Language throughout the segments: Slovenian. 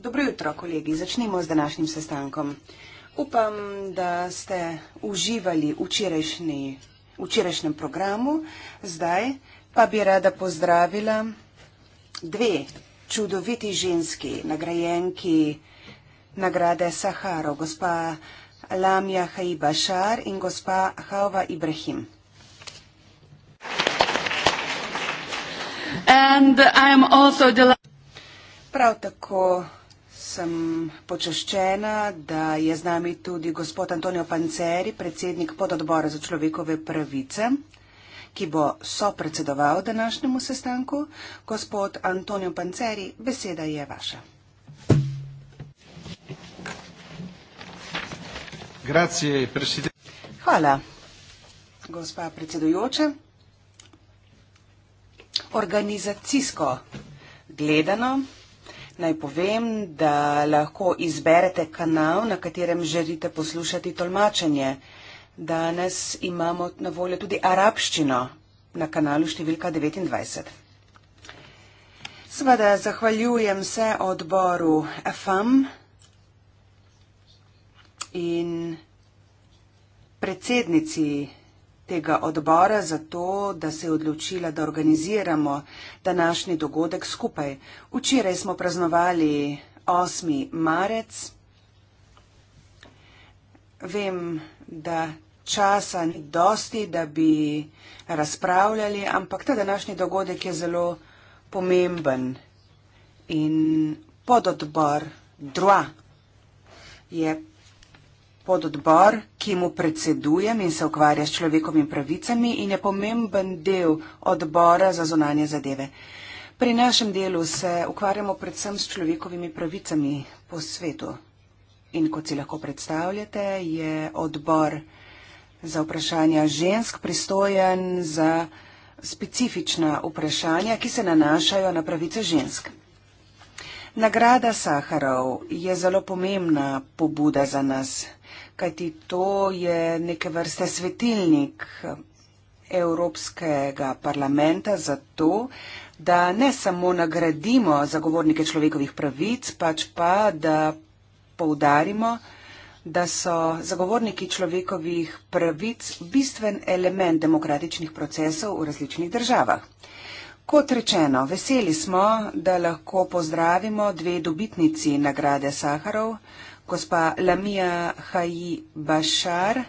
Dobro jutro, kolegi. Začnimo z današnjim sestankom. Upam, da ste uživali v včerajšnjem programu. Zdaj pa bi rada pozdravila dve čudoviti ženski nagrajenki nagrade Saharo, gospa Lamja Haiba Šar in gospa Hava Ibrahim. Prav tako sem počaščena, da je z nami tudi gospod Antonio Panceri, predsednik pododbora za človekove pravice ki bo sopredsedoval današnjemu sestanku. Gospod Antonio Panceri, beseda je vaša. Hvala, gospa predsedujoča. Organizacijsko gledano, naj povem, da lahko izberete kanal, na katerem želite poslušati tolmačenje. Danes imamo na voljo tudi arabščino na kanalu številka 29. Seveda zahvaljujem se odboru FM in predsednici tega odbora za to, da se je odločila, da organiziramo današnji dogodek skupaj. Včeraj smo praznovali 8. marec. Vem, da časa ni dosti, da bi razpravljali, ampak ta današnji dogodek je zelo pomemben. In pododbor DRUA je pododbor, ki mu predsedujem in se ukvarja s človekovimi pravicami in je pomemben del odbora za zonanje zadeve. Pri našem delu se ukvarjamo predvsem s človekovimi pravicami po svetu. In kot si lahko predstavljate, je odbor za vprašanja žensk pristojen za specifična vprašanja, ki se nanašajo na pravice žensk. Nagrada Saharov je zelo pomembna pobuda za nas kajti to je neke vrste svetilnik Evropskega parlamenta za to, da ne samo nagradimo zagovornike človekovih pravic, pač pa da poudarimo, da so zagovorniki človekovih pravic bistven element demokratičnih procesov v različnih državah. Kot rečeno, veseli smo, da lahko pozdravimo dve dobitnici nagrade Saharov, gospa Lamija Haji Bašar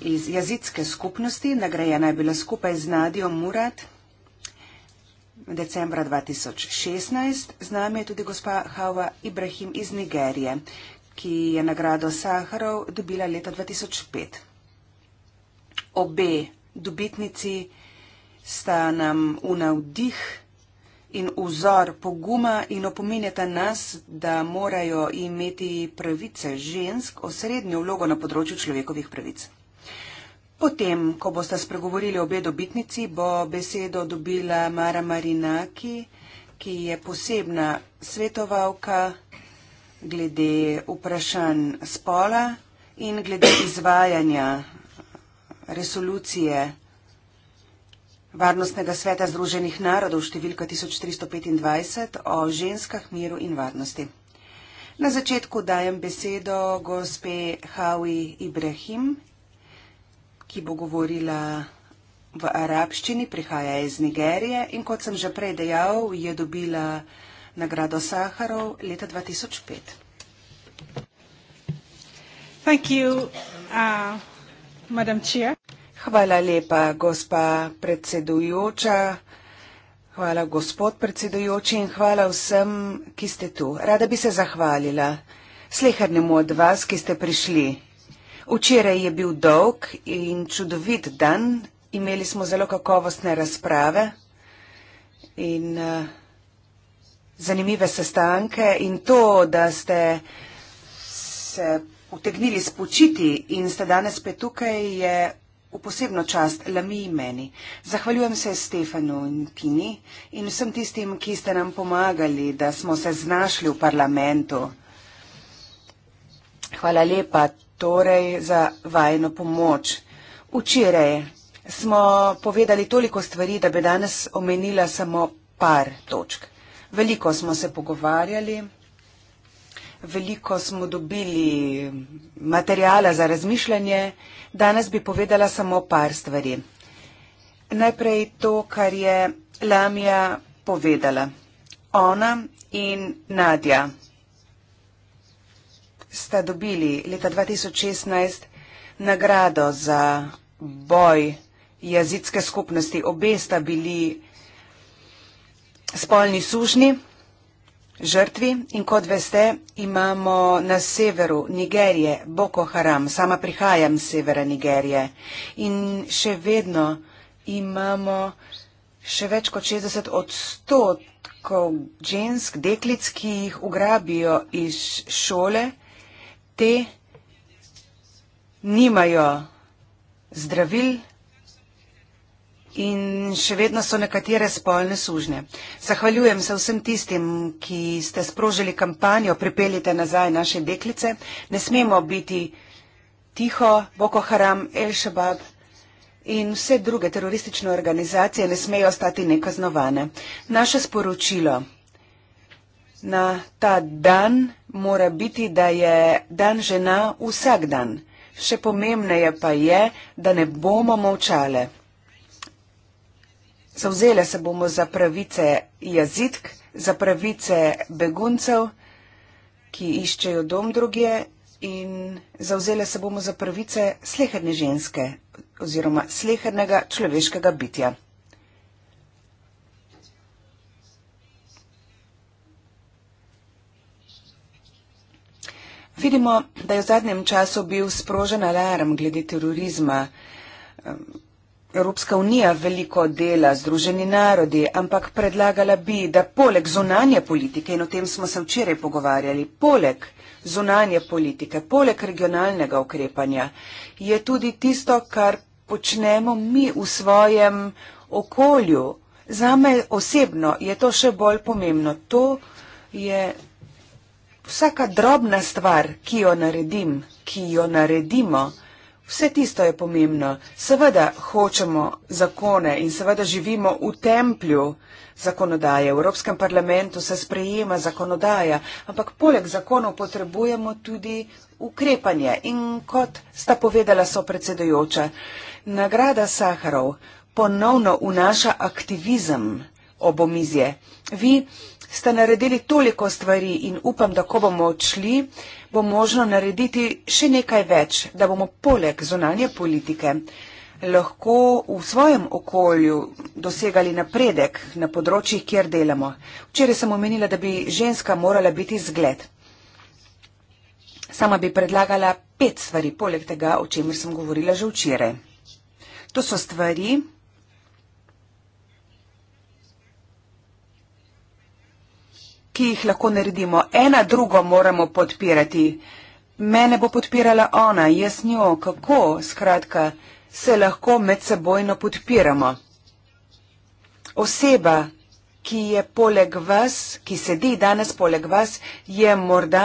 iz jezitske skupnosti, nagrajena je bila skupaj z Nadijo Murat decembra 2016. Z nami je tudi gospa Hawa Ibrahim iz Nigerije, ki je nagrado Saharov dobila leta 2005. Obe dobitnici sta nam v navdih in vzor poguma in opominjata nas, da morajo imeti pravice žensk osrednjo vlogo na področju človekovih pravic. Potem, ko boste spregovorili obe dobitnici, bo besedo dobila Mara Marinaki, ki je posebna svetovalka glede vprašanj spola in glede izvajanja resolucije Varnostnega sveta Združenih narodov številka 1325 o ženskah, miru in varnosti. Na začetku dajem besedo gospe Hawi Ibrahim, ki bo govorila v arabščini, prihaja iz Nigerije in kot sem že prej dejal, je dobila nagrado Saharov leta 2005. Thank you, uh, Madam Chair. Hvala lepa, gospa predsedujoča. Hvala, gospod predsedujoči in hvala vsem, ki ste tu. Rada bi se zahvalila slehernemu od vas, ki ste prišli. Včeraj je bil dolg in čudovit dan, imeli smo zelo kakovostne razprave in uh, zanimive sestanke in to, da ste se utegnili spočiti in ste danes pet tukaj, je V posebno čast lami meni. Zahvaljujem se Stefanu in Kini in vsem tistim, ki ste nam pomagali, da smo se znašli v parlamentu. Hvala lepa torej za vajno pomoč. Včeraj smo povedali toliko stvari, da bi danes omenila samo par točk. Veliko smo se pogovarjali veliko smo dobili materijala za razmišljanje. Danes bi povedala samo par stvari. Najprej to, kar je Lamija povedala. Ona in Nadja sta dobili leta 2016 nagrado za boj jezitske skupnosti. Obe sta bili spolni sužni žrtvi in kot veste, imamo na severu Nigerije Boko Haram, sama prihajam z severa Nigerije in še vedno imamo še več kot 60 odstotkov žensk, deklic, ki jih ugrabijo iz šole, te nimajo zdravil, in še vedno so nekatere spolne sužnje. Zahvaljujem se vsem tistim, ki ste sprožili kampanjo Pripeljite nazaj naše deklice. Ne smemo biti tiho, Boko Haram, El Shabab. In vse druge teroristične organizacije ne smejo ostati nekaznovane. Naše sporočilo na ta dan mora biti, da je dan žena vsak dan. Še pomembneje pa je, da ne bomo molčale zavzele se bomo za pravice jazitk, za pravice beguncev, ki iščejo dom druge in zavzele se bomo za pravice slehrne ženske oziroma slehrnega človeškega bitja. Vidimo, da je v zadnjem času bil sprožen alarm glede terorizma. Evropska unija veliko dela, združeni narodi, ampak predlagala bi, da poleg zunanje politike, in o tem smo se včeraj pogovarjali, poleg zunanje politike, poleg regionalnega ukrepanja, je tudi tisto, kar počnemo mi v svojem okolju. Za me osebno je to še bolj pomembno. To je vsaka drobna stvar, ki jo naredim, ki jo naredimo. Vse tisto je pomembno. Seveda hočemo zakone in seveda živimo v templju zakonodaje. V Evropskem parlamentu se sprejema zakonodaja, ampak poleg zakonov potrebujemo tudi ukrepanje. In kot sta povedala so predsedojoča, nagrada Saharov ponovno vnaša aktivizem ob omizje. Vi ste naredili toliko stvari in upam, da ko bomo odšli, bo možno narediti še nekaj več, da bomo poleg zonanje politike lahko v svojem okolju dosegali napredek na področjih, kjer delamo. Včeraj sem omenila, da bi ženska morala biti zgled. Sama bi predlagala pet stvari, poleg tega, o čemer sem govorila že včeraj. To so stvari, ki jih lahko naredimo. Ena drugo moramo podpirati. Mene bo podpirala ona, jaz njo, kako, skratka, se lahko medsebojno podpiramo. Oseba, ki je poleg vas, ki sedi danes poleg vas, je morda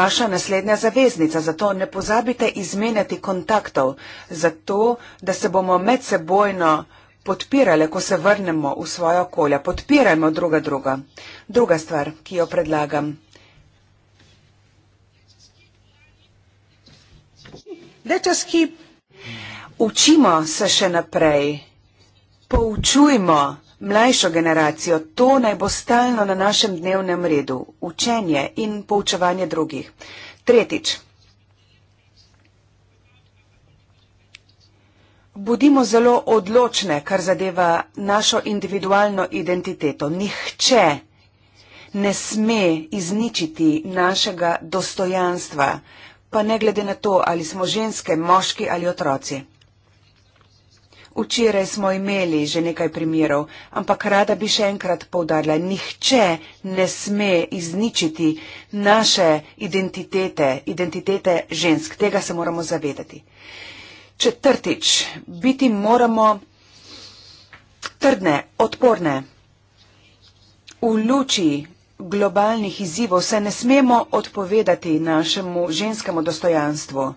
vaša naslednja zaveznica, zato ne pozabite izmenjati kontaktov, zato da se bomo medsebojno podpirali podpirale, ko se vrnemo v svoje okolje. Podpirajmo druga druga. Druga stvar, ki jo predlagam. Učimo se še naprej. Poučujmo mlajšo generacijo. To naj bo stalno na našem dnevnem redu. Učenje in poučevanje drugih. Tretjič. Bodimo zelo odločne, kar zadeva našo individualno identiteto. Nihče ne sme izničiti našega dostojanstva, pa ne glede na to, ali smo ženske, moški ali otroci. Včeraj smo imeli že nekaj primerov, ampak rada bi še enkrat povdarila, nihče ne sme izničiti naše identitete, identitete žensk. Tega se moramo zavedati. Četrtič, biti moramo trdne, odporne. V luči globalnih izzivov se ne smemo odpovedati našemu ženskemu dostojanstvu.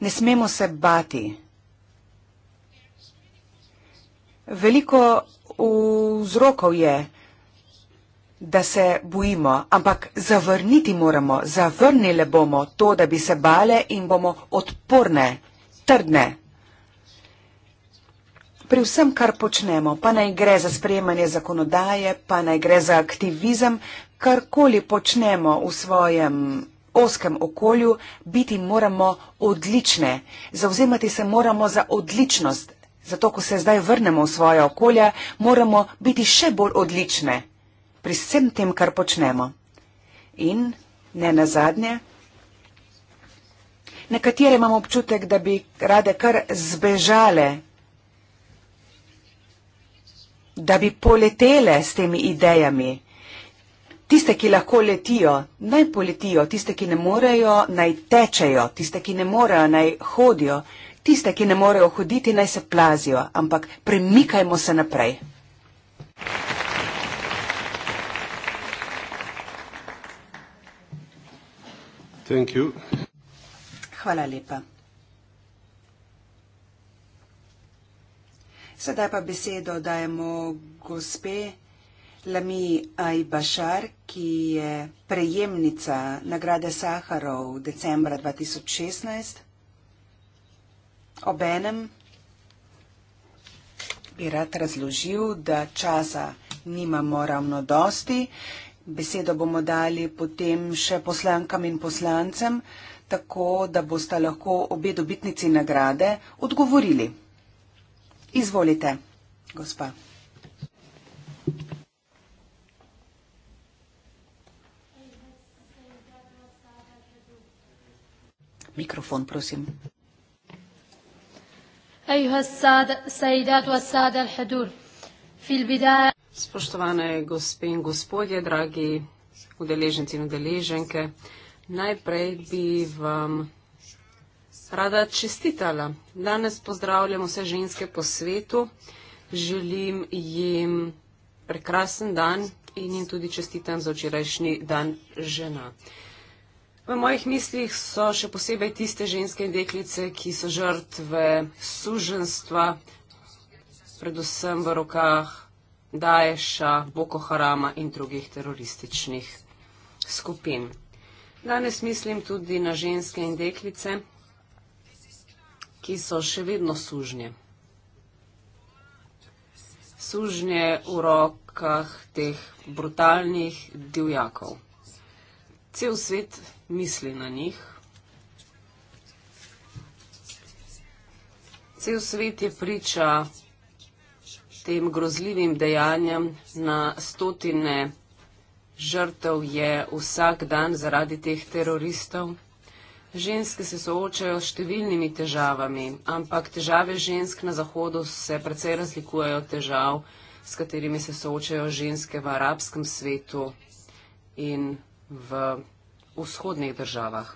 Ne smemo se bati. Veliko vzrokov je, da se bojimo, ampak zavrniti moramo, zavrnile bomo to, da bi se bale in bomo odporne trdne. Pri vsem, kar počnemo, pa naj gre za sprejemanje zakonodaje, pa naj gre za aktivizem, karkoli počnemo v svojem oskem okolju, biti moramo odlične. Zauzemati se moramo za odličnost. Zato, ko se zdaj vrnemo v svoje okolje, moramo biti še bolj odlične pri vsem tem, kar počnemo. In ne nazadnje. Nekatere imamo občutek, da bi rade kar zbežale, da bi poletele s temi idejami. Tiste, ki lahko letijo, naj poletijo, tiste, ki ne morejo, naj tečejo, tiste, ki ne morejo, naj hodijo, tiste, ki ne morejo hoditi, naj se plazijo, ampak premikajmo se naprej. Thank you. Hvala lepa. Sedaj pa besedo dajemo gospe Lami Aibašar, ki je prejemnica nagrade Saharov decembra 2016. Obenem bi rad razložil, da časa nimamo ravno dosti. Besedo bomo dali potem še poslankam in poslancem tako da boste lahko obe dobitnici nagrade odgovorili. Izvolite, gospa. Mikrofon, prosim. Spoštovane gospe in gospodje, dragi udeleženci in udeleženke, Najprej bi vam rada čestitala. Danes pozdravljam vse ženske po svetu, želim jim prekrasen dan in jim tudi čestitam za včerajšnji dan žena. V mojih mislih so še posebej tiste ženske in deklice, ki so žrtve suženstva, predvsem v rokah Daesha, Boko Harama in drugih terorističnih skupin. Danes mislim tudi na ženske in deklice, ki so še vedno sužnje. Sužnje v rokah teh brutalnih divjakov. Cel svet misli na njih. Cel svet je priča tem grozljivim dejanjem na stotine žrtev je vsak dan zaradi teh teroristov. Ženske se soočajo s številnimi težavami, ampak težave žensk na Zahodu se precej razlikujejo od težav, s katerimi se soočajo ženske v arabskem svetu in v vzhodnih državah.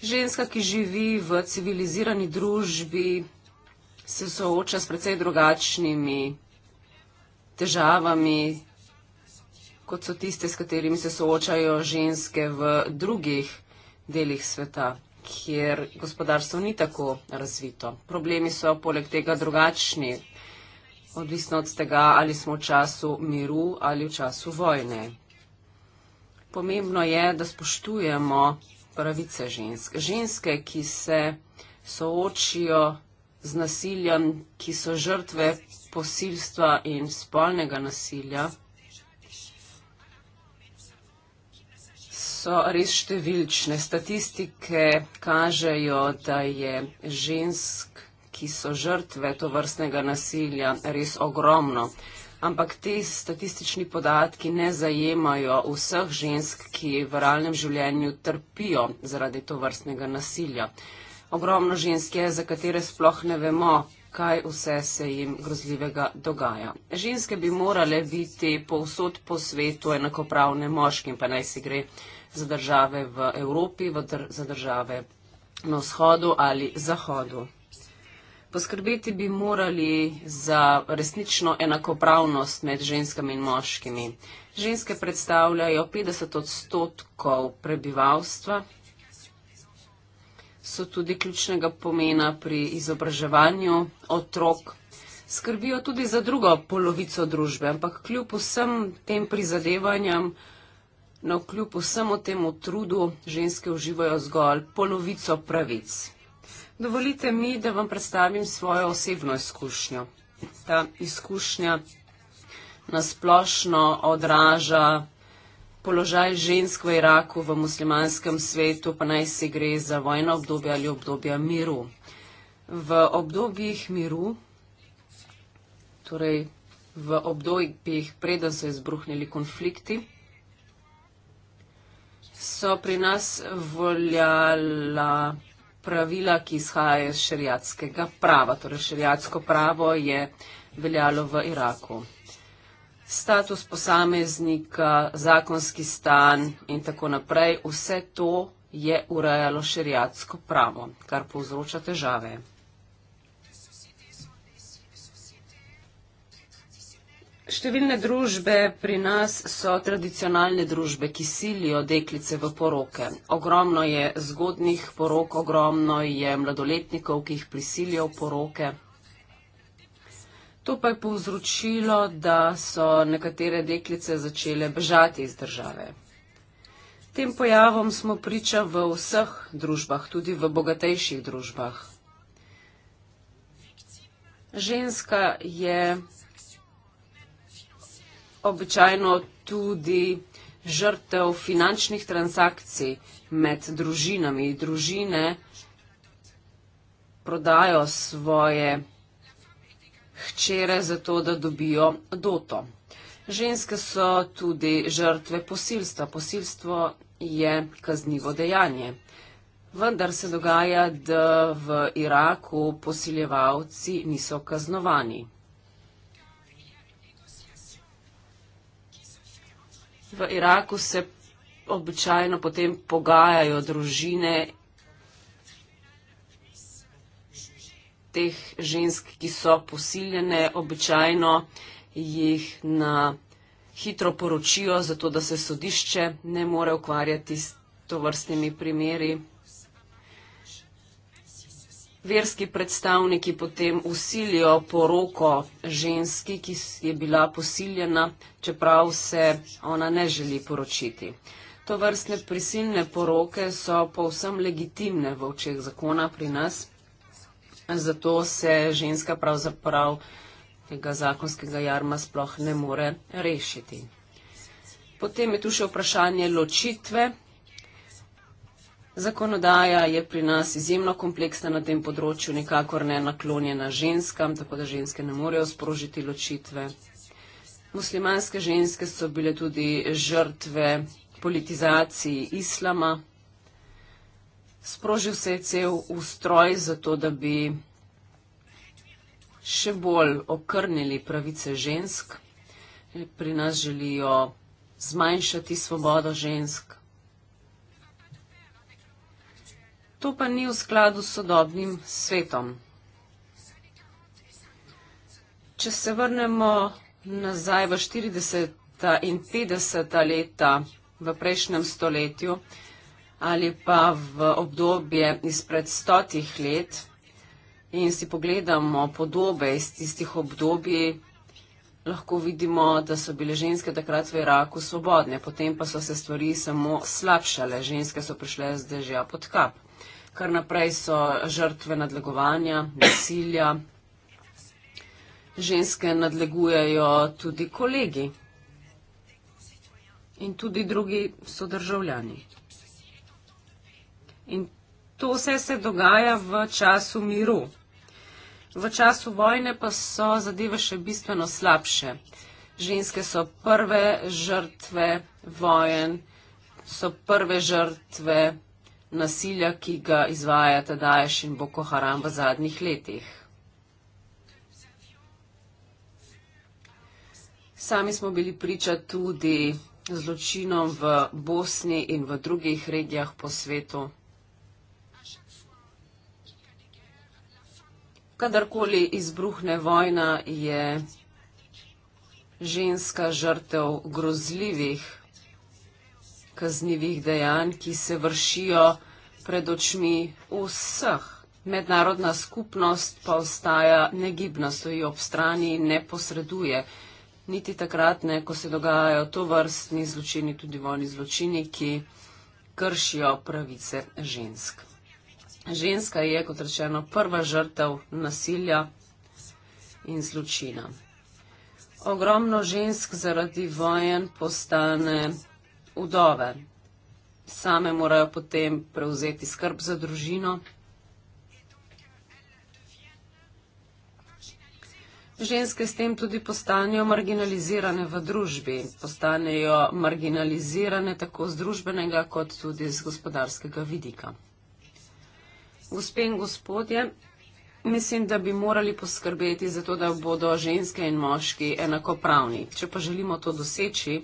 Ženska, ki živi v civilizirani družbi, se sooča s precej drugačnimi težavami, kot so tiste, s katerimi se soočajo ženske v drugih delih sveta, kjer gospodarstvo ni tako razvito. Problemi so poleg tega drugačni, odvisno od tega, ali smo v času miru ali v času vojne. Pomembno je, da spoštujemo pravice žensk. Ženske, ki se soočijo z nasiljem, ki so žrtve posilstva in spolnega nasilja, so res številčne. Statistike kažejo, da je žensk, ki so žrtve to vrstnega nasilja, res ogromno. Ampak te statistični podatki ne zajemajo vseh žensk, ki v realnem življenju trpijo zaradi to vrstnega nasilja. Ogromno žensk je, za katere sploh ne vemo, kaj vse se jim grozljivega dogaja. Ženske bi morale biti povsod po svetu enakopravne moškim, pa naj si gre za države v Evropi, za države na vzhodu ali zahodu. Poskrbeti bi morali za resnično enakopravnost med ženskami in moškimi. Ženske predstavljajo 50 odstotkov prebivalstva, so tudi ključnega pomena pri izobraževanju otrok, skrbijo tudi za drugo polovico družbe, ampak kljub vsem tem prizadevanjem, Na vkljub vsemu temu trudu ženske uživajo zgolj polovico pravic. Dovolite mi, da vam predstavim svojo osebno izkušnjo. Ta izkušnja nasplošno odraža položaj žensk v Iraku v muslimanskem svetu, pa naj se gre za vojno obdobje ali obdobje miru. V obdobjih miru, torej v obdobjih, preden so izbruhnili konflikti, so pri nas voljala pravila, ki izhajajo iz šariatskega prava. Torej, šariatsko pravo je veljalo v Iraku. Status posameznika, zakonski stan in tako naprej, vse to je urejalo šariatsko pravo, kar povzroča težave. Številne družbe pri nas so tradicionalne družbe, ki silijo deklice v poroke. Ogromno je zgodnih porok, ogromno je mladoletnikov, ki jih prisilijo v poroke. To pa je povzročilo, da so nekatere deklice začele bežati iz države. Tem pojavom smo priča v vseh družbah, tudi v bogatejših družbah. Ženska je običajno tudi žrtev finančnih transakcij med družinami. Družine prodajo svoje hčere za to, da dobijo doto. Ženske so tudi žrtve posilstva. Posilstvo je kaznivo dejanje. Vendar se dogaja, da v Iraku posiljevalci niso kaznovani. V Iraku se običajno potem pogajajo družine teh žensk, ki so posiljene, običajno jih na hitro poročijo, zato da se sodišče ne more ukvarjati s to vrstnimi primeri verski predstavniki potem usilijo poroko ženski, ki je bila posiljena, čeprav se ona ne želi poročiti. To vrstne prisilne poroke so povsem legitimne v očeh zakona pri nas, zato se ženska pravzaprav tega zakonskega jarma sploh ne more rešiti. Potem je tu še vprašanje ločitve, Zakonodaja je pri nas izjemno kompleksna na tem področju, nikakor ne naklonjena ženskam, tako da ženske ne morejo sprožiti ločitve. Muslimanske ženske so bile tudi žrtve politizaciji islama. Sprožil se je cel ustroj za to, da bi še bolj okrnili pravice žensk. Pri nas želijo zmanjšati svobodo žensk, To pa ni v skladu s sodobnim svetom. Če se vrnemo nazaj v 40. in 50. leta v prejšnjem stoletju ali pa v obdobje izpred stotih let in si pogledamo podobe iz tistih obdobij, lahko vidimo, da so bile ženske takrat v Iraku svobodne, potem pa so se stvari samo slabšale, ženske so prišle z dežja pod kap kar naprej so žrtve nadlegovanja, nasilja. Ženske nadlegujejo tudi kolegi in tudi drugi sodržavljani. In to vse se dogaja v času miru. V času vojne pa so zadeve še bistveno slabše. Ženske so prve žrtve vojen, so prve žrtve nasilja, ki ga izvajate Daesh in Boko Haram v zadnjih letih. Sami smo bili priča tudi zločinom v Bosni in v drugih regijah po svetu. Kadarkoli izbruhne vojna, je ženska žrtev grozljivih kaznjivih dejanj, ki se vršijo pred očmi vseh. Mednarodna skupnost pa ostaja negibna, stoji ob strani in ne posreduje. Niti takrat, ne, ko se dogajajo to vrstni zločini, tudi vojni zločini, ki kršijo pravice žensk. Ženska je, kot rečeno, prva žrtev nasilja in zločina. Ogromno žensk zaradi vojen postane vdove. Same morajo potem prevzeti skrb za družino. Ženske s tem tudi postanejo marginalizirane v družbi, postanejo marginalizirane tako z družbenega kot tudi z gospodarskega vidika. Gospe in gospodje, mislim, da bi morali poskrbeti za to, da bodo ženske in moški enakopravni. Če pa želimo to doseči,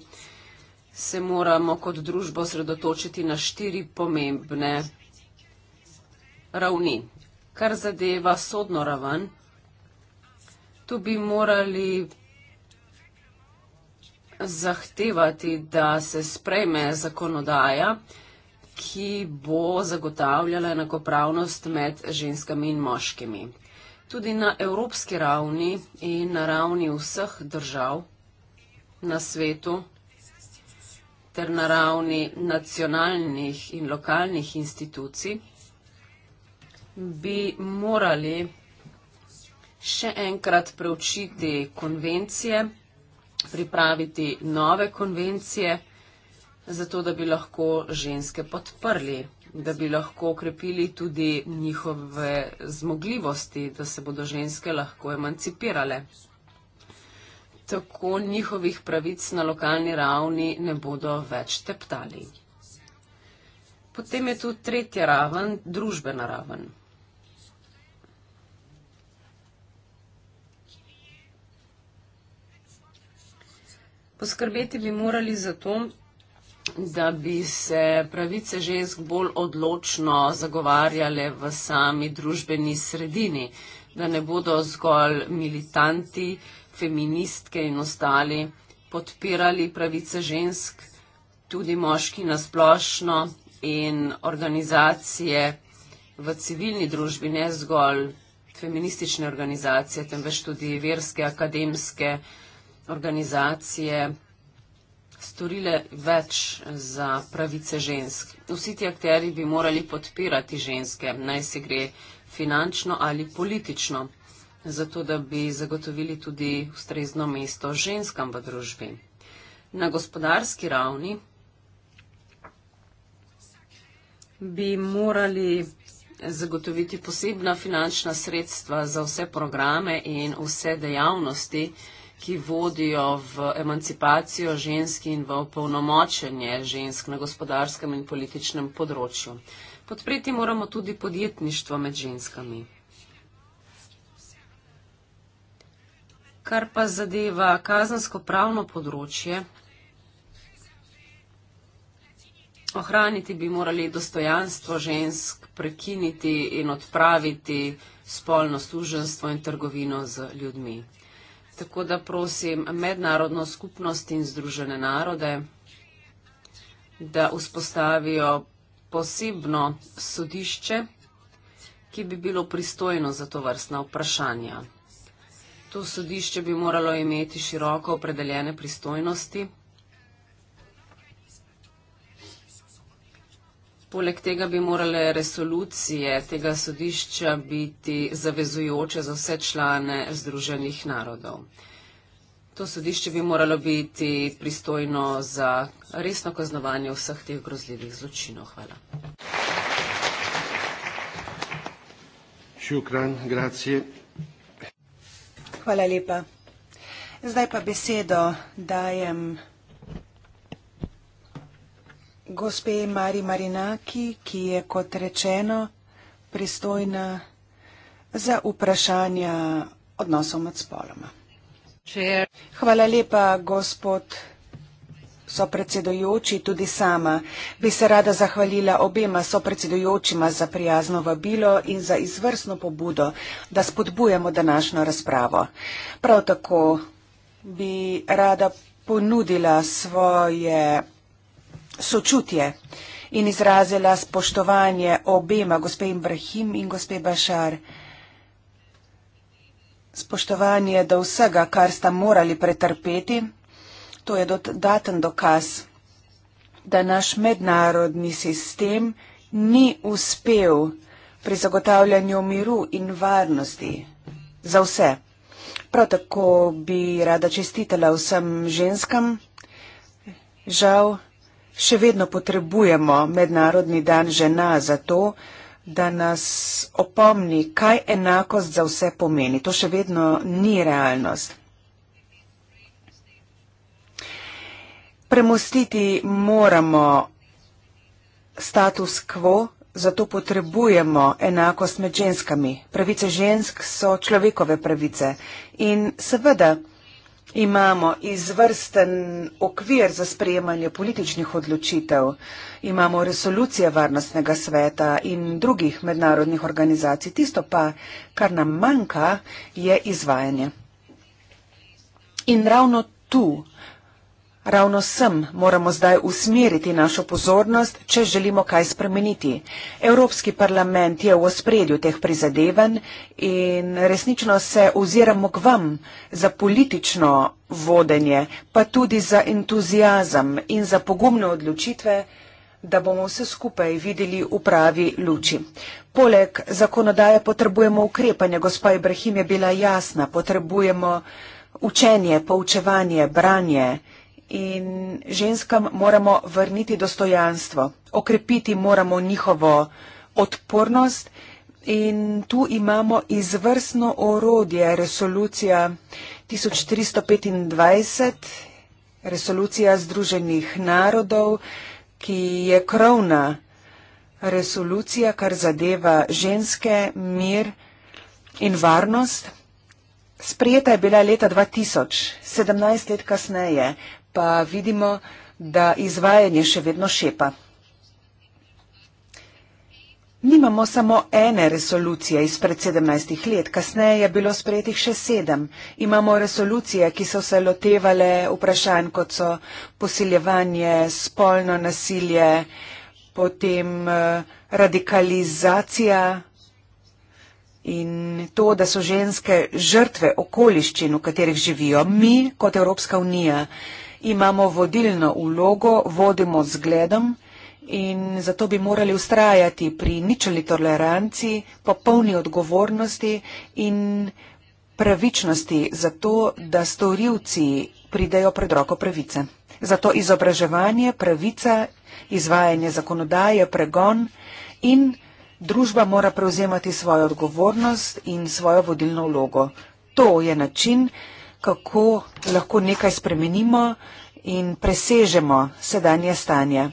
se moramo kot družbo sredotočiti na štiri pomembne ravni. Kar zadeva sodno raven, tu bi morali zahtevati, da se sprejme zakonodaja, ki bo zagotavljala enakopravnost med ženskami in moškimi. Tudi na evropski ravni in na ravni vseh držav na svetu ter na ravni nacionalnih in lokalnih institucij, bi morali še enkrat preučiti konvencije, pripraviti nove konvencije, zato da bi lahko ženske podprli, da bi lahko okrepili tudi njihove zmogljivosti, da se bodo ženske lahko emancipirale tako njihovih pravic na lokalni ravni ne bodo več teptali. Potem je tu tretja raven, družbena raven. Poskrbeti bi morali za to, da bi se pravice žensk bolj odločno zagovarjale v sami družbeni sredini, da ne bodo zgolj militanti, feministke in ostali podpirali pravice žensk, tudi moški na splošno in organizacije v civilni družbi, ne zgolj feministične organizacije, temveč tudi verske, akademske organizacije, storile več za pravice žensk. Vsi ti akteri bi morali podpirati ženske, naj se gre finančno ali politično zato da bi zagotovili tudi ustrezno mesto ženskam v družbi. Na gospodarski ravni bi morali zagotoviti posebna finančna sredstva za vse programe in vse dejavnosti, ki vodijo v emancipacijo žensk in v opolnomočenje žensk na gospodarskem in političnem področju. Podpreti moramo tudi podjetništvo med ženskami. Kar pa zadeva kazansko pravno področje, ohraniti bi morali dostojanstvo žensk, prekiniti in odpraviti spolno služenstvo in trgovino z ljudmi. Tako da prosim mednarodno skupnost in združene narode, da vzpostavijo posebno sodišče, ki bi bilo pristojno za to vrstna vprašanja. To sodišče bi moralo imeti široko opredeljene pristojnosti. Poleg tega bi morale resolucije tega sodišča biti zavezujoče za vse člane Združenih narodov. To sodišče bi moralo biti pristojno za resno kaznovanje vseh teh grozljivih zločinov. Hvala. Šukran, Hvala lepa. Zdaj pa besedo dajem gospe Mari Marinaki, ki je kot rečeno pristojna za vprašanja odnosov med spoloma. Hvala lepa, gospod so predsedojoči, tudi sama. Bi se rada zahvalila obema so predsedojočima za prijazno vabilo in za izvrsno pobudo, da spodbujamo današnjo razpravo. Prav tako bi rada ponudila svoje sočutje in izrazila spoštovanje obema, gospe Ibrahim in gospe Bašar. Spoštovanje do vsega, kar sta morali pretrpeti To je dodaten dokaz, da naš mednarodni sistem ni uspel pri zagotavljanju miru in varnosti za vse. Prav tako bi rada čestitela vsem ženskam. Žal, še vedno potrebujemo mednarodni dan žena za to, da nas opomni, kaj enakost za vse pomeni. To še vedno ni realnost. Premostiti moramo status quo, zato potrebujemo enakost med ženskami. Pravice žensk so človekove pravice in seveda imamo izvrsten okvir za sprejemanje političnih odločitev, imamo resolucije Varnostnega sveta in drugih mednarodnih organizacij. Tisto pa, kar nam manjka, je izvajanje. In ravno tu Ravno sem moramo zdaj usmeriti našo pozornost, če želimo kaj spremeniti. Evropski parlament je v ospredju teh prizadevanj in resnično se oziramo k vam za politično vodenje, pa tudi za entuzijazem in za pogumne odločitve, da bomo vse skupaj videli v pravi luči. Poleg zakonodaje potrebujemo ukrepanje, gospa Ibrahim je bila jasna, potrebujemo učenje, poučevanje, branje in ženskam moramo vrniti dostojanstvo, okrepiti moramo njihovo odpornost in tu imamo izvrstno orodje resolucija 1325, resolucija Združenih narodov, ki je krovna resolucija, kar zadeva ženske, mir in varnost. Sprijeta je bila leta 2000, 17 let kasneje, pa vidimo, da izvajanje še vedno šepa. Nimamo samo ene resolucije izpred 17 let, kasneje je bilo sprejetih še sedem. Imamo resolucije, ki so se lotevale vprašanj, kot so posiljevanje, spolno nasilje, potem eh, radikalizacija in to, da so ženske žrtve okoliščin, v katerih živijo. Mi kot Evropska unija imamo vodilno vlogo, vodimo zgledom in zato bi morali ustrajati pri ničelni toleranci, popolni odgovornosti in pravičnosti za to, da storilci pridejo pred roko pravice. Zato izobraževanje, pravica, izvajanje zakonodaje, pregon in družba mora prevzemati svojo odgovornost in svojo vodilno vlogo. To je način, kako lahko nekaj spremenimo in presežemo sedanje stanje.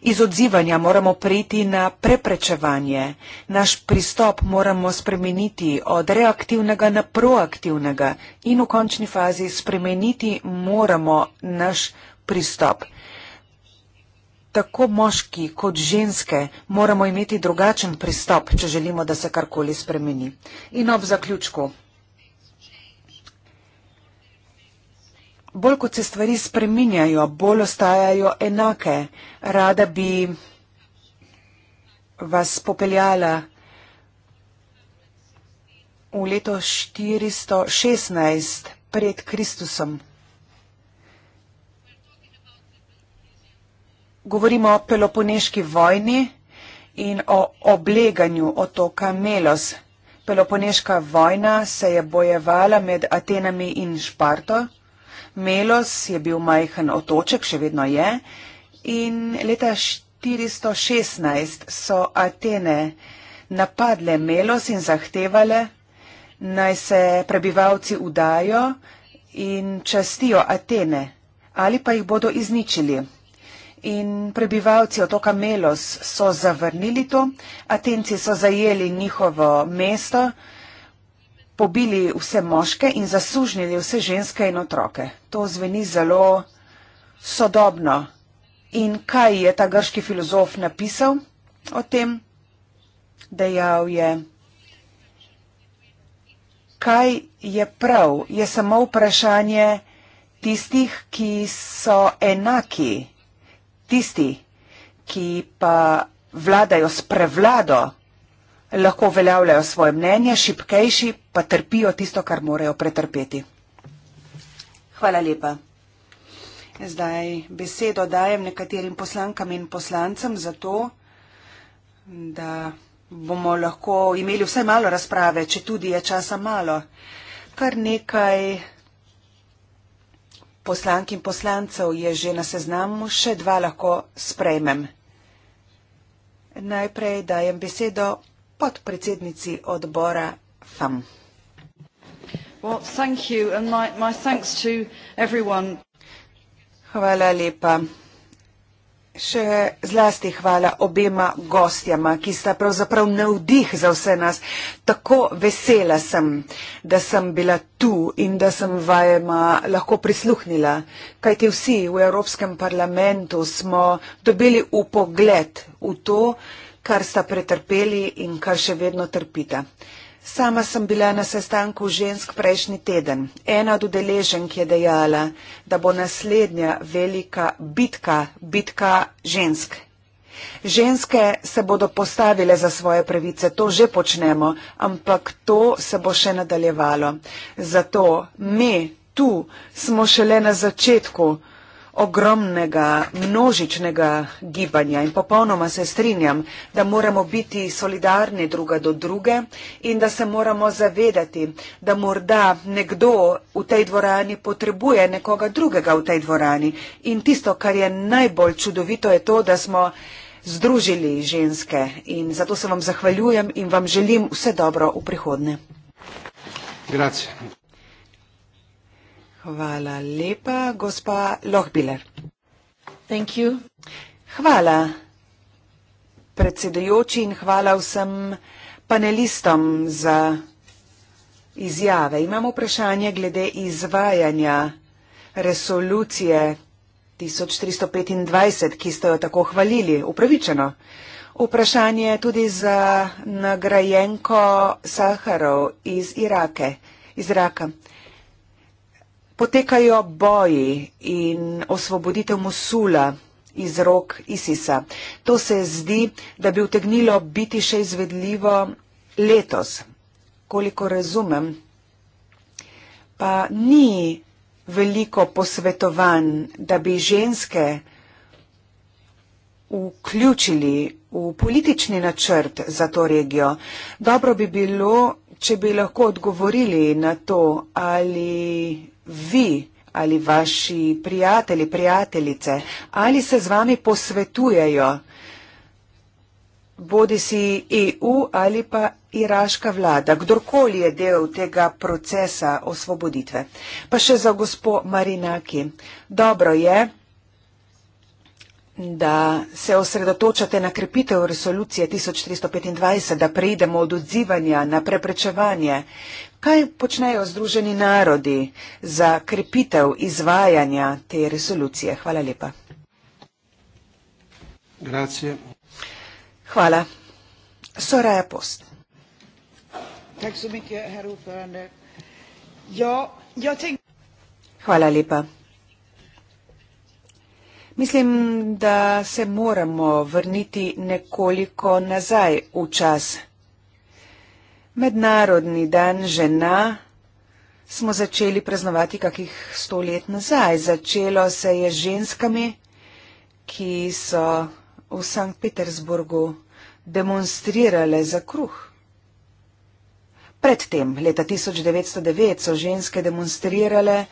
Iz odzivanja moramo prejti na preprečevanje. Naš pristop moramo spremeniti od reaktivnega na proaktivnega in v končni fazi spremeniti moramo naš pristop. Tako moški kot ženske moramo imeti drugačen pristop, če želimo, da se karkoli spremeni. In ob zaključku. bolj kot se stvari spreminjajo, bolj ostajajo enake. Rada bi vas popeljala v leto 416 pred Kristusom. Govorimo o Peloponeški vojni in o obleganju otoka Melos. Peloponeška vojna se je bojevala med Atenami in Šparto. Melos je bil majhen otoček, še vedno je. In leta 416 so Atene napadle Melos in zahtevale, naj se prebivalci udajo in častijo Atene ali pa jih bodo izničili. In prebivalci otoka Melos so zavrnili to, Atenci so zajeli njihovo mesto pobili vse moške in zasužnili vse ženske in otroke. To zveni zelo sodobno. In kaj je ta grški filozof napisal o tem? Dejal je, kaj je prav, je samo vprašanje tistih, ki so enaki, tisti, ki pa vladajo s prevlado lahko uveljavljajo svoje mnenje, šipkejši pa trpijo tisto, kar morajo pretrpeti. Hvala lepa. Zdaj besedo dajem nekaterim poslankam in poslancem za to, da bomo lahko imeli vsaj malo razprave, če tudi je časa malo. Kar nekaj poslank in poslancev je že na seznamu, še dva lahko sprejmem. Najprej dajem besedo podpredsednici odbora FAM. Hvala lepa. Še zlasti hvala obema gostjama, ki sta pravzaprav navdih za vse nas. Tako vesela sem, da sem bila tu in da sem vajema lahko prisluhnila, kajte vsi v Evropskem parlamentu smo dobili upogled v to, kar sta pretrpeli in kar še vedno trpita. Sama sem bila na sestanku žensk prejšnji teden. Ena od udeleženk je dejala, da bo naslednja velika bitka, bitka žensk. Ženske se bodo postavile za svoje pravice, to že počnemo, ampak to se bo še nadaljevalo. Zato mi tu smo šele na začetku ogromnega, množičnega gibanja in popolnoma se strinjam, da moramo biti solidarni druga do druge in da se moramo zavedati, da morda nekdo v tej dvorani potrebuje nekoga drugega v tej dvorani. In tisto, kar je najbolj čudovito, je to, da smo združili ženske in zato se vam zahvaljujem in vam želim vse dobro v prihodne. Grazie. Hvala lepa, gospa Lohbiler. Thank you. Hvala predsedujoči in hvala vsem panelistom za izjave. Imamo vprašanje glede izvajanja resolucije 1325, ki ste jo tako hvalili, upravičeno. Vprašanje tudi za nagrajenko Saharov iz Irake. Iz Iraka. Potekajo boji in osvoboditev Mosula iz rok Isisa. To se zdi, da bi utegnilo biti še izvedljivo letos, koliko razumem. Pa ni veliko posvetovanj, da bi ženske vključili v politični načrt za to regijo. Dobro bi bilo, če bi lahko odgovorili na to, ali vi ali vaši prijatelji, prijateljice, ali se z vami posvetujejo, bodi si EU ali pa iraška vlada, kdorkoli je del tega procesa osvoboditve. Pa še za gospo Marinaki. Dobro je, da se osredotočate na krepitev resolucije 1325, da preidemo od odzivanja na preprečevanje. Kaj počnejo Združeni narodi za krepitev izvajanja te resolucije? Hvala lepa. Grazie. Hvala. Soraja Post. Ja, Hvala lepa. Mislim, da se moramo vrniti nekoliko nazaj v čas. Mednarodni dan žena smo začeli praznovati kakih sto let nazaj. Začelo se je ženskami, ki so v Sankt Petersburgu demonstrirale za kruh. Predtem, leta 1909, so ženske demonstrirale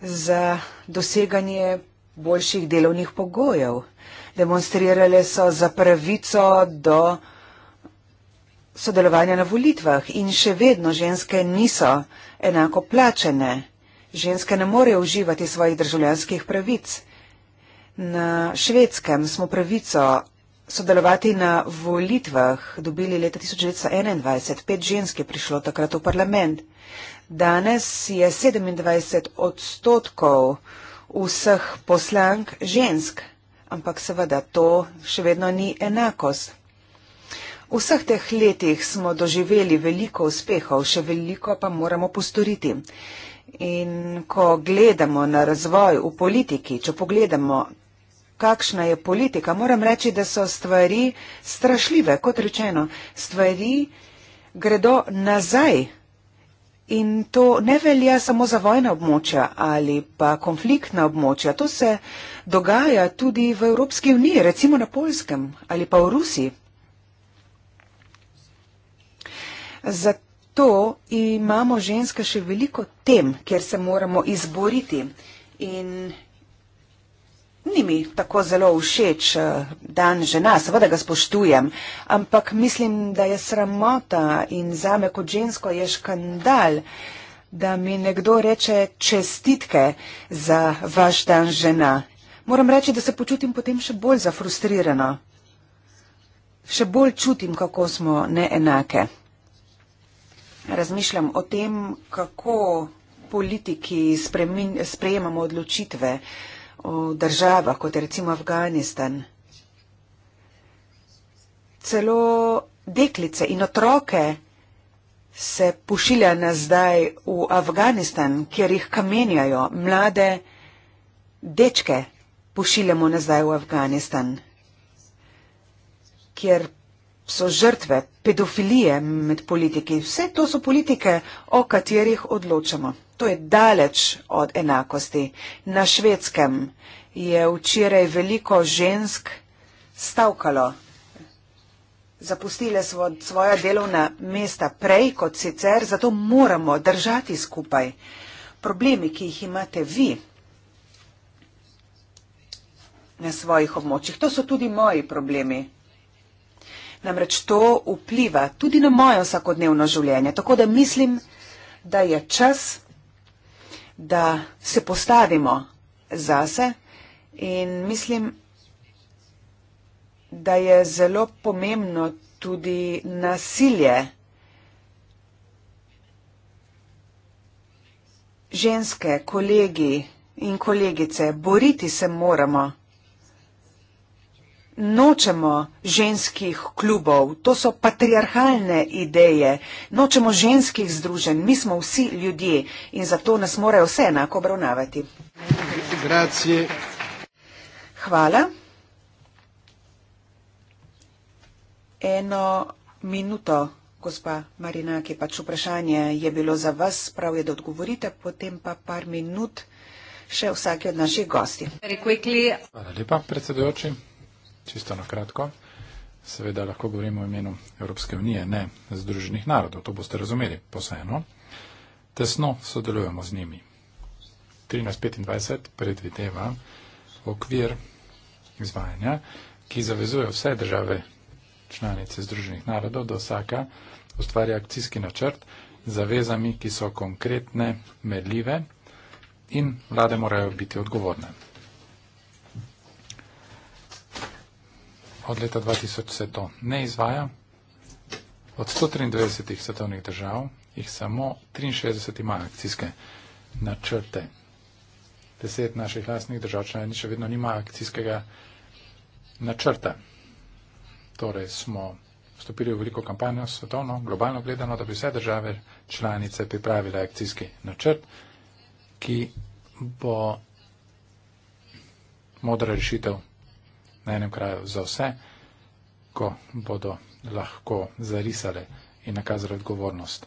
za doseganje boljših delovnih pogojev. Demonstrirale so za pravico do sodelovanja na volitvah in še vedno ženske niso enako plačene. Ženske ne morejo uživati svojih državljanskih pravic. Na švedskem smo pravico sodelovati na volitvah dobili leta 1921. Pet žensk je prišlo takrat v parlament. Danes je 27 odstotkov vseh poslank žensk, ampak seveda to še vedno ni enakost. V vseh teh letih smo doživeli veliko uspehov, še veliko pa moramo postoriti. In ko gledamo na razvoj v politiki, če pogledamo, kakšna je politika, moram reči, da so stvari strašljive, kot rečeno, stvari gredo nazaj In to ne velja samo za vojna območja ali pa konfliktna območja. To se dogaja tudi v Evropski uniji, recimo na Poljskem ali pa v Rusiji. Zato imamo ženske še veliko tem, kjer se moramo izboriti. In Ni mi tako zelo všeč eh, dan žena, seveda ga spoštujem, ampak mislim, da je sramota in za me kot žensko je škandal, da mi nekdo reče čestitke za vaš dan žena. Moram reči, da se počutim potem še bolj zafrustrirano. Še bolj čutim, kako smo neenake. Razmišljam o tem, kako politiki sprejemamo odločitve v državah, kot je recimo Afganistan. Celo deklice in otroke se pošilja nazaj v Afganistan, kjer jih kamenjajo. Mlade dečke pošiljamo nazaj v Afganistan, kjer so žrtve pedofilije med politiki. Vse to so politike, o katerih odločamo. To je daleč od enakosti. Na švedskem je včeraj veliko žensk stavkalo, zapustile svoja delovna mesta prej kot sicer, zato moramo držati skupaj. Problemi, ki jih imate vi na svojih območjih, to so tudi moji problemi. Namreč to vpliva tudi na moje vsakodnevno življenje. Tako da mislim, da je čas, da se postavimo zase in mislim, da je zelo pomembno tudi nasilje ženske, kolegi in kolegice. Boriti se moramo. Nočemo ženskih klubov, to so patriarhalne ideje, nočemo ženskih združenj, mi smo vsi ljudje in zato nas morajo vse enako obravnavati. Grazie. Hvala. Eno minuto, gospa Marinaki, pač vprašanje je bilo za vas, prav je, da odgovorite, potem pa par minut še vsaki od naših gosti. Hvala lepa, predsedujoči čisto na kratko. Seveda lahko govorimo o imenu Evropske unije, ne Združenih narodov, to boste razumeli posebno. Tesno sodelujemo z njimi. 1325 predvideva okvir izvajanja, ki zavezuje vse države članice Združenih narodov, da vsaka ustvari akcijski načrt z zavezami, ki so konkretne, medljive in vlade morajo biti odgovorne. od leta 2000 se to ne izvaja. Od 123 svetovnih držav jih samo 63 imajo akcijske načrte. Deset naših lastnih držav članic še vedno nima akcijskega načrta. Torej smo vstopili v veliko kampanjo svetovno, globalno gledano, da bi vse države članice pripravile akcijski načrt, ki bo modra rešitev na enem kraju za vse, ko bodo lahko zarisale in nakazale odgovornost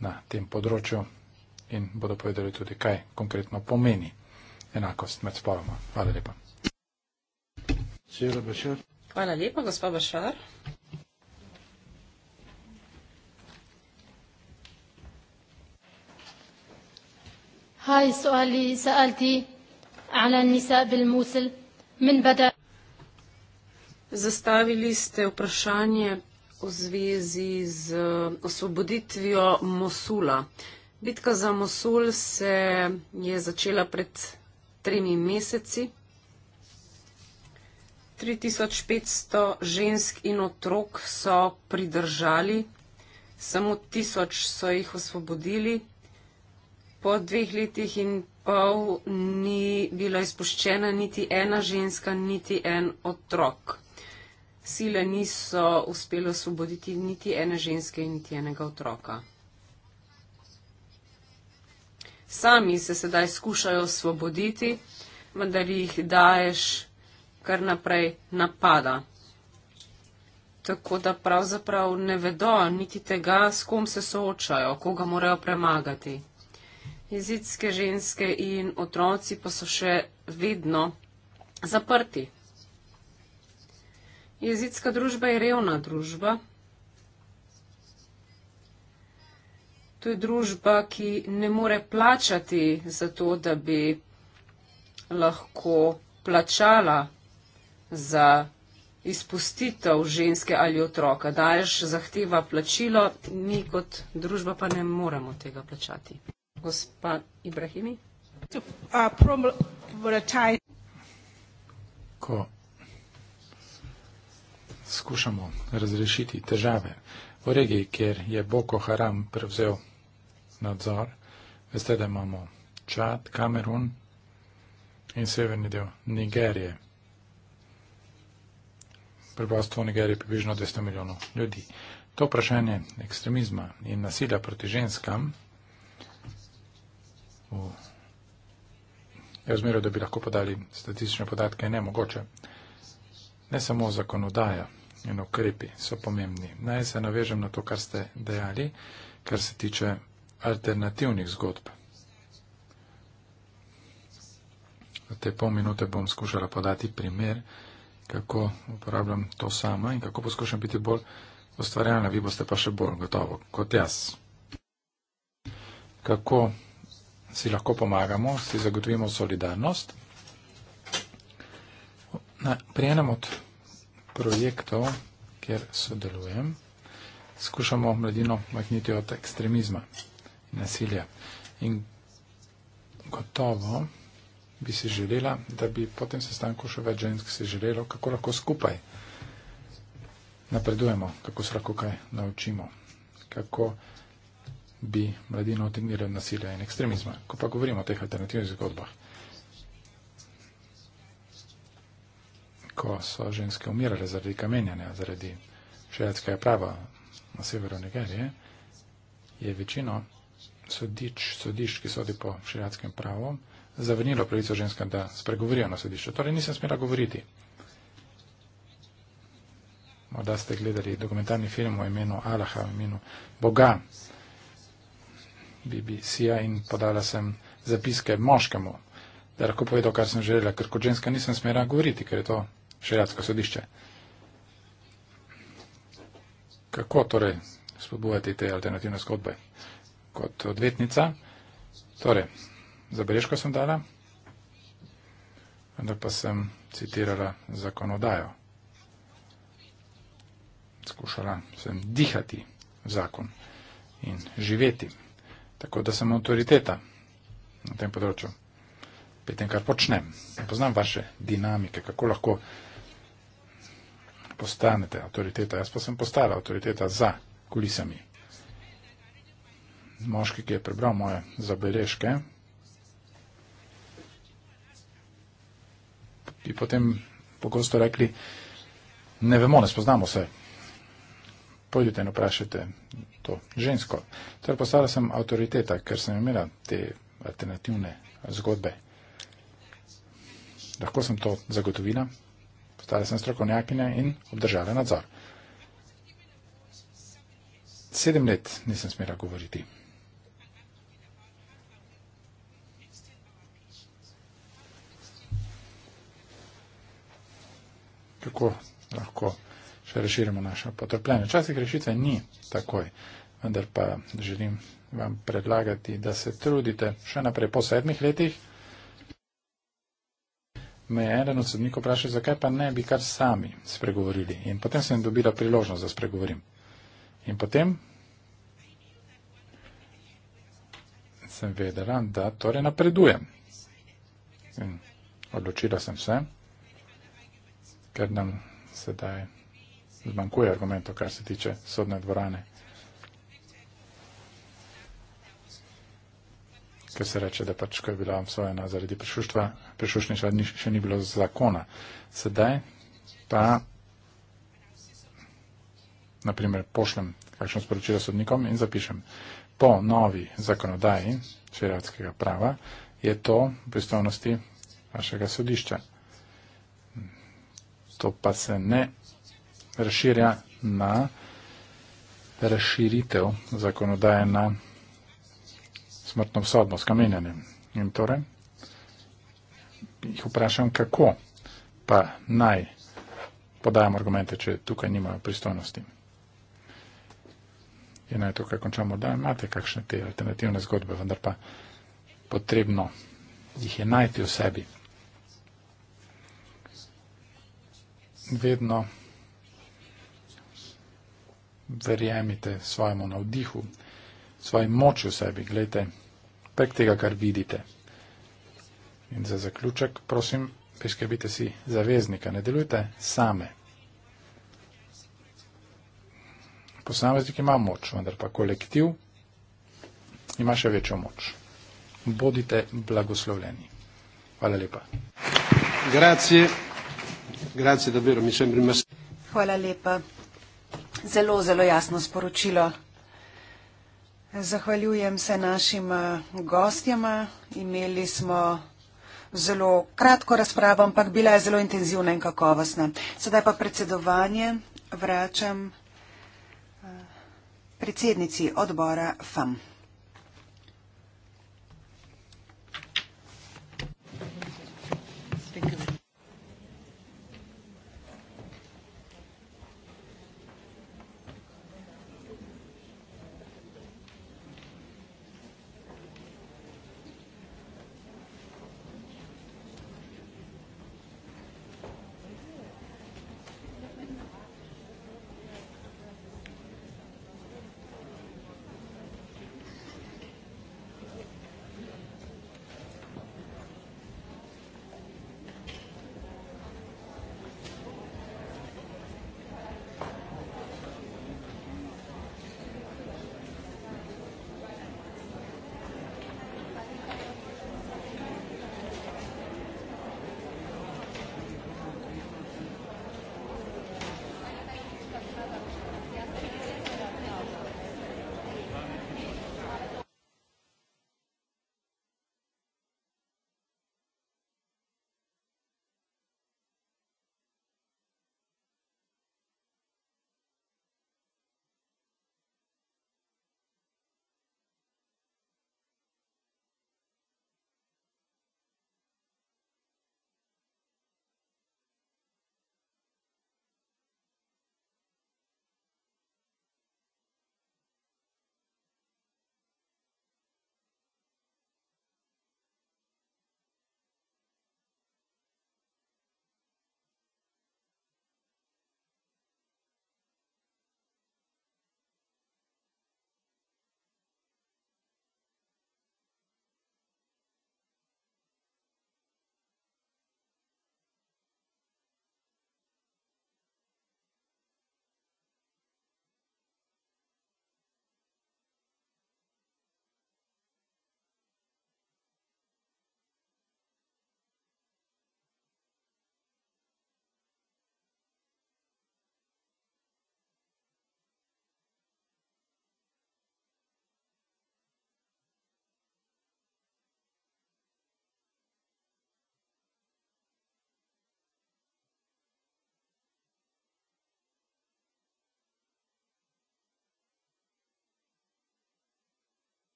na tem področju in bodo povedali tudi, kaj konkretno pomeni enakost med spoloma. Hvala lepa. Hvala lepa, gospa Bašar. هاي سؤالي سألتي على النساء بالموصل من بدأ Zastavili ste vprašanje v zvezi z eh, osvoboditvijo Mosula. Bitka za Mosul se je začela pred tremi meseci. 3500 žensk in otrok so pridržali, samo tisoč so jih osvobodili. Po dveh letih in pol ni bila izpuščena niti ena ženska, niti en otrok sile niso uspelo osvoboditi niti ene ženske in niti enega otroka. Sami se sedaj skušajo osvoboditi, vendar jih daješ kar naprej napada. Tako da pravzaprav ne vedo niti tega, s kom se soočajo, koga morajo premagati. Jezitske ženske in otroci pa so še vedno zaprti. Jezitska družba je revna družba. To je družba, ki ne more plačati za to, da bi lahko plačala za izpustitev ženske ali otroka. Daješ zahteva plačilo, mi kot družba pa ne moremo tega plačati. Gospa Ibrahimi. Ko skušamo razrešiti težave v regiji, kjer je Boko Haram prevzel nadzor. Veste, da imamo Čad, Kamerun in severni del Nigerije. Prebivalstvo v Nigeriji je približno 200 milijonov ljudi. To vprašanje ekstremizma in nasilja proti ženskam v razmeru, da bi lahko podali statistične podatke, je nemogoče. Ne samo zakonodaja in ukrepi so pomembni. Naj se navežem na to, kar ste dejali, kar se tiče alternativnih zgodb. V te pol minute bom skušala podati primer, kako uporabljam to sama in kako poskušam biti bolj ustvarjalna. Vi boste pa še bolj gotovo kot jaz. Kako si lahko pomagamo, si zagotovimo solidarnost. Na, pri enem od projektov, kjer sodelujem, skušamo mladino makniti od ekstremizma in nasilja. In gotovo bi si želela, da bi po tem sestanku še več žensk si želelo, kako lahko skupaj napredujemo, kako se lahko kaj naučimo, kako bi mladino odignili od nasilja in ekstremizma. Ko pa govorimo o teh alternativnih zgodbah. ko so ženske umirale zaradi kamenjanja, zaradi šeljatskega prava na severu Nigerije, je večino sodič, sodišč, ki sodi po šeljatskem pravu, zavrnilo pravico ženska, da spregovorijo na sodišču. Torej nisem smela govoriti. Morda ste gledali dokumentarni film o imenu Alaha, o imenu Boga, BBC-ja in podala sem zapiske moškemu, da lahko povedal, kar sem želela, ker kot ženska nisem smela govoriti, ker je to Šeljatsko sodišče. Kako torej spodbujati te alternativne skodbe? Kot odvetnica, torej, zabeležko sem dala, vendar pa sem citirala zakonodajo. Skušala sem dihati zakon in živeti. Tako da sem autoriteta na tem področju. Petem, kar počnem. Poznam vaše dinamike, kako lahko postanete avtoriteta. Jaz pa sem postala avtoriteta za kulisami. Moški, ki je prebral moje zabeležke, bi potem pogosto rekli, ne vemo, ne spoznamo se. Pojdite in vprašajte to žensko. Torej postala sem avtoriteta, ker sem imela te alternativne zgodbe. Lahko sem to zagotovila postala sem strokovnjakinja in obdržala nadzor. Sedem let nisem smela govoriti. Kako lahko še reširimo naše potrpljenje? Včasih rešitve ni takoj, vendar pa želim vam predlagati, da se trudite še naprej po sedmih letih me je eden od sodnikov vprašal, zakaj pa ne bi kar sami spregovorili. In potem sem dobila priložnost, da spregovorim. In potem sem vedela, da torej napredujem. In odločila sem se, ker nam sedaj zmanjkuje argumentov, kar se tiče sodne dvorane. ker se reče, da pač, ko je bila obsojena zaradi prešuštva, prešuštva še, še ni bilo zakona. Sedaj pa, naprimer, pošljem kakšno sporočilo sodnikom in zapišem, po novi zakonodaji šeriatskega prava je to v pristojnosti vašega sodišča. To pa se ne razširja na razširitev zakonodaje na smrtno sodbo s kamenjanjem. In torej jih vprašam, kako pa naj podajam argumente, če tukaj nimajo pristojnosti. In naj tukaj končamo, da imate kakšne te alternativne zgodbe, vendar pa potrebno jih je najti v sebi. Vedno verjemite svojemu navdihu svoje moč v sebi, gledajte, prek tega, kar vidite. In za zaključek, prosim, priskrbite si zaveznika, ne delujte same. Posameznik ima moč, vendar pa kolektiv ima še večjo moč. Bodite blagoslovljeni. Hvala lepa. Grazie. Grazie davvero, mi sembri Hvala lepa. Zelo, zelo jasno sporočilo. Zahvaljujem se našim eh, gostjama. Imeli smo zelo kratko razpravo, ampak bila je zelo intenzivna in kakovostna. Sedaj pa predsedovanje vračam eh, predsednici odbora FAM.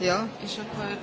Jó. És akkor...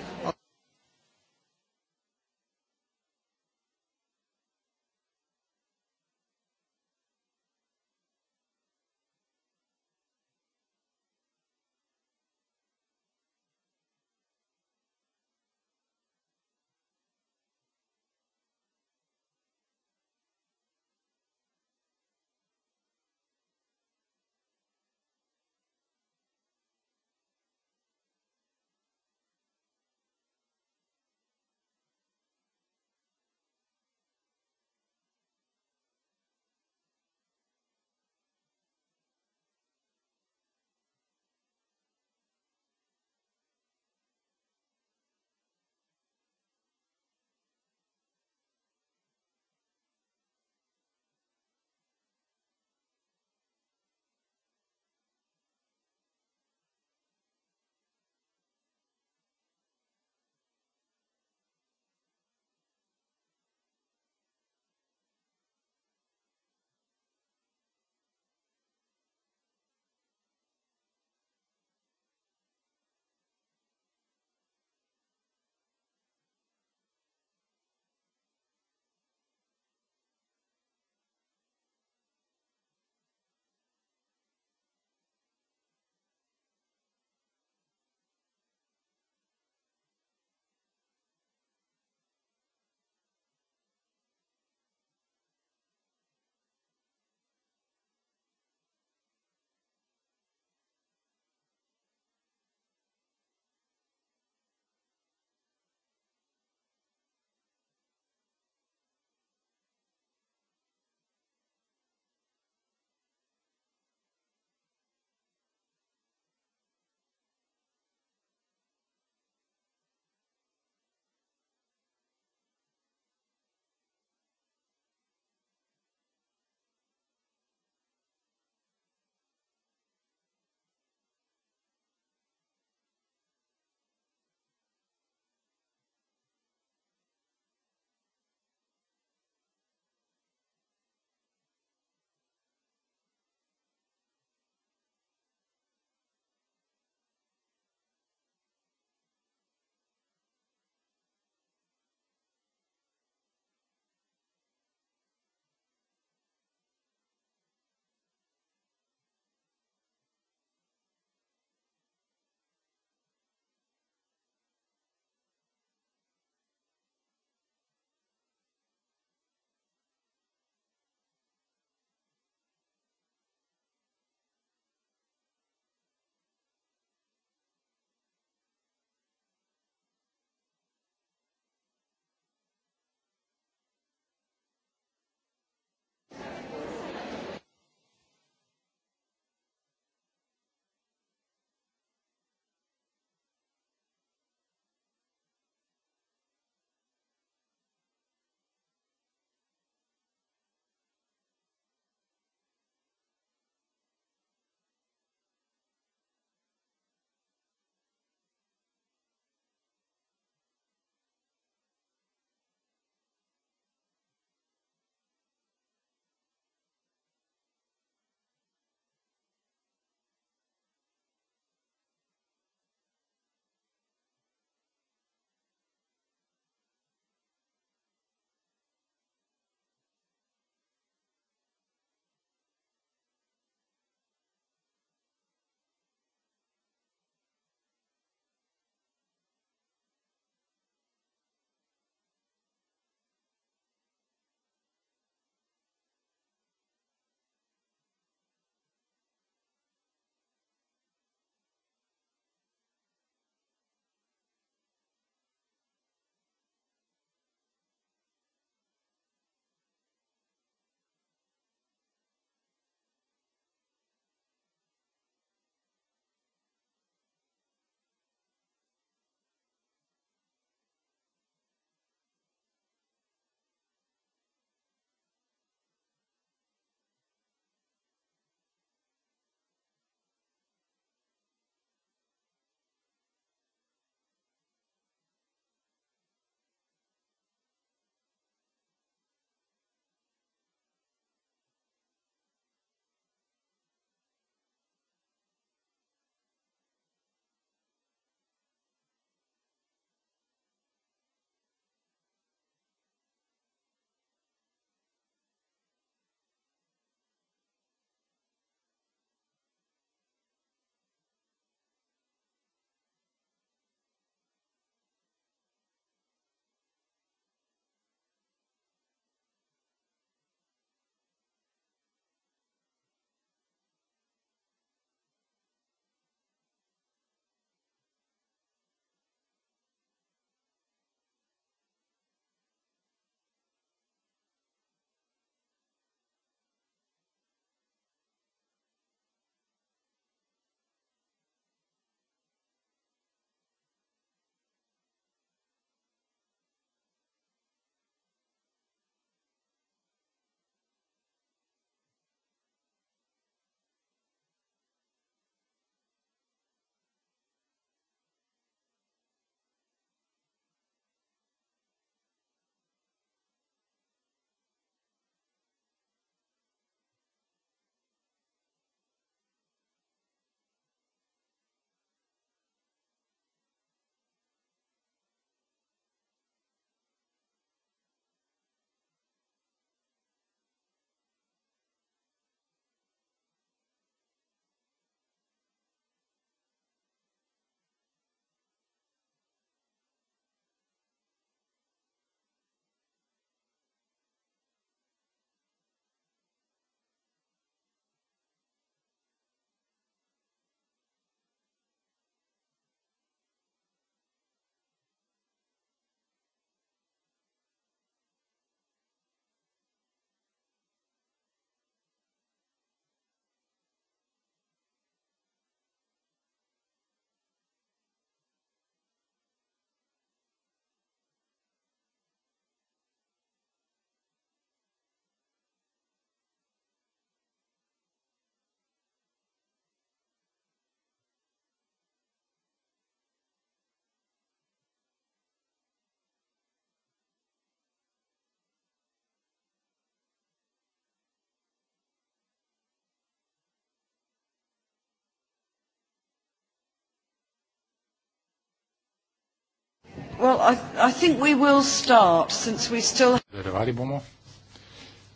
Zdravljali bomo,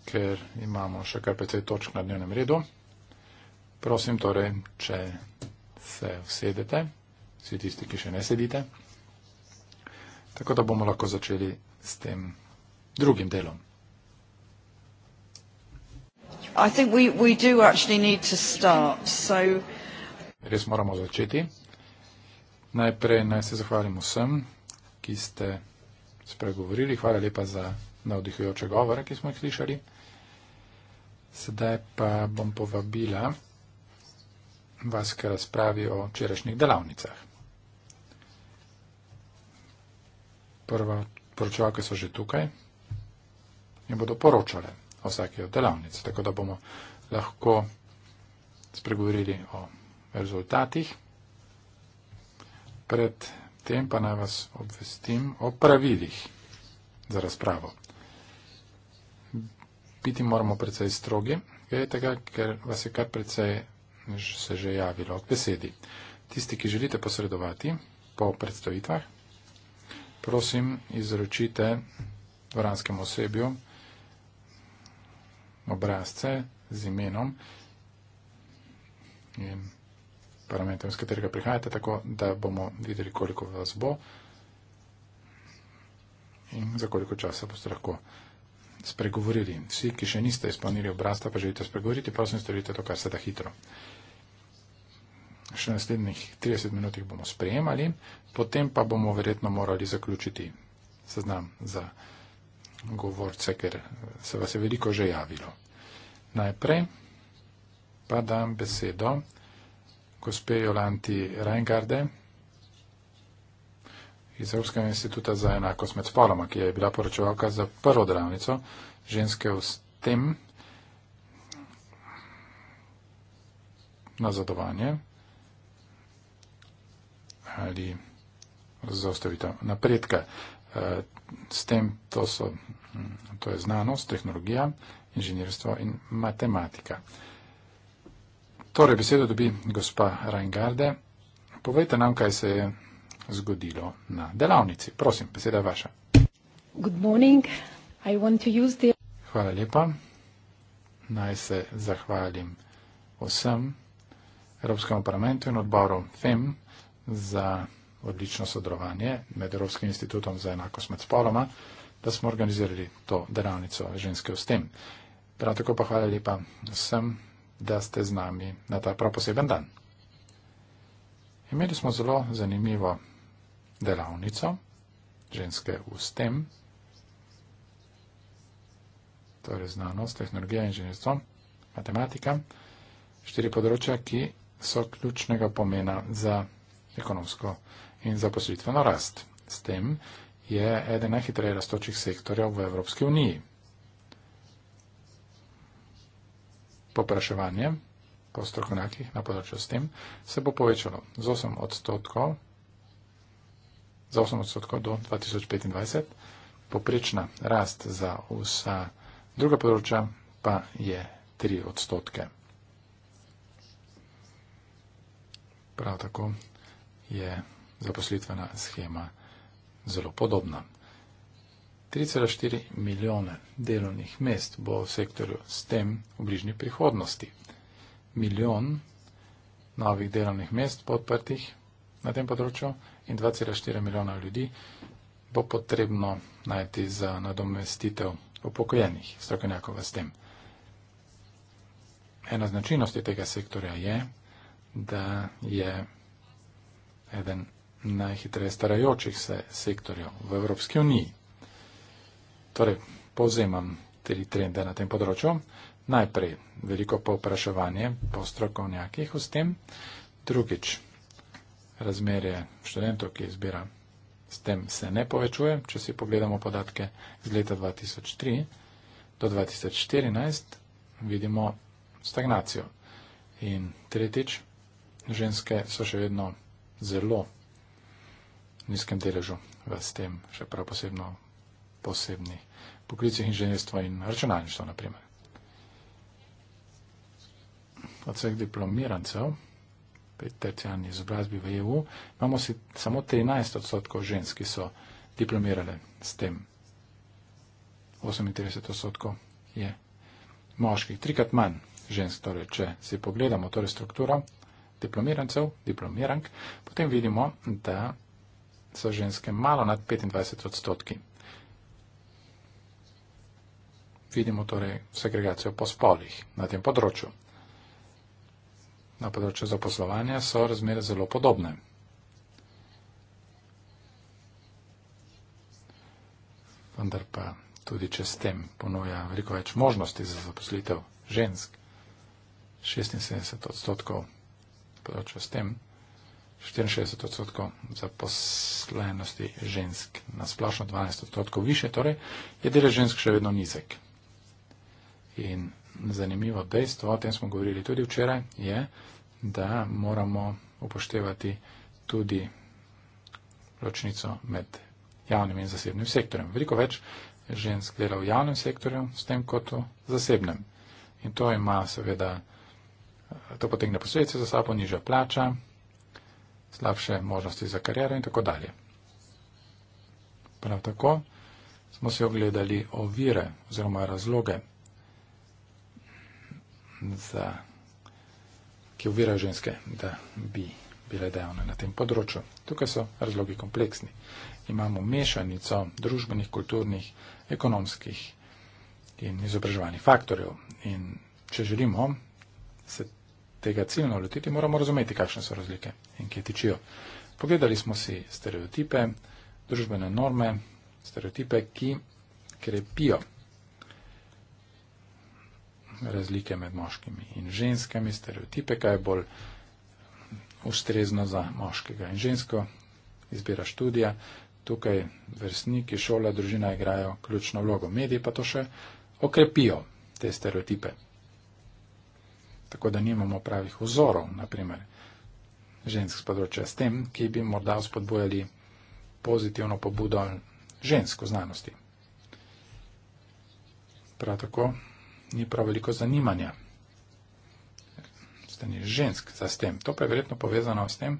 ker imamo še kar precej točk na dnevnem redu. Prosim torej, če se vsedete, vsi tisti, ki še ne sedite, tako da bomo lahko začeli s tem drugim delom. Res moramo začeti. Najprej naj se zahvalim vsem, ki ste spregovorili. Hvala lepa za navdihujoče govore, ki smo jih slišali. Sedaj pa bom povabila vas k razpravi o včerajšnjih delavnicah. Prva poročevalka so že tukaj in bodo poročale o vsake od delavnic, tako da bomo lahko spregovorili o rezultatih. Pred tem pa naj vas obvestim o pravilih za razpravo. Biti moramo precej strogi, tega, ker vas je kar precej se že javilo od besedi. Tisti, ki želite posredovati po predstavitvah, prosim, izročite dvoranskemu osebju obrazce z imenom in parlamentom, iz katerega prihajate, tako da bomo videli, koliko vas bo in za koliko časa boste lahko spregovorili. Vsi, ki še niste izpolnili obrazca, pa želite spregovoriti, prosim, storite to, kar se da hitro. Še naslednjih 30 minutih bomo sprejemali, potem pa bomo verjetno morali zaključiti seznam za govorce, ker se vas je veliko že javilo. Najprej pa dam besedo gospe Jolanti Reingarde iz Evropskega instituta za enakost med spoloma, ki je bila poročevalka za prvo delavnico ženske v STEM nazadovanje ali zaustavitev napredka. Eh, s tem to, so, hm, to je znanost, tehnologija, inženirstvo in matematika. Torej, besedo dobi gospa Reingarde. Povejte nam, kaj se je zgodilo na delavnici. Prosim, beseda je vaša. The... Hvala lepa. Naj se zahvalim vsem Evropskem parlamentu in odboru FEM za odlično sodelovanje med Evropskim institutom za enakost med spoloma, da smo organizirali to delavnico ženske v STEM. Prav tako pa hvala lepa vsem da ste z nami na ta prav poseben dan. Imeli smo zelo zanimivo delavnico ženske v STEM, torej znanost, tehnologija, inženirstvo, matematika, štiri področja, ki so ključnega pomena za ekonomsko in zaposlitveno rast. S tem je eden najhitreje rastočih sektorjev v Evropski uniji. Popraševanje po strokovnjakih na področju s tem se bo povečalo z 8 odstotkov, za 8 odstotkov do 2025. Poprečna rast za vsa druga področja pa je 3 odstotke. Prav tako je zaposlitvena schema zelo podobna. 3,4 milijone delovnih mest bo v sektorju s tem v bližnji prihodnosti. Milijon novih delovnih mest bo odprtih na tem področju in 2,4 milijona ljudi bo potrebno najti za nadomestitev upokojenih strokovnjakov s tem. Ena značilnosti tega sektorja je, da je eden najhitreje starajočih se sektorjev v Evropski uniji. Torej, povzemam tri trende na tem področju. Najprej veliko povpraševanje po strokovnjakih v tem, drugič razmerje študentov, ki izbira s tem, se ne povečuje, če si pogledamo podatke iz leta 2003 do 2014, vidimo stagnacijo. In tretjič, ženske so še vedno zelo nizkem deležu v tem, še prav posebno posebni poklici inženirstva in računalništva, naprimer. Od vseh diplomirancev, pet tercijalni izobrazbi v EU, imamo si samo 13 odstotkov žensk, ki so diplomirale s tem. 38 odstotkov je moških, trikrat manj žensk, torej, če si pogledamo torej strukturo diplomirancev, diplomirank, potem vidimo, da so ženske malo nad 25 odstotki vidimo torej segregacijo po spolih na tem področju. Na področju zaposlovanja so razmere zelo podobne. Vendar pa tudi, če s tem ponuja veliko več možnosti za zaposlitev žensk, 76 odstotkov na področju s tem, 64 odstotkov zaposlenosti žensk na splošno 12 odstotkov više, torej je delež žensk še vedno nizek. In zanimivo dejstvo, o tem smo govorili tudi včeraj, je, da moramo upoštevati tudi ločnico med javnim in zasebnim sektorjem. Veliko več žensk dela v javnem sektorju s tem kot v zasebnem. In to ima seveda, to potegne posledice za sabo, nižja plača, slabše možnosti za kariero in tako dalje. Prav tako smo se ogledali ovire oziroma razloge za, ki uvira ženske, da bi bile dejavne na tem področju. Tukaj so razlogi kompleksni. Imamo mešanico družbenih, kulturnih, ekonomskih in izobraževalnih faktorjev. In če želimo se tega ciljno lotiti, moramo razumeti, kakšne so razlike in kje tičijo. Pogledali smo si stereotipe, družbene norme, stereotipe, ki krepijo razlike med moškimi in ženskami, stereotipe, kaj je bolj ustrezno za moškega in žensko, izbira študija. Tukaj vrstniki, šola, družina igrajo ključno vlogo. Mediji pa to še okrepijo, te stereotipe. Tako da nimamo pravih vzorov, naprimer, žensk z področja s tem, ki bi morda spodbojali pozitivno pobudo žensko znanosti. Prav tako ni prav veliko zanimanja. Stanje žensk za tem. To pa je verjetno povezano s tem,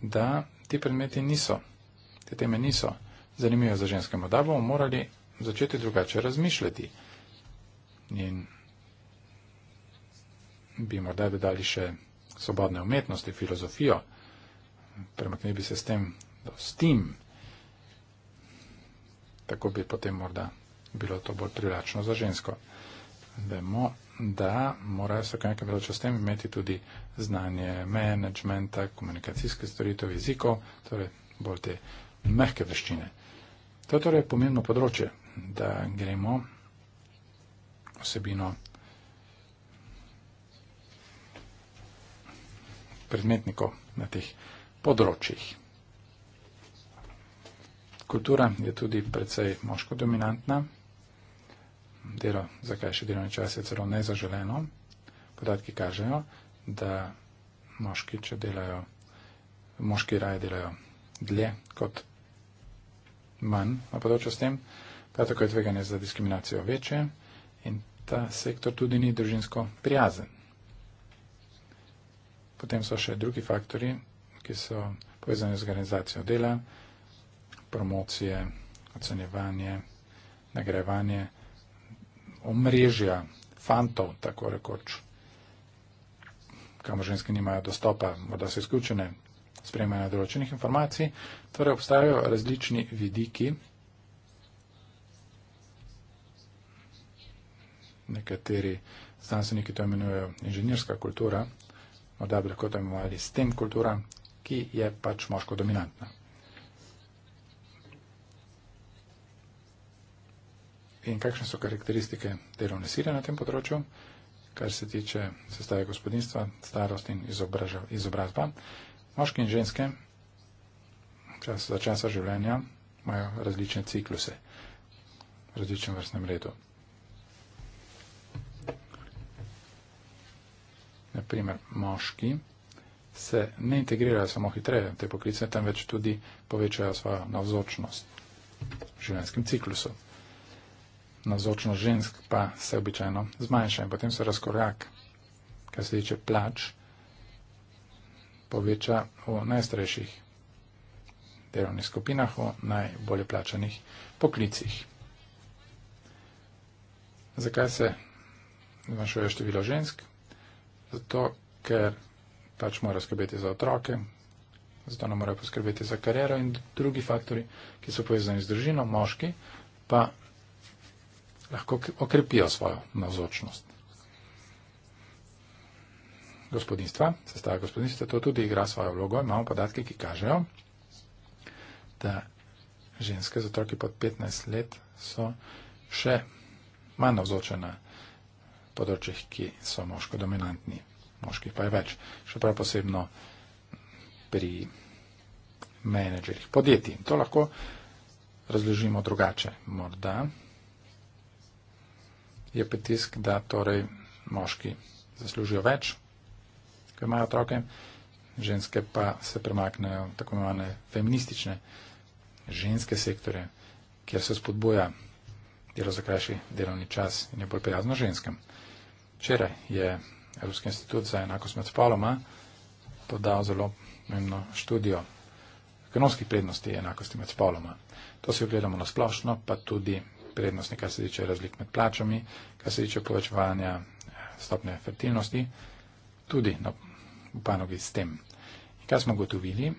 da ti predmeti niso, te teme niso zanimive za ženske. Morda bomo morali začeti drugače razmišljati. In bi morda dodali še svobodne umetnosti, filozofijo, premaknili bi se s tem, s tem. Tako bi potem morda bilo to bolj privlačno za žensko vemo, da morajo strokovnjaki s tem imeti tudi znanje menedžmenta, komunikacijske storitev, jezikov, torej bolj te mehke veščine. To torej je pomembno področje, da gremo vsebino predmetnikov na teh področjih. Kultura je tudi precej moško dominantna delo, za krajše delovni čas je celo nezaželeno. Podatki kažejo, da moški, če delajo, moški raje delajo dlje kot manj na področju s tem. Prav tako je tveganje za diskriminacijo večje in ta sektor tudi ni družinsko prijazen. Potem so še drugi faktori, ki so povezani z organizacijo dela, promocije, ocenjevanje, nagrajevanje omrežja fantov, tako rekoč, kamor ženske nimajo dostopa, morda so izključene, spremljajo določenih informacij, torej obstajajo različni vidiki, nekateri znanstveniki to imenujejo inženirska kultura, morda bi lahko to imenovali s tem kultura, ki je pač moško dominantna. in kakšne so karakteristike delovne sile na tem področju, kar se tiče sestave gospodinstva, starost in izobrazba. Moški in ženske čas, za časa življenja imajo različne cikluse v različnem vrstnem redu. Naprimer, moški se ne integrirajo samo hitreje te poklice, temveč tudi povečajo svojo navzočnost v življenjskem ciklusu navzočnost žensk pa se običajno zmanjša in potem se razkorak, kar se tiče plač, poveča v najstrejših delovnih skupinah, v najbolje plačanih poklicih. Zakaj se zmanjšuje število žensk? Zato, ker pač morajo skrbeti za otroke, zato nam morajo poskrbeti za kariero in drugi faktori, ki so povezani z družino, moški, pa lahko okrepijo svojo navzočnost. Gospodinstva, sestava gospodinstva, to tudi igra svojo vlogo. Imamo podatke, ki kažejo, da ženske z otroki pod 15 let so še manj navzoče na področjih, ki so moško dominantni. Moških pa je več. Še prav posebno pri menedžerjih podjetij. To lahko razložimo drugače. Morda je pritisk, da torej moški zaslužijo več, ko imajo otroke, ženske pa se premaknejo tako imenovane feministične ženske sektore, kjer se spodbuja delo za krajši delovni čas in je bolj prijazno ženskem. Včeraj je Evropski institut za enakost med spoloma podal zelo pomembno študijo ekonomskih prednosti enakosti med spoloma. To si ogledamo na splošno, pa tudi prednosti, kar se tiče razlik med plačami, kar se tiče povečevanja eh, stopne fertilnosti, tudi na panogi s tem. In kaj smo gotovili,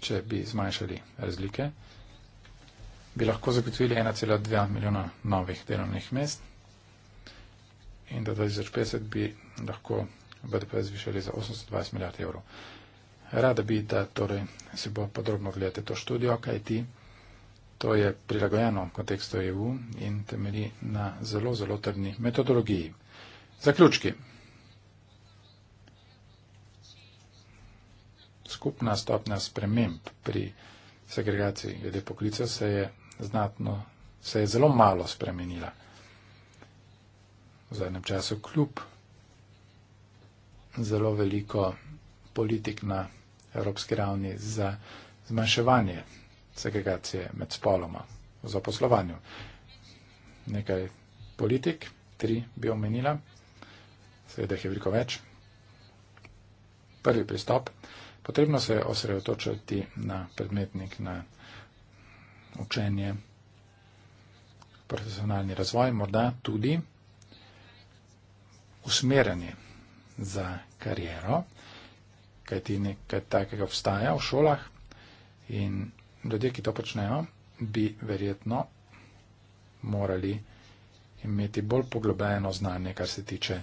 če bi zmanjšali razlike, bi lahko zagotovili 1,2 milijona novih delovnih mest in do 2050 bi lahko BDP zvišali za 820 milijard evrov. Rada bi, da torej si bo podrobno gledate to študijo, kaj ti. To je prilagojeno kontekstu EU in temelji na zelo, zelo trdni metodologiji. Zaključki. Skupna stopnja sprememb pri segregaciji glede poklica se je znatno, se je zelo malo spremenila. V zadnjem času kljub zelo veliko politik na evropski ravni za zmanjševanje segregacije med spoloma v zaposlovanju. Nekaj politik, tri bi omenila, seveda jih je veliko več. Prvi pristop, potrebno se je osredotočiti na predmetnik, na učenje, profesionalni razvoj, morda tudi usmerjanje za kariero, kajti nekaj takega obstaja v šolah in ljudje, ki to počnejo, bi verjetno morali imeti bolj poglobljeno znanje, kar se tiče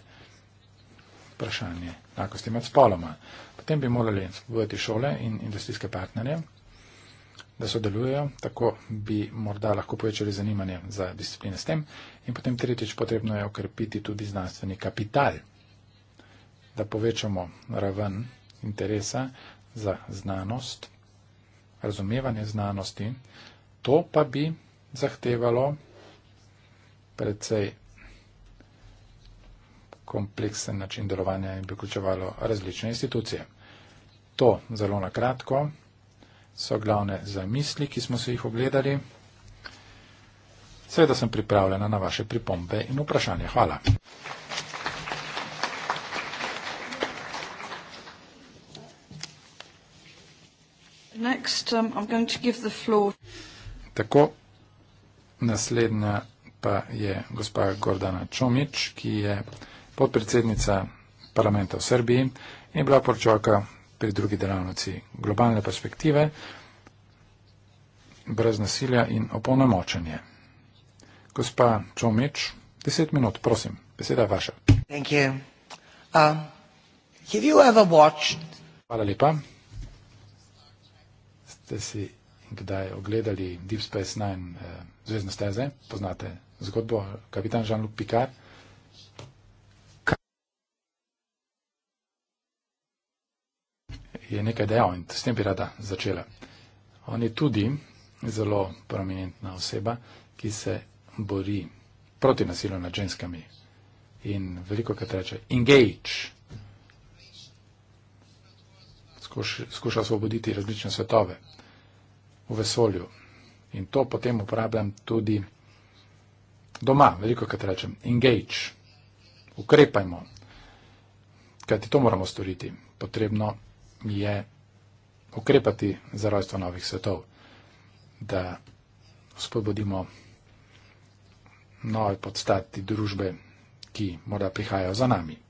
vprašanje enakosti med spoloma. Potem bi morali spodbujati šole in industrijske partnerje, da sodelujejo, tako bi morda lahko povečali zanimanje za discipline s tem. In potem tretjič, potrebno je okrepiti tudi znanstveni kapital, da povečamo raven interesa za znanost razumevanje znanosti, to pa bi zahtevalo precej kompleksen način delovanja in bi vključevalo različne institucije. To zelo na kratko so glavne zamisli, ki smo se jih ogledali. Seveda sem pripravljena na vaše pripombe in vprašanje. Hvala. Next, um, I'm going to give the floor. Tako, naslednja pa je gospa Gordana Čomič, ki je podpredsednica parlamenta v Srbiji in bila poročovka pri drugi delavnici globalne perspektive brez nasilja in opolnomočenje. Gospa Čomič, deset minut, prosim, beseda je vaša. Um, Hvala lepa ste si kdaj ogledali Deep Space Nine eh, zvezdne steze, poznate zgodbo, kapitan Jean-Luc Picard. Je nekaj dejal in s tem bi rada začela. On je tudi zelo prominentna oseba, ki se bori proti nasilju nad ženskami in veliko krat reče engage. Skuša osvoboditi različne svetove v vesolju. In to potem uporabljam tudi doma, veliko krat rečem, engage, ukrepajmo, kajti to moramo storiti. Potrebno je ukrepati za rojstvo novih svetov, da spodbudimo nove podstati družbe, ki morda prihajajo za nami.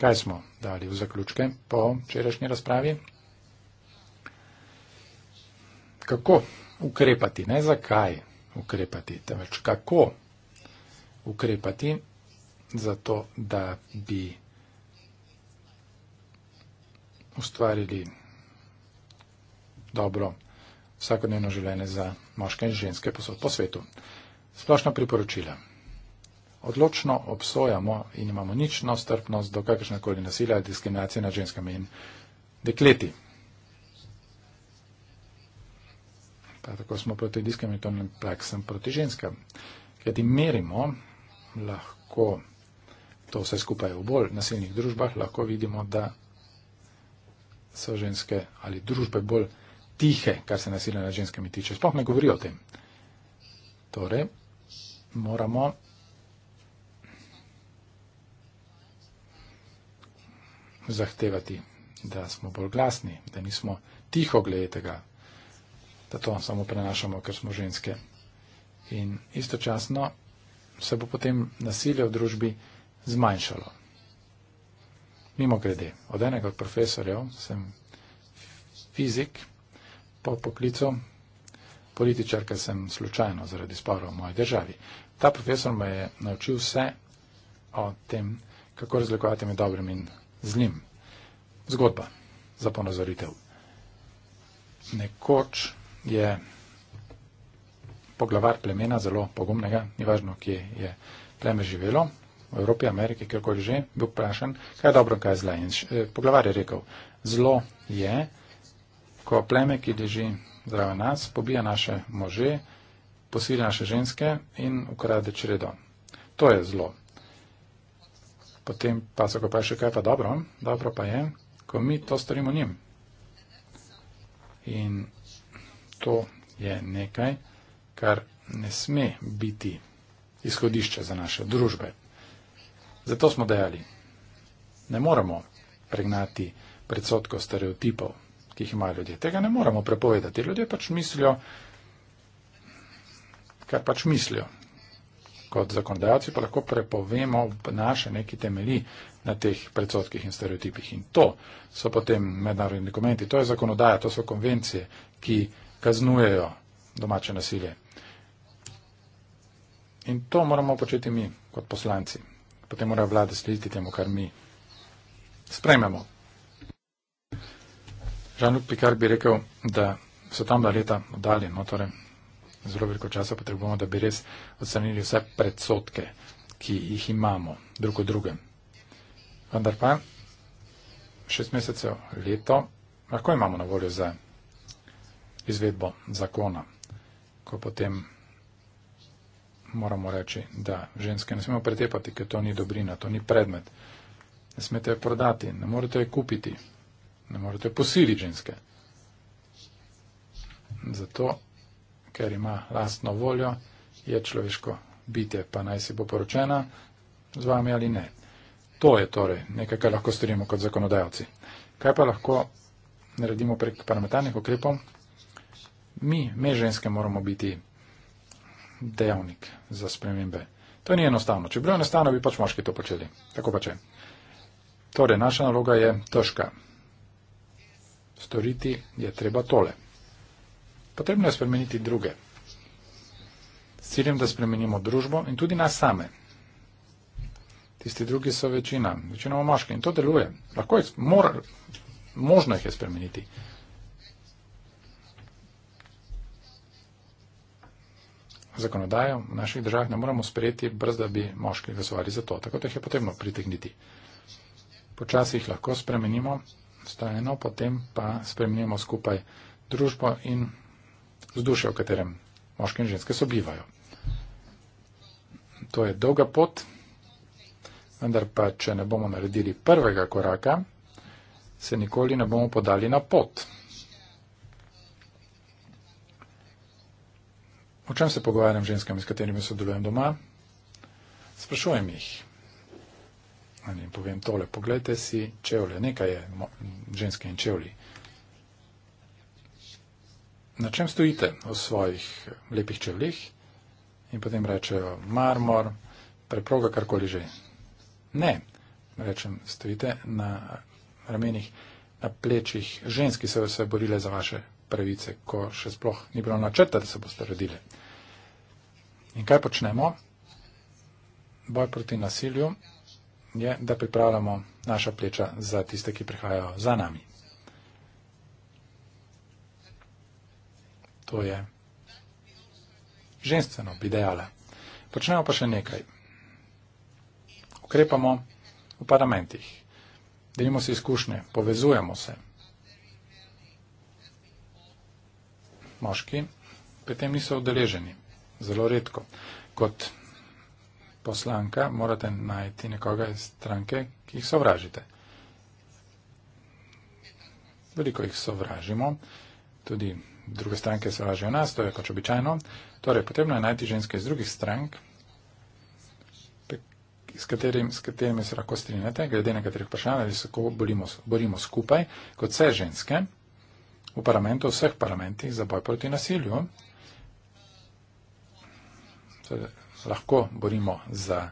Kaj smo dali v zaključke po včerajšnji razpravi? Kako ukrepati, ne zakaj ukrepati, temveč kako ukrepati, zato da bi ustvarili dobro vsakodnevno življenje za moške in ženske posod po svetu. Splošna priporočila odločno obsojamo in imamo nično strpnost do kakršnekoli nasilja ali diskriminacije nad ženskami in dekleti. Pa tako smo proti diskriminatornim praksam proti ženskam. Ker ti merimo, lahko to vse skupaj v bolj nasilnih družbah, lahko vidimo, da so ženske ali družbe bolj tihe, kar se nasilja nad ženskami tiče. Sploh ne govori o tem. Torej, moramo zahtevati, da smo bolj glasni, da nismo tiho glede tega, da to samo prenašamo, ker smo ženske. In istočasno se bo potem nasilje v družbi zmanjšalo. Mimo grede, od enega od profesorjev sem fizik po poklicu, političar, ker sem slučajno zaradi spora v moji državi. Ta profesor me je naučil vse o tem, kako razlikovati med dobrim in z njim. Zgodba za ponazoritev. Nekoč je poglavar plemena, zelo pogumnega, ni važno, kje je pleme živelo, v Evropi, Ameriki, kjerkoli že, bil vprašan, kaj je dobro, kaj je zle. In eh, poglavar je rekel, zlo je, ko pleme, ki leži zraven nas, pobija naše može, posilja naše ženske in ukrade čredo. To je zlo potem pa se ga vpraša, kaj pa dobro, dobro pa je, ko mi to storimo njim. In to je nekaj, kar ne sme biti izhodišče za naše družbe. Zato smo dejali, ne moremo pregnati predsotko stereotipov, ki jih imajo ljudje. Tega ne moremo prepovedati. Ljudje pač mislijo, kar pač mislijo kot zakonodajalci pa lahko prepovemo naše neki temelji na teh predsotkih in stereotipih. In to so potem mednarodni dokumenti, to je zakonodaja, to so konvencije, ki kaznujejo domače nasilje. In to moramo početi mi kot poslanci. Potem mora vlada slediti temu, kar mi sprememo. Žanuk Pikar bi rekel, da so tam leta oddaljeni, no, torej zelo veliko časa potrebujemo, da bi res odstranili vse predsotke, ki jih imamo drug o drugem. Vendar pa šest mesecev leto lahko imamo na voljo za izvedbo zakona, ko potem moramo reči, da ženske ne smemo pretepati, ker to ni dobrina, to ni predmet. Ne smete jo prodati, ne morete jo kupiti, ne morete posiliti ženske. Zato ker ima lastno voljo, je človeško bitje, pa naj si bo poročena z vami ali ne. To je torej nekaj, kar lahko storimo kot zakonodajalci. Kaj pa lahko naredimo prek parlamentarnih ukrepov? Mi, me ženske, moramo biti dejavnik za spremembe. To ni enostavno. Če bi bilo enostavno, bi pač moški to počeli. Tako pač je. Torej, naša naloga je težka. Storiti je treba tole. Potrebno je spremeniti druge. S ciljem, da spremenimo družbo in tudi nas same. Tisti drugi so večina, večinoma moški in to deluje. Lahko jih, mor, možno jih je spremeniti. Zakonodajo v naših državah ne moremo sprejeti, brz da bi moški glasovali za to. Tako da jih je potrebno pritegniti. Počasi jih lahko spremenimo, stajeno, potem pa spremenimo skupaj družbo in vzdušje, v katerem moški in ženske sobivajo. To je dolga pot, vendar pa, če ne bomo naredili prvega koraka, se nikoli ne bomo podali na pot. O čem se pogovarjam z ženskami, s katerimi sodelujem doma? Sprašujem jih. In povem tole, pogledajte si čevlje, nekaj je ženske in čevlji na čem stojite v svojih lepih čevljih in potem rečejo marmor, preproga, karkoli že. Ne, rečem, stojite na ramenih, na plečih žensk, ki so se borile za vaše pravice, ko še sploh ni bilo načrta, da se boste rodile. In kaj počnemo? Boj proti nasilju je, da pripravljamo naša pleča za tiste, ki prihajajo za nami. to je ženstveno, bi dejale. Počnemo pa še nekaj. Ukrepamo v parlamentih, delimo si izkušnje, povezujemo se. Moški pri tem niso odeleženi, zelo redko. Kot poslanka morate najti nekoga iz stranke, ki jih sovražite. Veliko jih sovražimo, tudi druge stranke sovražijo nas, to je pač običajno. Torej, potrebno je najti ženske iz drugih strank, s, katerim, s katerimi se lahko strinjate, glede na katerih vprašanj, ali se lahko borimo, borimo skupaj, kot vse ženske v parlamentu, v vseh parlamentih za boj proti nasilju. Torej, lahko borimo za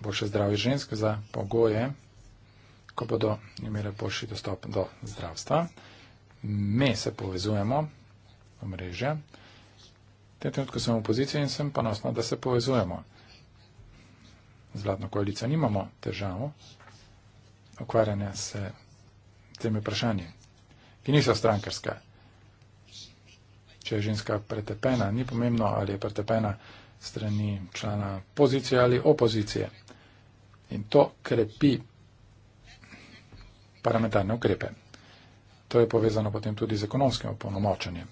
boljše zdravje ženske, za pogoje, ko bodo imele boljši dostop do zdravstva me se povezujemo v mreže. V tem trenutku sem v poziciji in sem ponosna, da se povezujemo. Z vladno koalicijo nimamo težav ukvarjanja s temi vprašanji, ki niso strankarska. Če je ženska pretepena, ni pomembno, ali je pretepena strani člana pozicije ali opozicije. In to krepi parlamentarne ukrepe. To je povezano potem tudi z ekonomskim opolnomočenjem.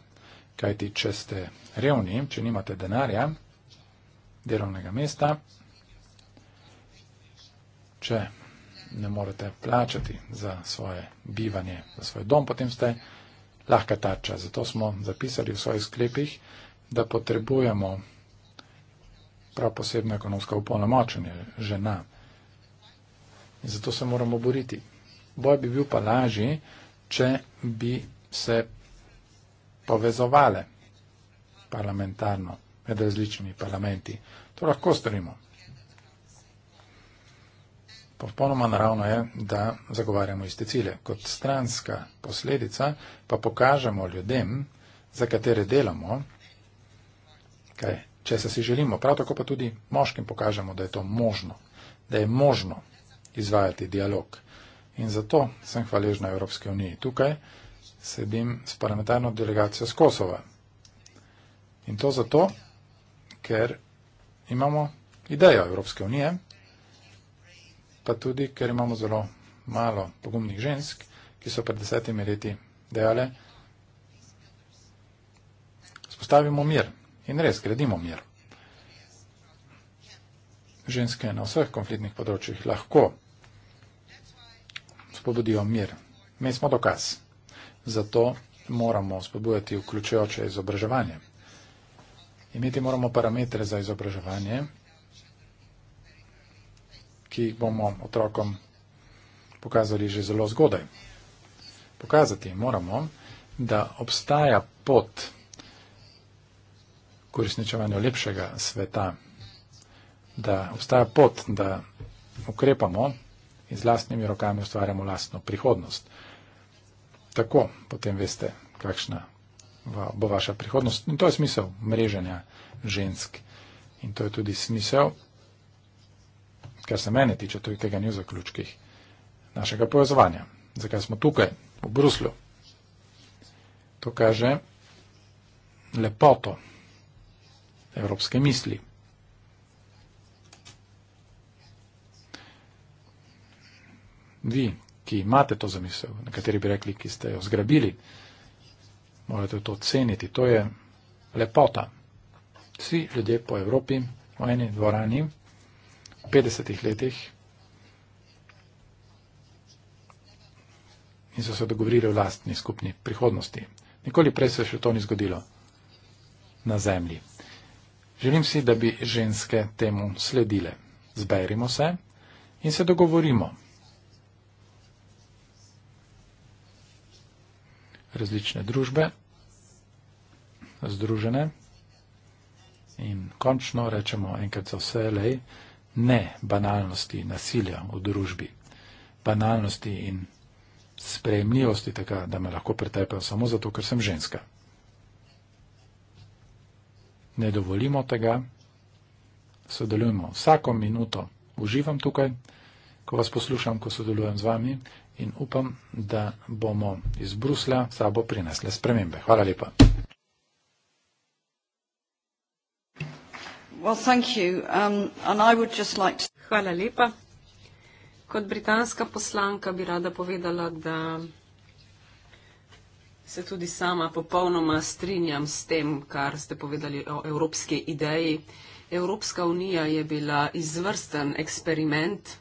Kajti, če ste revni, če nimate denarja, delovnega mesta, če ne morete plačati za svoje bivanje, za svoj dom, potem ste lahka tača. Zato smo zapisali v svojih sklepih, da potrebujemo prav posebno ekonomsko upolnomočenje žena. In zato se moramo boriti. Boj bi bil pa lažji, če bi se povezovale parlamentarno med različnimi parlamenti. To lahko storimo. Popolnoma naravno je, da zagovarjamo iste cilje. Kot stranska posledica pa pokažemo ljudem, za katere delamo, kaj, če se si želimo. Prav tako pa tudi moškim pokažemo, da je to možno, da je možno izvajati dialog. In zato sem hvaležna Evropske unije. Tukaj sedim s parlamentarno delegacijo z Kosova. In to zato, ker imamo idejo Evropske unije, pa tudi, ker imamo zelo malo pogumnih žensk, ki so pred desetimi leti dejale, spostavimo mir in res gradimo mir. Ženske na vseh konfliktnih področjih lahko spodbudijo mir. Mi smo dokaz. Zato moramo spodbujati vključujoče izobraževanje. Imeti moramo parametre za izobraževanje, ki jih bomo otrokom pokazali že zelo zgodaj. Pokazati moramo, da obstaja pot k uresničevanju lepšega sveta, da obstaja pot, da ukrepamo in z lastnimi rokami ustvarjamo lastno prihodnost. Tako potem veste, kakšna bo vaša prihodnost. In to je smisel mreženja žensk. In to je tudi smisel, kar se mene tiče, tudi tega ni v zaključkih našega povezovanja. Zakaj smo tukaj, v Bruslju? To kaže lepoto evropske misli. vi, ki imate to zamisel, na kateri bi rekli, ki ste jo zgrabili, morate to ceniti. To je lepota. Vsi ljudje po Evropi, v eni dvorani, v 50-ih letih, in so se dogovorili o lastni skupni prihodnosti. Nikoli prej se še to ni zgodilo na zemlji. Želim si, da bi ženske temu sledile. Zberimo se in se dogovorimo. različne družbe združene in končno rečemo enkrat za vse lej ne banalnosti nasilja v družbi, banalnosti in sprejemljivosti tega, da me lahko pretepajo samo zato, ker sem ženska. Ne dovolimo tega, sodelujemo vsako minuto, uživam tukaj, ko vas poslušam, ko sodelujem z vami in upam, da bomo iz Bruslja sabo prinesli spremembe. Hvala lepa. Um, Hvala lepa. Kot britanska poslanka bi rada povedala, da se tudi sama popolnoma strinjam s tem, kar ste povedali o evropski ideji. Evropska unija je bila izvrsten eksperiment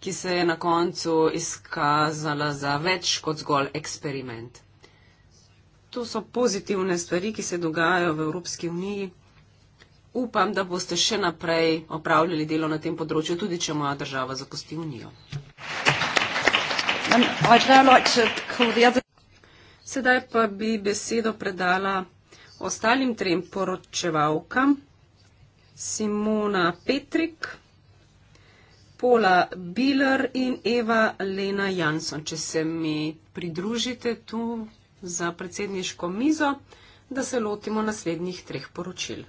ki se je na koncu izkazala za več kot zgolj eksperiment. To so pozitivne stvari, ki se dogajajo v Evropski uniji. Upam, da boste še naprej opravljali delo na tem področju, tudi če moja država zapusti unijo. Sedaj pa bi besedo predala ostalim trem poročevalkam. Simona Petrik. Pola Biler in Eva Lena Jansson, če se mi pridružite tu za predsedniško mizo, da se lotimo naslednjih treh poročil.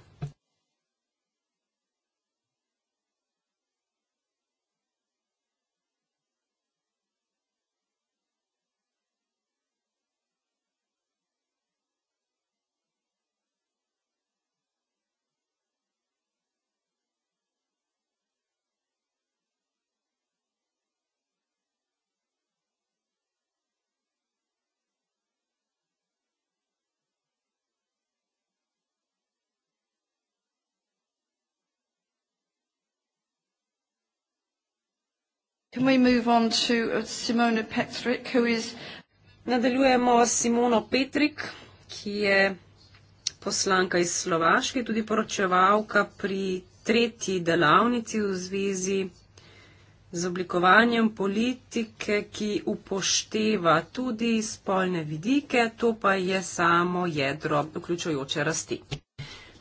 Can we move on to uh, Simona Petrik, who is... Nadaljujemo s Simono Petrik, ki je poslanka iz Slovaške, tudi poročevalka pri tretji delavnici v zvezi z oblikovanjem politike, ki upošteva tudi spolne vidike, to pa je samo jedro vključujoče rasti.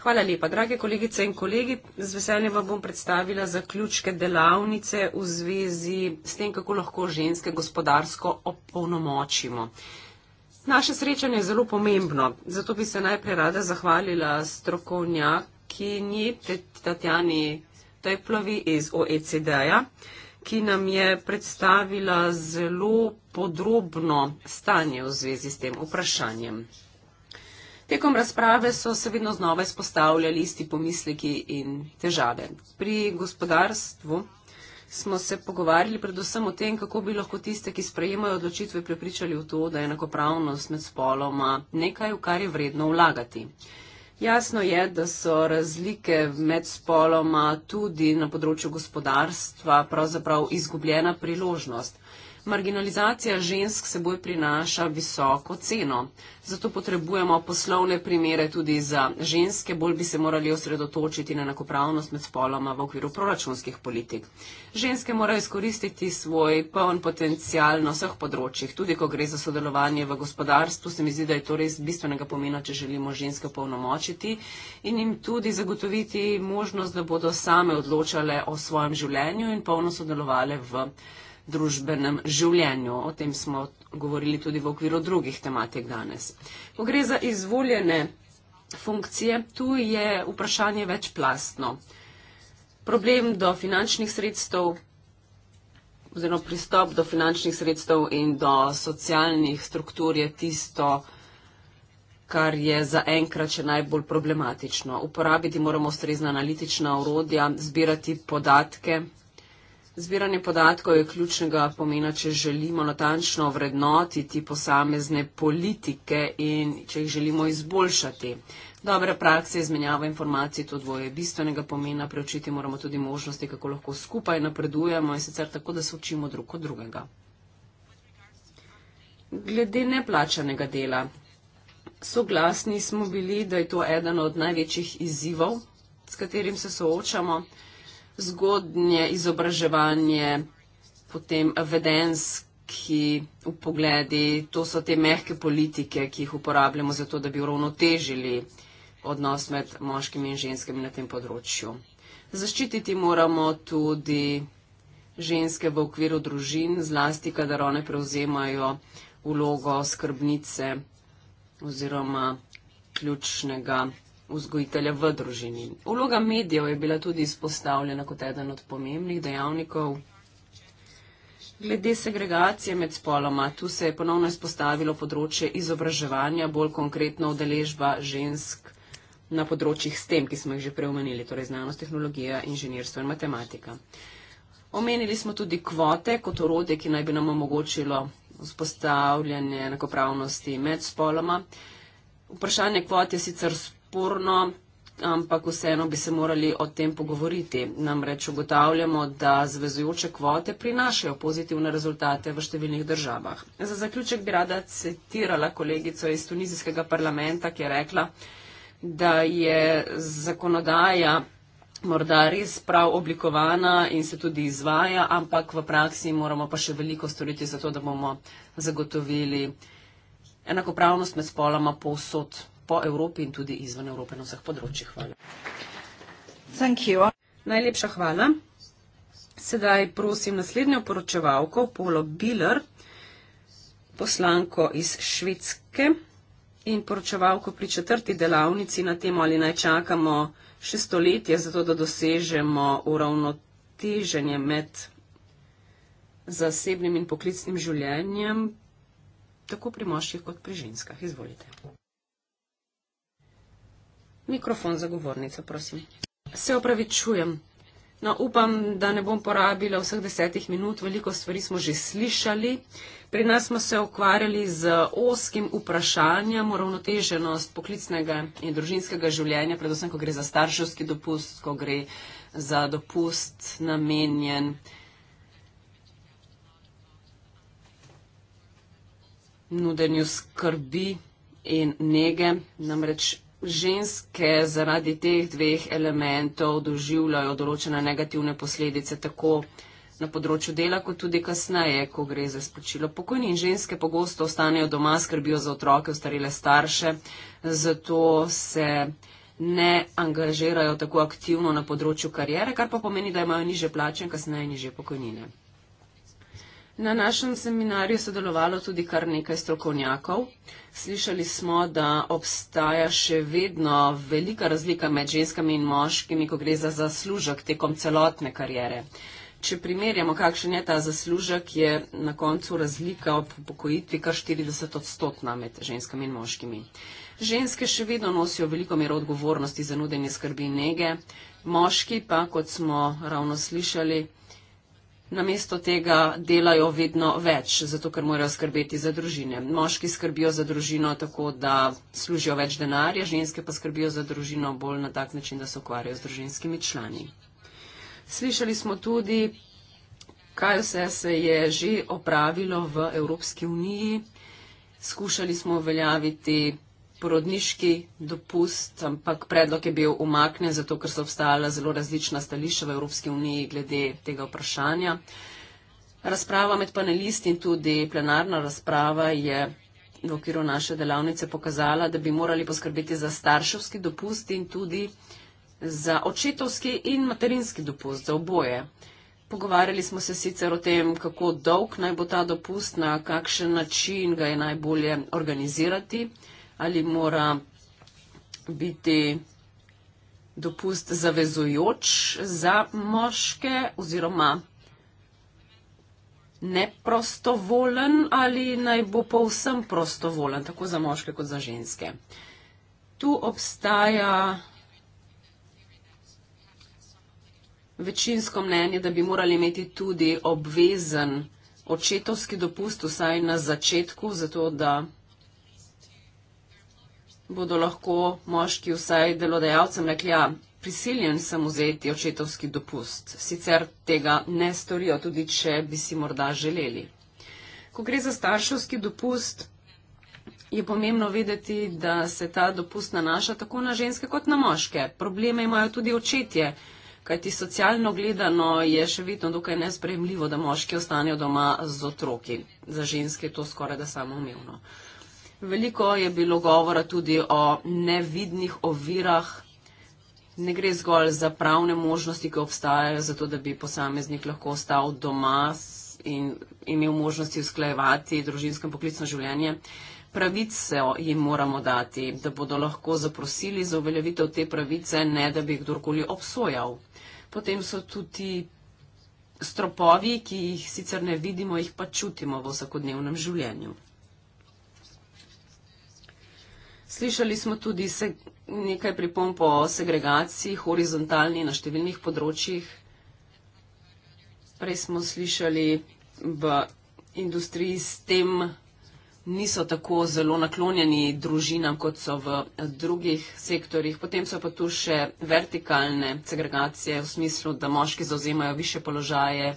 Hvala lepa. Drage kolegice in kolegi, z veseljem vam bom predstavila zaključke delavnice v zvezi s tem, kako lahko ženske gospodarsko opolnomočimo. Naše srečanje je zelo pomembno, zato bi se najprej rada zahvalila strokovnjakinji Tatjani Teplovi iz OECD-ja, ki nam je predstavila zelo podrobno stanje v zvezi s tem vprašanjem. Tekom razprave so se vedno znova izpostavljali isti pomisleki in težave. Pri gospodarstvu smo se pogovarjali predvsem o tem, kako bi lahko tiste, ki sprejemajo odločitve, prepričali v to, da je enakopravnost med spoloma nekaj, v kar je vredno vlagati. Jasno je, da so razlike med spoloma tudi na področju gospodarstva pravzaprav izgubljena priložnost. Marginalizacija žensk seboj prinaša visoko ceno. Zato potrebujemo poslovne primere tudi za ženske, bolj bi se morali osredotočiti na enakopravnost med spoloma v okviru proračunskih politik. Ženske morajo izkoristiti svoj poln potencial na vseh področjih, tudi ko gre za sodelovanje v gospodarstvu, se mi zdi, da je to res bistvenega pomena, če želimo ženske polnomočiti in jim tudi zagotoviti možnost, da bodo same odločale o svojem življenju in polno sodelovale v družbenem življenju. O tem smo govorili tudi v okviru drugih tematik danes. Ko gre za izvoljene funkcije, tu je vprašanje večplastno. Problem do finančnih sredstev oziroma pristop do finančnih sredstev in do socialnih struktur je tisto, kar je zaenkrat še najbolj problematično. Uporabiti moramo strezna analitična urodja, zbirati podatke, Zbiranje podatkov je ključnega pomena, če želimo natančno vrednotiti posamezne politike in če jih želimo izboljšati. Dobre prakse izmenjava informacij to dvoje bistvenega pomena, preučiti moramo tudi možnosti, kako lahko skupaj napredujemo in sicer tako, da se učimo drug od drugega. Glede neplačanega dela. Soglasni smo bili, da je to eden od največjih izzivov, s katerim se soočamo zgodnje izobraževanje, potem vedenski upogledi, to so te mehke politike, ki jih uporabljamo za to, da bi uravnotežili odnos med moškimi in ženskami na tem področju. Zaščititi moramo tudi ženske v okviru družin, zlasti, kadar one prevzemajo vlogo skrbnice oziroma ključnega vzgojitelja v družini. Uloga medijev je bila tudi izpostavljena kot eden od pomembnih dejavnikov. Glede segregacije med spoloma, tu se je ponovno izpostavilo področje izobraževanja, bolj konkretno udeležba žensk na področjih s tem, ki smo jih že preomenili, torej znanost, tehnologija, inženirstvo in matematika. Omenili smo tudi kvote kot orode, ki naj bi nam omogočilo vzpostavljanje enakopravnosti med spoloma. Vprašanje kvot je sicer sporočilo podporno, ampak vseeno bi se morali o tem pogovoriti. Namreč ugotavljamo, da zvezujoče kvote prinašajo pozitivne rezultate v številnih državah. Za zaključek bi rada citirala kolegico iz tunizijskega parlamenta, ki je rekla, da je zakonodaja morda res prav oblikovana in se tudi izvaja, ampak v praksi moramo pa še veliko storiti za to, da bomo zagotovili enakopravnost med spoloma povsod po Evropi in tudi izven Evrope na vseh področjih. Hvala. Najlepša hvala. Sedaj prosim naslednjo poročevalko, Polo Biller, poslanko iz Švedske in poročevalko pri četrti delavnici na temo, ali naj čakamo še stoletje, zato da dosežemo uravnoteženje med zasebnim in poklicnim življenjem, tako pri moških kot pri ženskah. Izvolite. Mikrofon za govornico, prosim. Se opravičujem. No, upam, da ne bom porabila vseh desetih minut, veliko stvari smo že slišali. Pri nas smo se ukvarjali z oskim vprašanjem uravnoteženost poklicnega in družinskega življenja, predvsem, ko gre za starševski dopust, ko gre za dopust namenjen. Nudenju skrbi in nege, namreč ženske zaradi teh dveh elementov doživljajo določene negativne posledice tako na področju dela, kot tudi kasneje, ko gre za izplačilo pokojnin. Ženske pogosto ostanejo doma, skrbijo za otroke, ostarele starše, zato se ne angažirajo tako aktivno na področju karijere, kar pa pomeni, da imajo niže plače in kasneje niže pokojnine. Na našem seminarju je sodelovalo tudi kar nekaj strokovnjakov. Slišali smo, da obstaja še vedno velika razlika med ženskami in moškimi, ko gre za zaslužek tekom celotne kariere. Če primerjamo, kakšen je ta zaslužek, je na koncu razlika ob pokojitvi kar 40 odstotna med ženskami in moškimi. Ženske še vedno nosijo veliko mero odgovornosti za nudenje skrbi in nege, moški pa, kot smo ravno slišali, namesto tega delajo vedno več, zato ker morajo skrbeti za družine. Moški skrbijo za družino tako, da služijo več denarja, ženske pa skrbijo za družino bolj na tak način, da se ukvarjajo z družinskimi člani. Slišali smo tudi, kaj vse se je že opravilo v Evropski uniji. Skušali smo uveljaviti porodniški dopust, ampak predlog je bil umaknjen, zato ker so obstajala zelo različna stališča v Evropski uniji glede tega vprašanja. Razprava med panelisti in tudi plenarna razprava je v okviru naše delavnice pokazala, da bi morali poskrbeti za starševski dopust in tudi za očetovski in materinski dopust, za oboje. Pogovarjali smo se sicer o tem, kako dolg naj bo ta dopust, na kakšen način ga je najbolje organizirati ali mora biti dopust zavezujoč za moške oziroma neprostovolen ali naj bo povsem prostovolen, tako za moške kot za ženske. Tu obstaja večinsko mnenje, da bi morali imeti tudi obvezen očetovski dopust vsaj na začetku, zato da bodo lahko moški vsaj delodajalcem rekli, ja, prisiljen sem vzeti očetovski dopust, sicer tega ne storijo, tudi če bi si morda želeli. Ko gre za starševski dopust, je pomembno vedeti, da se ta dopust nanaša tako na ženske kot na moške. Probleme imajo tudi očetje, kajti socialno gledano je še vedno dokaj nesprejemljivo, da moški ostanejo doma z otroki. Za ženske je to skoraj da samoumevno. Veliko je bilo govora tudi o nevidnih ovirah. Ne gre zgolj za pravne možnosti, ki obstajajo, zato da bi posameznik lahko ostal doma in imel možnosti usklajevati družinsko in poklicno življenje. Pravice jim moramo dati, da bodo lahko zaprosili za uveljavitev te pravice, ne da bi jih kdorkoli obsojal. Potem so tudi stropovi, ki jih sicer ne vidimo, jih pa čutimo v vsakodnevnem življenju. Slišali smo tudi se, nekaj pripomp o segregaciji, horizontalni na številnih področjih. Prej smo slišali, v industriji s tem niso tako zelo naklonjeni družinam, kot so v drugih sektorjih. Potem so pa tu še vertikalne segregacije v smislu, da moški zauzemajo više položaje,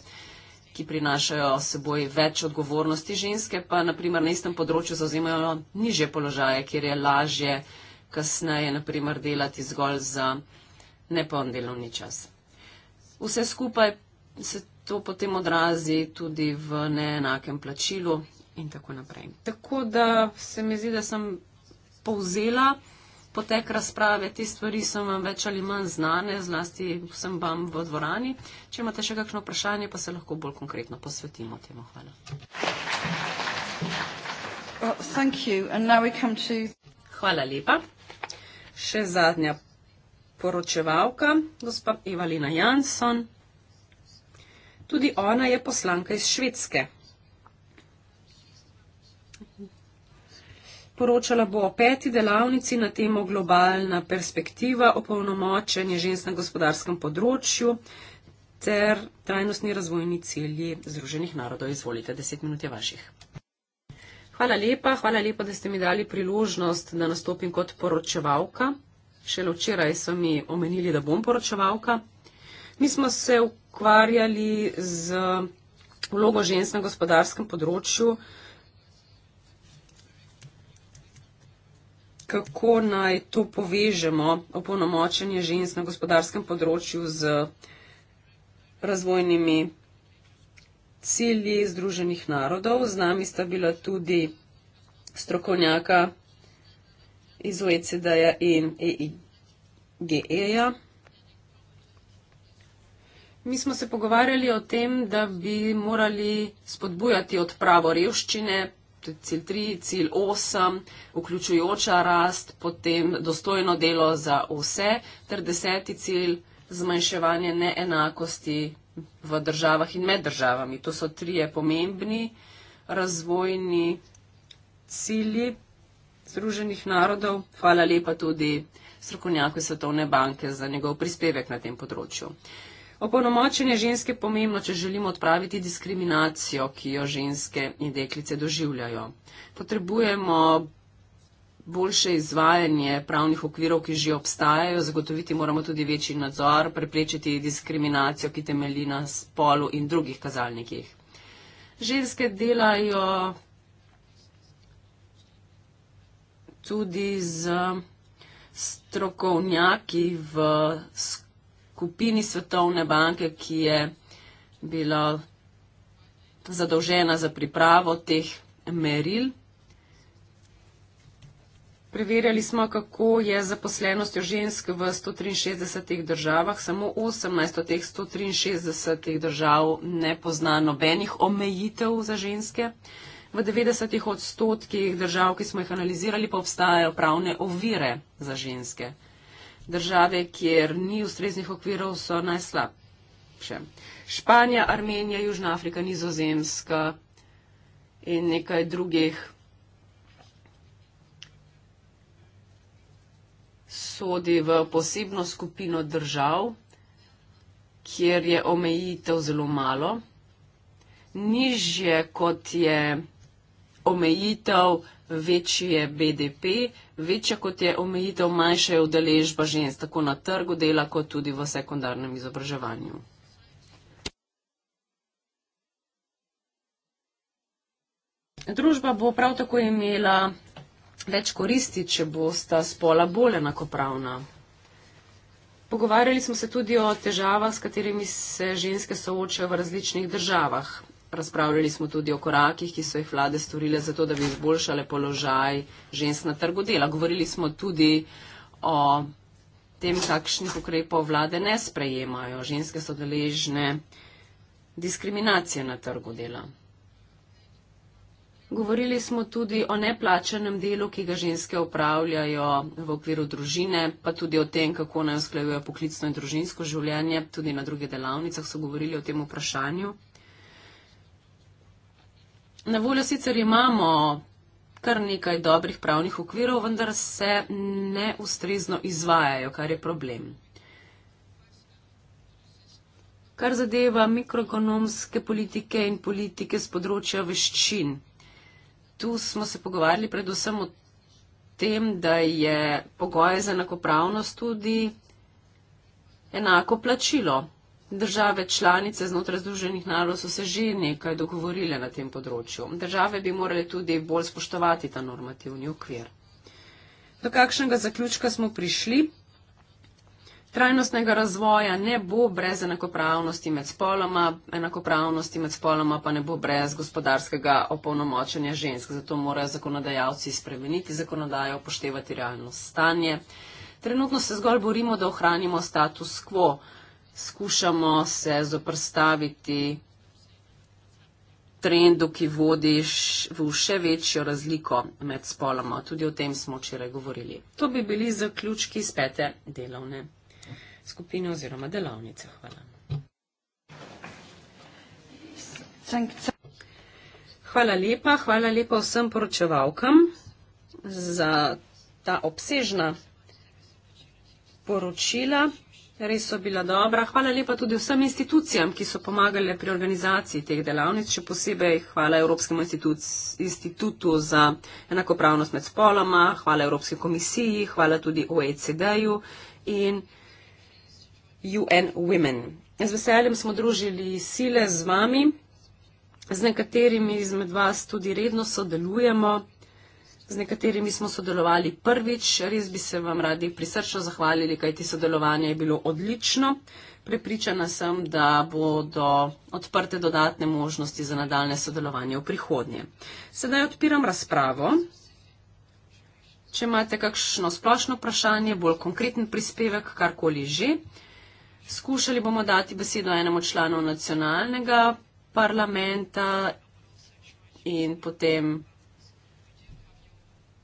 ki prinašajo s seboj več odgovornosti ženske, pa naprimer na istem področju zauzemajo niže položaje, kjer je lažje kasneje naprimer delati zgolj za nepoln delovni čas. Vse skupaj se to potem odrazi tudi v neenakem plačilu in tako naprej. Tako da se mi zdi, da sem povzela potek razprave, te stvari so vam več ali manj znane, zlasti vsem vam v dvorani. Če imate še kakšno vprašanje, pa se lahko bolj konkretno posvetimo temu. Hvala. Hvala lepa. Še zadnja poročevalka, gospa Evalina Jansson. Tudi ona je poslanka iz Švedske. poročala bo o peti delavnici na temo globalna perspektiva, opolnomočenje žensk na gospodarskem področju ter trajnostni razvojni cilji Združenih narodov. Izvolite, deset minut je vaših. Hvala lepa, hvala lepa, da ste mi dali priložnost, da nastopim kot poročevalka. Šele včeraj so mi omenili, da bom poročevalka. Mi smo se ukvarjali z vlogo žensk na gospodarskem področju, kako naj to povežemo, opolnomočenje žensk na gospodarskem področju z razvojnimi cilji Združenih narodov. Z nami sta bila tudi strokovnjaka iz OECD-ja in EIGE-ja. Mi smo se pogovarjali o tem, da bi morali spodbujati odpravo revščine, to je cilj 3, cilj 8, vključujoča rast, potem dostojno delo za vse, ter deseti cilj, zmanjševanje neenakosti v državah in med državami. To so trije pomembni razvojni cilji Združenih narodov. Hvala lepa tudi strokovnjaku Svetovne banke za njegov prispevek na tem področju. Opolnomočenje žensk je pomembno, če želimo odpraviti diskriminacijo, ki jo ženske in deklice doživljajo. Potrebujemo boljše izvajanje pravnih okvirov, ki že obstajajo, zagotoviti moramo tudi večji nadzor, preprečiti diskriminacijo, ki temelji na spolu in drugih kazalnikih. Ženske delajo tudi z strokovnjaki v skupnosti skupini Svetovne banke, ki je bila zadolžena za pripravo teh meril. Preverjali smo, kako je zaposlenost žensk v 163 državah. Samo 18 od teh 163 držav ne pozna nobenih omejitev za ženske. V 90 odstotkih držav, ki smo jih analizirali, pa obstajajo pravne ovire za ženske države, kjer ni ustreznih okvirov, so najslabše. Španija, Armenija, Južna Afrika, Nizozemska in nekaj drugih sodi v posebno skupino držav, kjer je omejitev zelo malo. Nižje kot je omejitev večje BDP, večja kot je omejitev manjše udeležba žensk tako na trgu dela kot tudi v sekundarnem izobraževanju. Družba bo prav tako imela več koristi, če bosta spola bolj enakopravna. Pogovarjali smo se tudi o težavah, s katerimi se ženske soočajo v različnih državah razpravljali smo tudi o korakih, ki so jih vlade storile za to, da bi izboljšale položaj žensk na trgu dela. Govorili smo tudi o tem, kakšnih ukrepov vlade ne sprejemajo. Ženske so deležne diskriminacije na trgu dela. Govorili smo tudi o neplačenem delu, ki ga ženske upravljajo v okviru družine, pa tudi o tem, kako naj usklajujejo poklicno in družinsko življenje. Tudi na drugih delavnicah so govorili o tem vprašanju. Na voljo sicer imamo kar nekaj dobrih pravnih okvirov, vendar se ne ustrezno izvajajo, kar je problem. Kar zadeva mikroekonomske politike in politike z področja veščin. Tu smo se pogovarjali predvsem o tem, da je pogoj za enakopravnost tudi enako plačilo. Države članice znotraj Združenih narodov so se že nekaj dogovorile na tem področju. Države bi morale tudi bolj spoštovati ta normativni okvir. Do kakšnega zaključka smo prišli? Trajnostnega razvoja ne bo brez enakopravnosti med spoloma, enakopravnosti med spoloma pa ne bo brez gospodarskega opolnomočenja žensk. Zato morajo zakonodajalci spremeniti zakonodajo, upoštevati realno stanje. Trenutno se zgolj borimo, da ohranimo status quo skušamo se zoprstaviti trendu, ki vodi v še večjo razliko med spoloma. Tudi o tem smo včeraj govorili. To bi bili zaključki iz pete delovne skupine oziroma delavnice. Hvala. Hvala lepa, hvala lepa vsem poročevalkam za ta obsežna poročila. Res so bila dobra. Hvala lepa tudi vsem institucijam, ki so pomagali pri organizaciji teh delavnic. Še posebej hvala Evropskemu institutu za enakopravnost med spoloma, hvala Evropski komisiji, hvala tudi OECD-ju in UN Women. Z veseljem smo družili sile z vami, z nekaterimi izmed vas tudi redno sodelujemo z nekaterimi smo sodelovali prvič. Res bi se vam radi prisrčno zahvalili, kajti sodelovanje je bilo odlično. Prepričana sem, da bodo odprte dodatne možnosti za nadaljne sodelovanje v prihodnje. Sedaj odpiram razpravo. Če imate kakšno splošno vprašanje, bolj konkreten prispevek, karkoli že, skušali bomo dati besedo enemu članu nacionalnega parlamenta in potem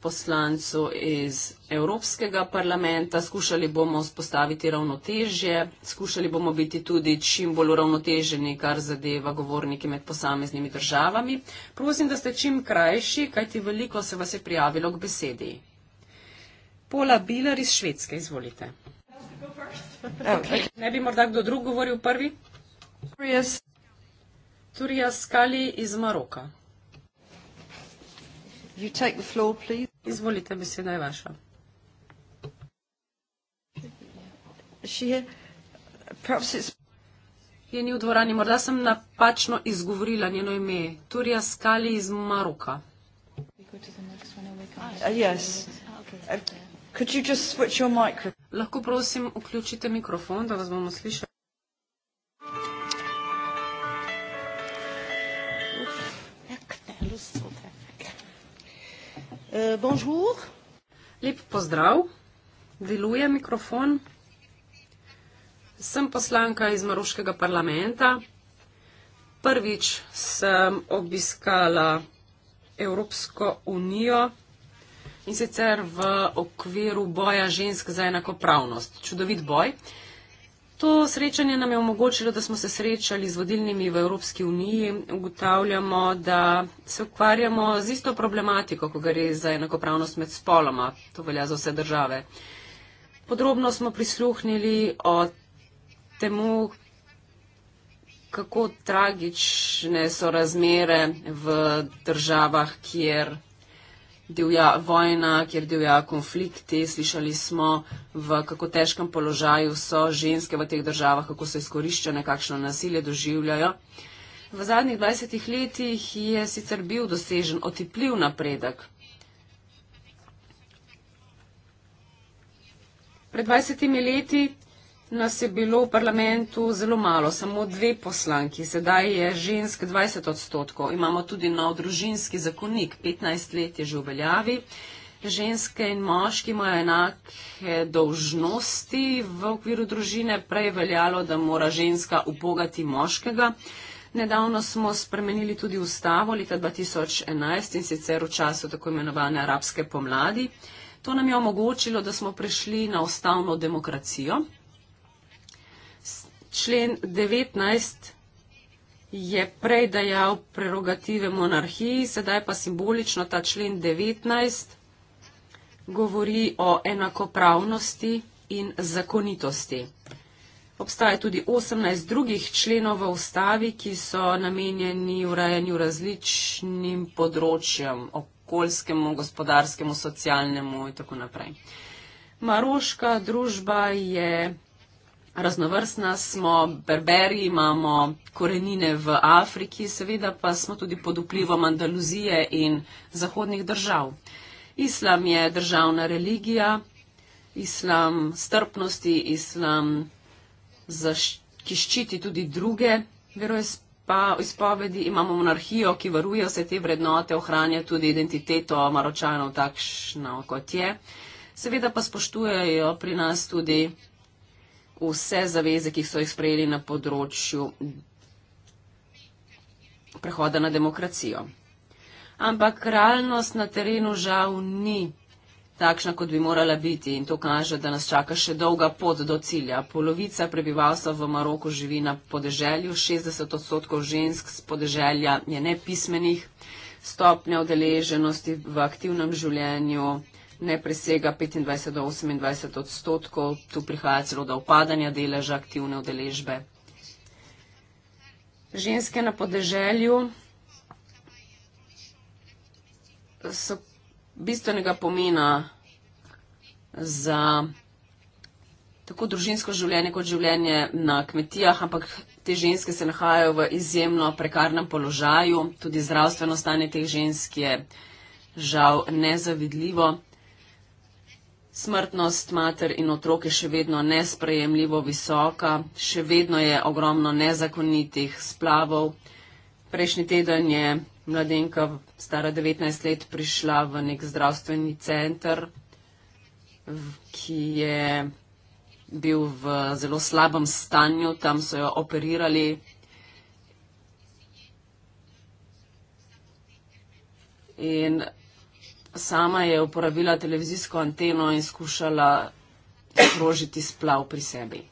poslancu iz Evropskega parlamenta, skušali bomo spostaviti ravnotežje, skušali bomo biti tudi čim bolj uravnoteženi, kar zadeva govorniki med posameznimi državami. Prosim, da ste čim krajši, kajti veliko se vas je prijavilo k besedi. Pola Biler iz Švedske, izvolite. Okay. Ne bi morda kdo drug govoril prvi? Turijas Kali iz Maroka. You take the floor, please. Izvolite, beseda je vaša. Je ni v dvorani, morda sem napačno izgovorila njeno ime. Turija Skali iz Maroka. Uh, uh, Lahko prosim, vključite mikrofon, da vas bomo slišali. Eh, bonjour. Lep pozdrav, deluje mikrofon. Sem poslanka iz Maroškega parlamenta. Prvič sem obiskala Evropsko unijo in sicer v okviru boja žensk za enakopravnost. Čudovit boj. Uh, To srečanje nam je omogočilo, da smo se srečali z vodilnimi v Evropski uniji. Ugotavljamo, da se ukvarjamo z isto problematiko, ko gre za enakopravnost med spoloma. To velja za vse države. Podrobno smo prisluhnili o temu, kako tragične so razmere v državah, kjer divja vojna, kjer divja konflikti. Slišali smo, v kako težkem položaju so ženske v teh državah, kako so izkoriščene, kakšno nasilje doživljajo. V zadnjih 20 letih je sicer bil dosežen otipljiv napredek. Pred 20 leti nas je bilo v parlamentu zelo malo, samo dve poslanki, sedaj je žensk 20 odstotkov. Imamo tudi nov družinski zakonnik, 15 let je že v veljavi. Ženske in moški imajo enake dolžnosti v okviru družine, prej je veljalo, da mora ženska upogati moškega. Nedavno smo spremenili tudi ustavo leta 2011 in sicer v času tako imenovane arabske pomladi. To nam je omogočilo, da smo prišli na ustavno demokracijo člen 19 je prej dajal prerogative monarhiji, sedaj pa simbolično ta člen 19 govori o enakopravnosti in zakonitosti. Obstaja tudi 18 drugih členov v ustavi, ki so namenjeni urajanju različnim področjem, okoljskemu, gospodarskemu, socialnemu in tako naprej. Maroška družba je raznovrstna smo, berberi imamo korenine v Afriki, seveda pa smo tudi pod vplivom Andaluzije in zahodnih držav. Islam je državna religija, islam strpnosti, islam, ki ščiti tudi druge veroizpovedi, imamo monarhijo, ki varuje vse te vrednote, ohranja tudi identiteto maročanov takšno, kot je. Seveda pa spoštujejo pri nas tudi vse zaveze, ki so jih sprejeli na področju prehoda na demokracijo. Ampak realnost na terenu žal ni takšna, kot bi morala biti in to kaže, da nas čaka še dolga pot do cilja. Polovica prebivalstva v Maroku živi na podeželju, 60 odstotkov žensk z podeželja je nepismenih, stopnja udeleženosti v aktivnem življenju ne presega 25 do 28 odstotkov. Tu prihaja celo do upadanja deleža aktivne udeležbe. Ženske na podeželju so bistvenega pomena za tako družinsko življenje kot življenje na kmetijah, ampak te ženske se nahajajo v izjemno prekarnem položaju. Tudi zdravstveno stanje teh žensk je žal nezavidljivo. Smrtnost mater in otrok je še vedno nesprejemljivo visoka, še vedno je ogromno nezakonitih splavov. Prejšnji teden je mladenka stara 19 let prišla v nek zdravstveni center, ki je bil v zelo slabem stanju, tam so jo operirali. In sama je uporabila televizijsko anteno in skušala sprožiti splav pri sebi.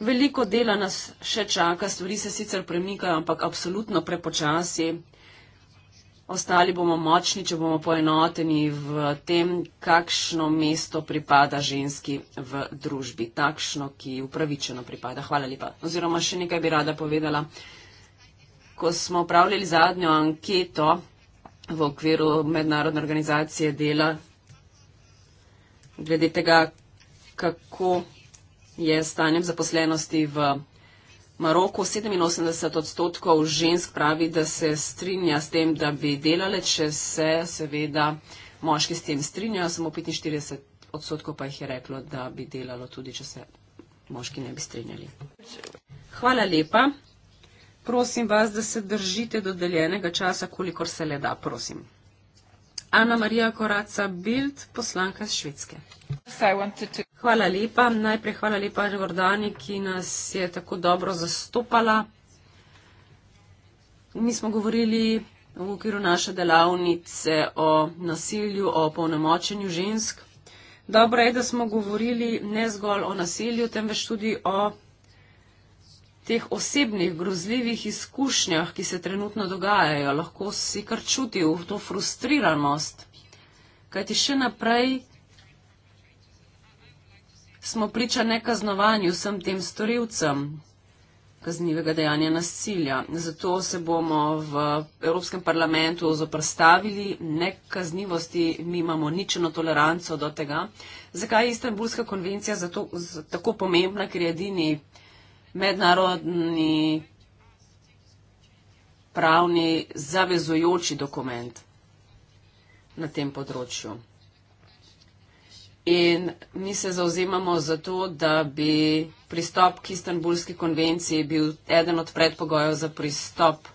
Veliko dela nas še čaka, stvari se sicer premikajo, ampak absolutno prepočasi. Ostali bomo močni, če bomo poenoteni v tem, kakšno mesto pripada ženski v družbi, takšno, ki upravičeno pripada. Hvala lepa. Oziroma še nekaj bi rada povedala. Ko smo upravljali zadnjo anketo, v okviru mednarodne organizacije dela, glede tega, kako je stanjem zaposlenosti v Maroku. 87 odstotkov žensk pravi, da se strinja s tem, da bi delale, če se seveda moški s tem strinjajo, samo 45 odstotkov pa jih je reklo, da bi delalo tudi, če se moški ne bi strinjali. Hvala lepa prosim vas, da se držite dodeljenega časa, kolikor se le da, prosim. Ana Marija Koraca Bild, poslanka iz Švedske. Hvala lepa. Najprej hvala lepa Jordani, ki nas je tako dobro zastopala. Mi smo govorili v okviru naše delavnice o nasilju, o polnomočenju žensk. Dobro je, da smo govorili ne zgolj o nasilju, temveč tudi o teh osebnih grozljivih izkušnjah, ki se trenutno dogajajo, lahko si kar čutil to frustriranost, kajti še naprej smo priča nekaznovanju vsem tem storilcem kaznivega dejanja nasilja. Zato se bomo v Evropskem parlamentu zoprstavili nekaznivosti, mi imamo ničeno toleranco do tega. Zakaj je Istanbulska konvencija zato, z, tako pomembna, ker je edini mednarodni pravni zavezujoči dokument na tem področju. In mi se zauzemamo za to, da bi pristop k Istanbulski konvenciji bil eden od predpogojev za pristop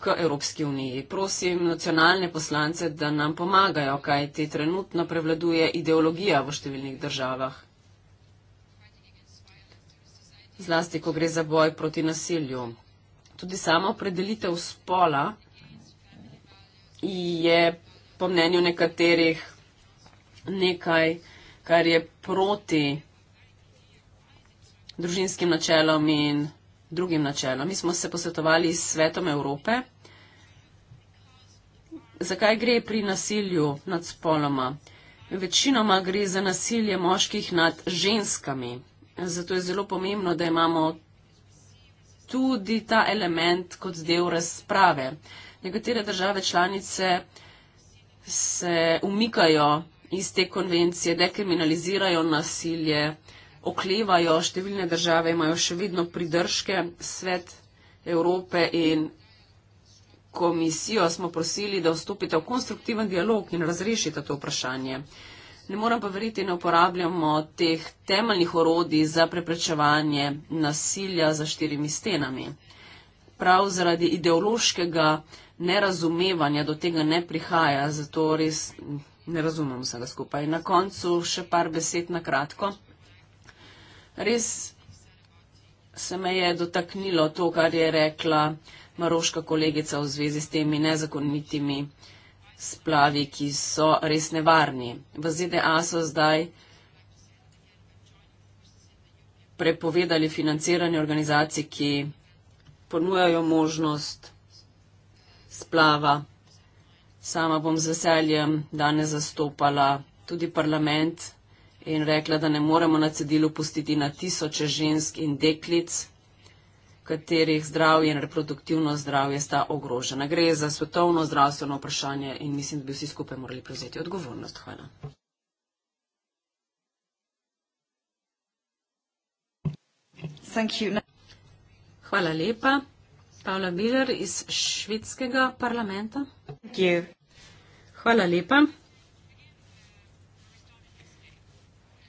k Evropski uniji. Prosim nacionalne poslance, da nam pomagajo, kaj ti trenutno prevladuje ideologija v številnih državah zlasti, ko gre za boj proti nasilju. Tudi sama opredelitev spola je po mnenju nekaterih nekaj, kar je proti družinskim načelom in drugim načelom. Mi smo se posvetovali s Svetom Evrope. Zakaj gre pri nasilju nad spoloma? Večinoma gre za nasilje moških nad ženskami. Zato je zelo pomembno, da imamo tudi ta element kot del razprave. Nekatere države članice se umikajo iz te konvencije, dekriminalizirajo nasilje, oklevajo, številne države imajo še vedno pridržke, svet Evrope in komisijo smo prosili, da vstopite v konstruktiven dialog in razrešite to vprašanje. Ne morem pa verjeti, da ne uporabljamo teh temeljnih orodij za preprečevanje nasilja za štirimi stenami. Prav zaradi ideološkega nerazumevanja do tega ne prihaja, zato res ne razumem vsega skupaj. Na koncu še par besed na kratko. Res se me je dotaknilo to, kar je rekla maroška kolegica v zvezi s temi nezakonitimi splavi, ki so res nevarni. V ZDA so zdaj prepovedali financiranje organizacij, ki ponujajo možnost splava. Sama bom z veseljem danes zastopala tudi parlament in rekla, da ne moremo na cedilu pustiti na tisoče žensk in deklic katerih zdravje in reproduktivno zdravje sta ogrožena. Gre za svetovno zdravstveno vprašanje in mislim, da bi vsi skupaj morali prevzeti odgovornost. Hvala. Hvala lepa. Pavla Miller iz švedskega parlamenta. Hvala lepa.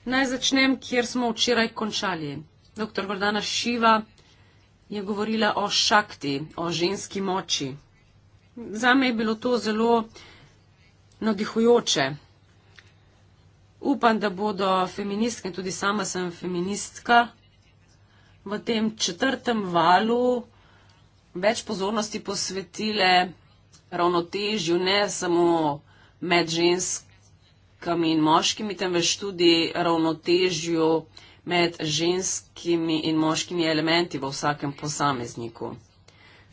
Naj začnem, kjer smo včeraj končali. Dr. Gordana Šiva je govorila o šakti, o ženski moči. Za me je bilo to zelo navdihujoče. Upam, da bodo feministke, tudi sama sem feministka, v tem četrtem valu več pozornosti posvetile ravnotežju ne samo med ženskami in moškimi, temveč tudi ravnotežju med ženskimi in moškimi elementi v vsakem posamezniku.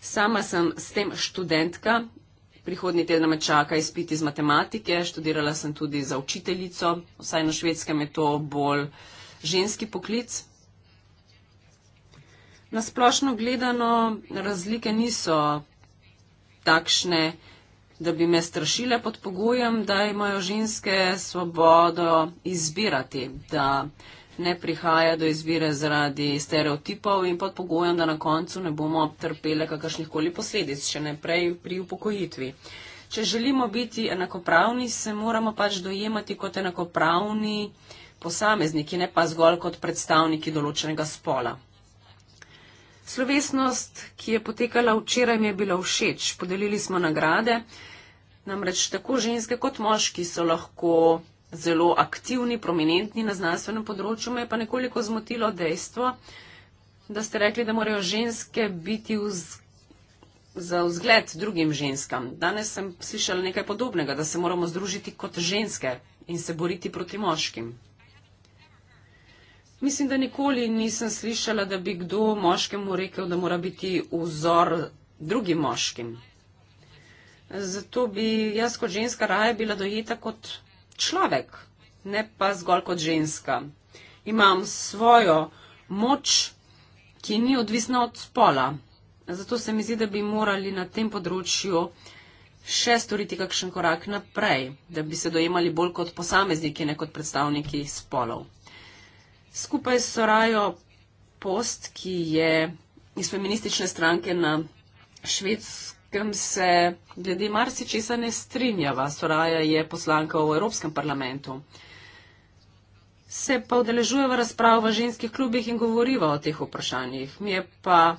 Sama sem s tem študentka, prihodnji teden me čaka izpit iz matematike, študirala sem tudi za učiteljico, vsaj na švedskem je to bolj ženski poklic. Na splošno gledano razlike niso takšne, da bi me strašile pod pogojem, da imajo ženske svobodo izbirati, da ne prihaja do izbire zaradi stereotipov in pod pogojem, da na koncu ne bomo trpele kakršnih koli posledic, še ne prej pri upokojitvi. Če želimo biti enakopravni, se moramo pač dojemati kot enakopravni posamezniki, ne pa zgolj kot predstavniki določenega spola. Slovesnost, ki je potekala včeraj, mi je bila všeč. Podelili smo nagrade, namreč tako ženske kot moški so lahko zelo aktivni, prominentni na znanstvenem področju. Me je pa nekoliko zmotilo dejstvo, da ste rekli, da morajo ženske biti vz, za vzgled drugim ženskam. Danes sem slišala nekaj podobnega, da se moramo združiti kot ženske in se boriti proti moškim. Mislim, da nikoli nisem slišala, da bi kdo moškemu rekel, da mora biti vzor drugim moškim. Zato bi jaz kot ženska raje bila dojeta kot človek, ne pa zgolj kot ženska. Imam svojo moč, ki ni odvisna od spola. Zato se mi zdi, da bi morali na tem področju še storiti kakšen korak naprej, da bi se dojemali bolj kot posamezniki, ne kot predstavniki spolov. Skupaj s Sorajo Post, ki je iz feministične stranke na švedsko kem se glede marsičesa ne strinjava, Soraja je poslanka v Evropskem parlamentu. Se pa udeležuje v razprav v ženskih klubih in govoriva o teh vprašanjih. Mi je pa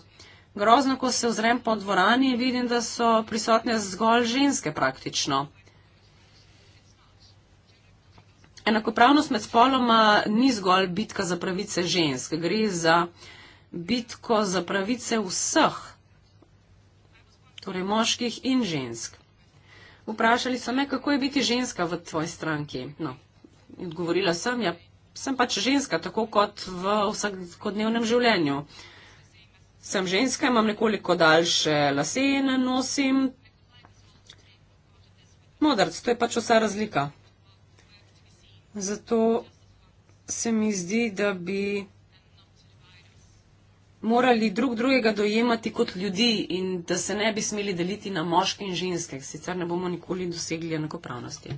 grozno, ko se ozrem po dvorani in vidim, da so prisotne zgolj ženske praktično. Enakopravnost med spoloma ni zgolj bitka za pravice žensk, gre za bitko za pravice vseh torej moških in žensk. Vprašali so me, kako je biti ženska v tvoji stranki. No, odgovorila sem, ja, sem pač ženska, tako kot v vsakodnevnem življenju. Sem ženska, imam nekoliko daljše lase in nosim modrc, to je pač vsa razlika. Zato se mi zdi, da bi morali drug drugega dojemati kot ljudi in da se ne bi smeli deliti na moške in ženske, sicer ne bomo nikoli dosegli enakopravnosti.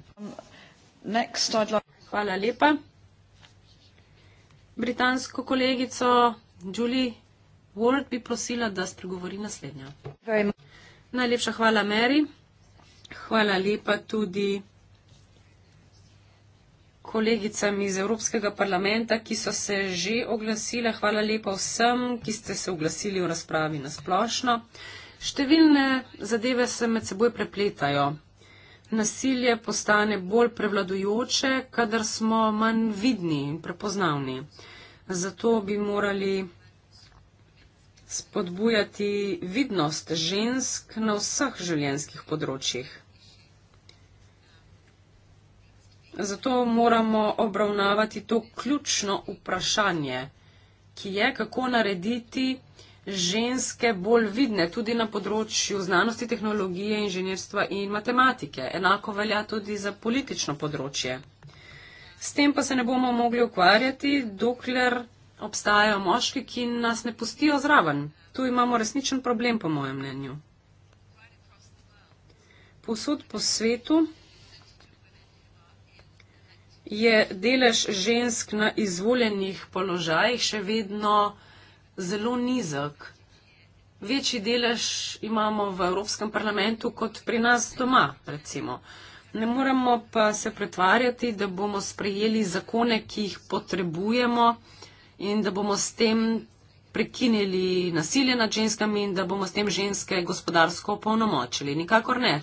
Hvala lepa. Britansko kolegico Julie Ward bi prosila, da spregovori naslednja. Najlepša hvala, Mary. Hvala lepa tudi kolegicam iz Evropskega parlamenta, ki so se že oglasile. Hvala lepa vsem, ki ste se oglasili v razpravi na splošno. Številne zadeve se med seboj prepletajo. Nasilje postane bolj prevladujoče, kadar smo manj vidni in prepoznavni. Zato bi morali spodbujati vidnost žensk na vseh življenjskih področjih. Zato moramo obravnavati to ključno vprašanje, ki je, kako narediti ženske bolj vidne tudi na področju znanosti, tehnologije, inženirstva in matematike. Enako velja tudi za politično področje. S tem pa se ne bomo mogli ukvarjati, dokler obstajajo moški, ki nas ne pustijo zraven. Tu imamo resničen problem, po mojem mnenju. Posod po svetu je delež žensk na izvoljenih položajih še vedno zelo nizek. Večji delež imamo v Evropskem parlamentu kot pri nas doma, recimo. Ne moremo pa se pretvarjati, da bomo sprejeli zakone, ki jih potrebujemo in da bomo s tem prekinili nasilje nad ženskami in da bomo s tem ženske gospodarsko opolnomočili. Nikakor ne.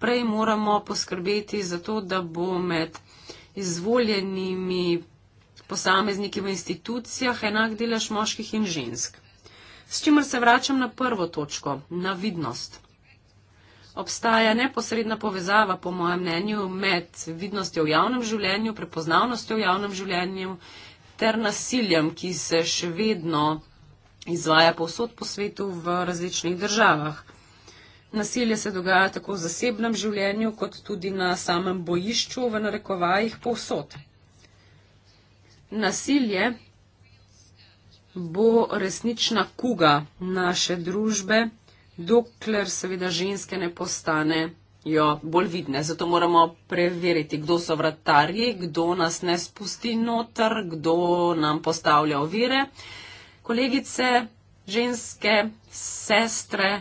Prej moramo poskrbeti za to, da bo med izvoljenimi posamezniki v institucijah enak delež moških in žensk. S čimer se vračam na prvo točko, na vidnost. Obstaja neposredna povezava, po mojem mnenju, med vidnostjo v javnem življenju, prepoznavnostjo v javnem življenju ter nasiljem, ki se še vedno izvaja povsod po svetu v različnih državah. Nasilje se dogaja tako v zasebnem življenju, kot tudi na samem bojišču, v narekovajih, povsod. Nasilje bo resnična kuga naše družbe, dokler seveda ženske ne postanejo bolj vidne. Zato moramo preveriti, kdo so vratarji, kdo nas ne spusti noter, kdo nam postavlja ovire. Kolegice, ženske, sestre,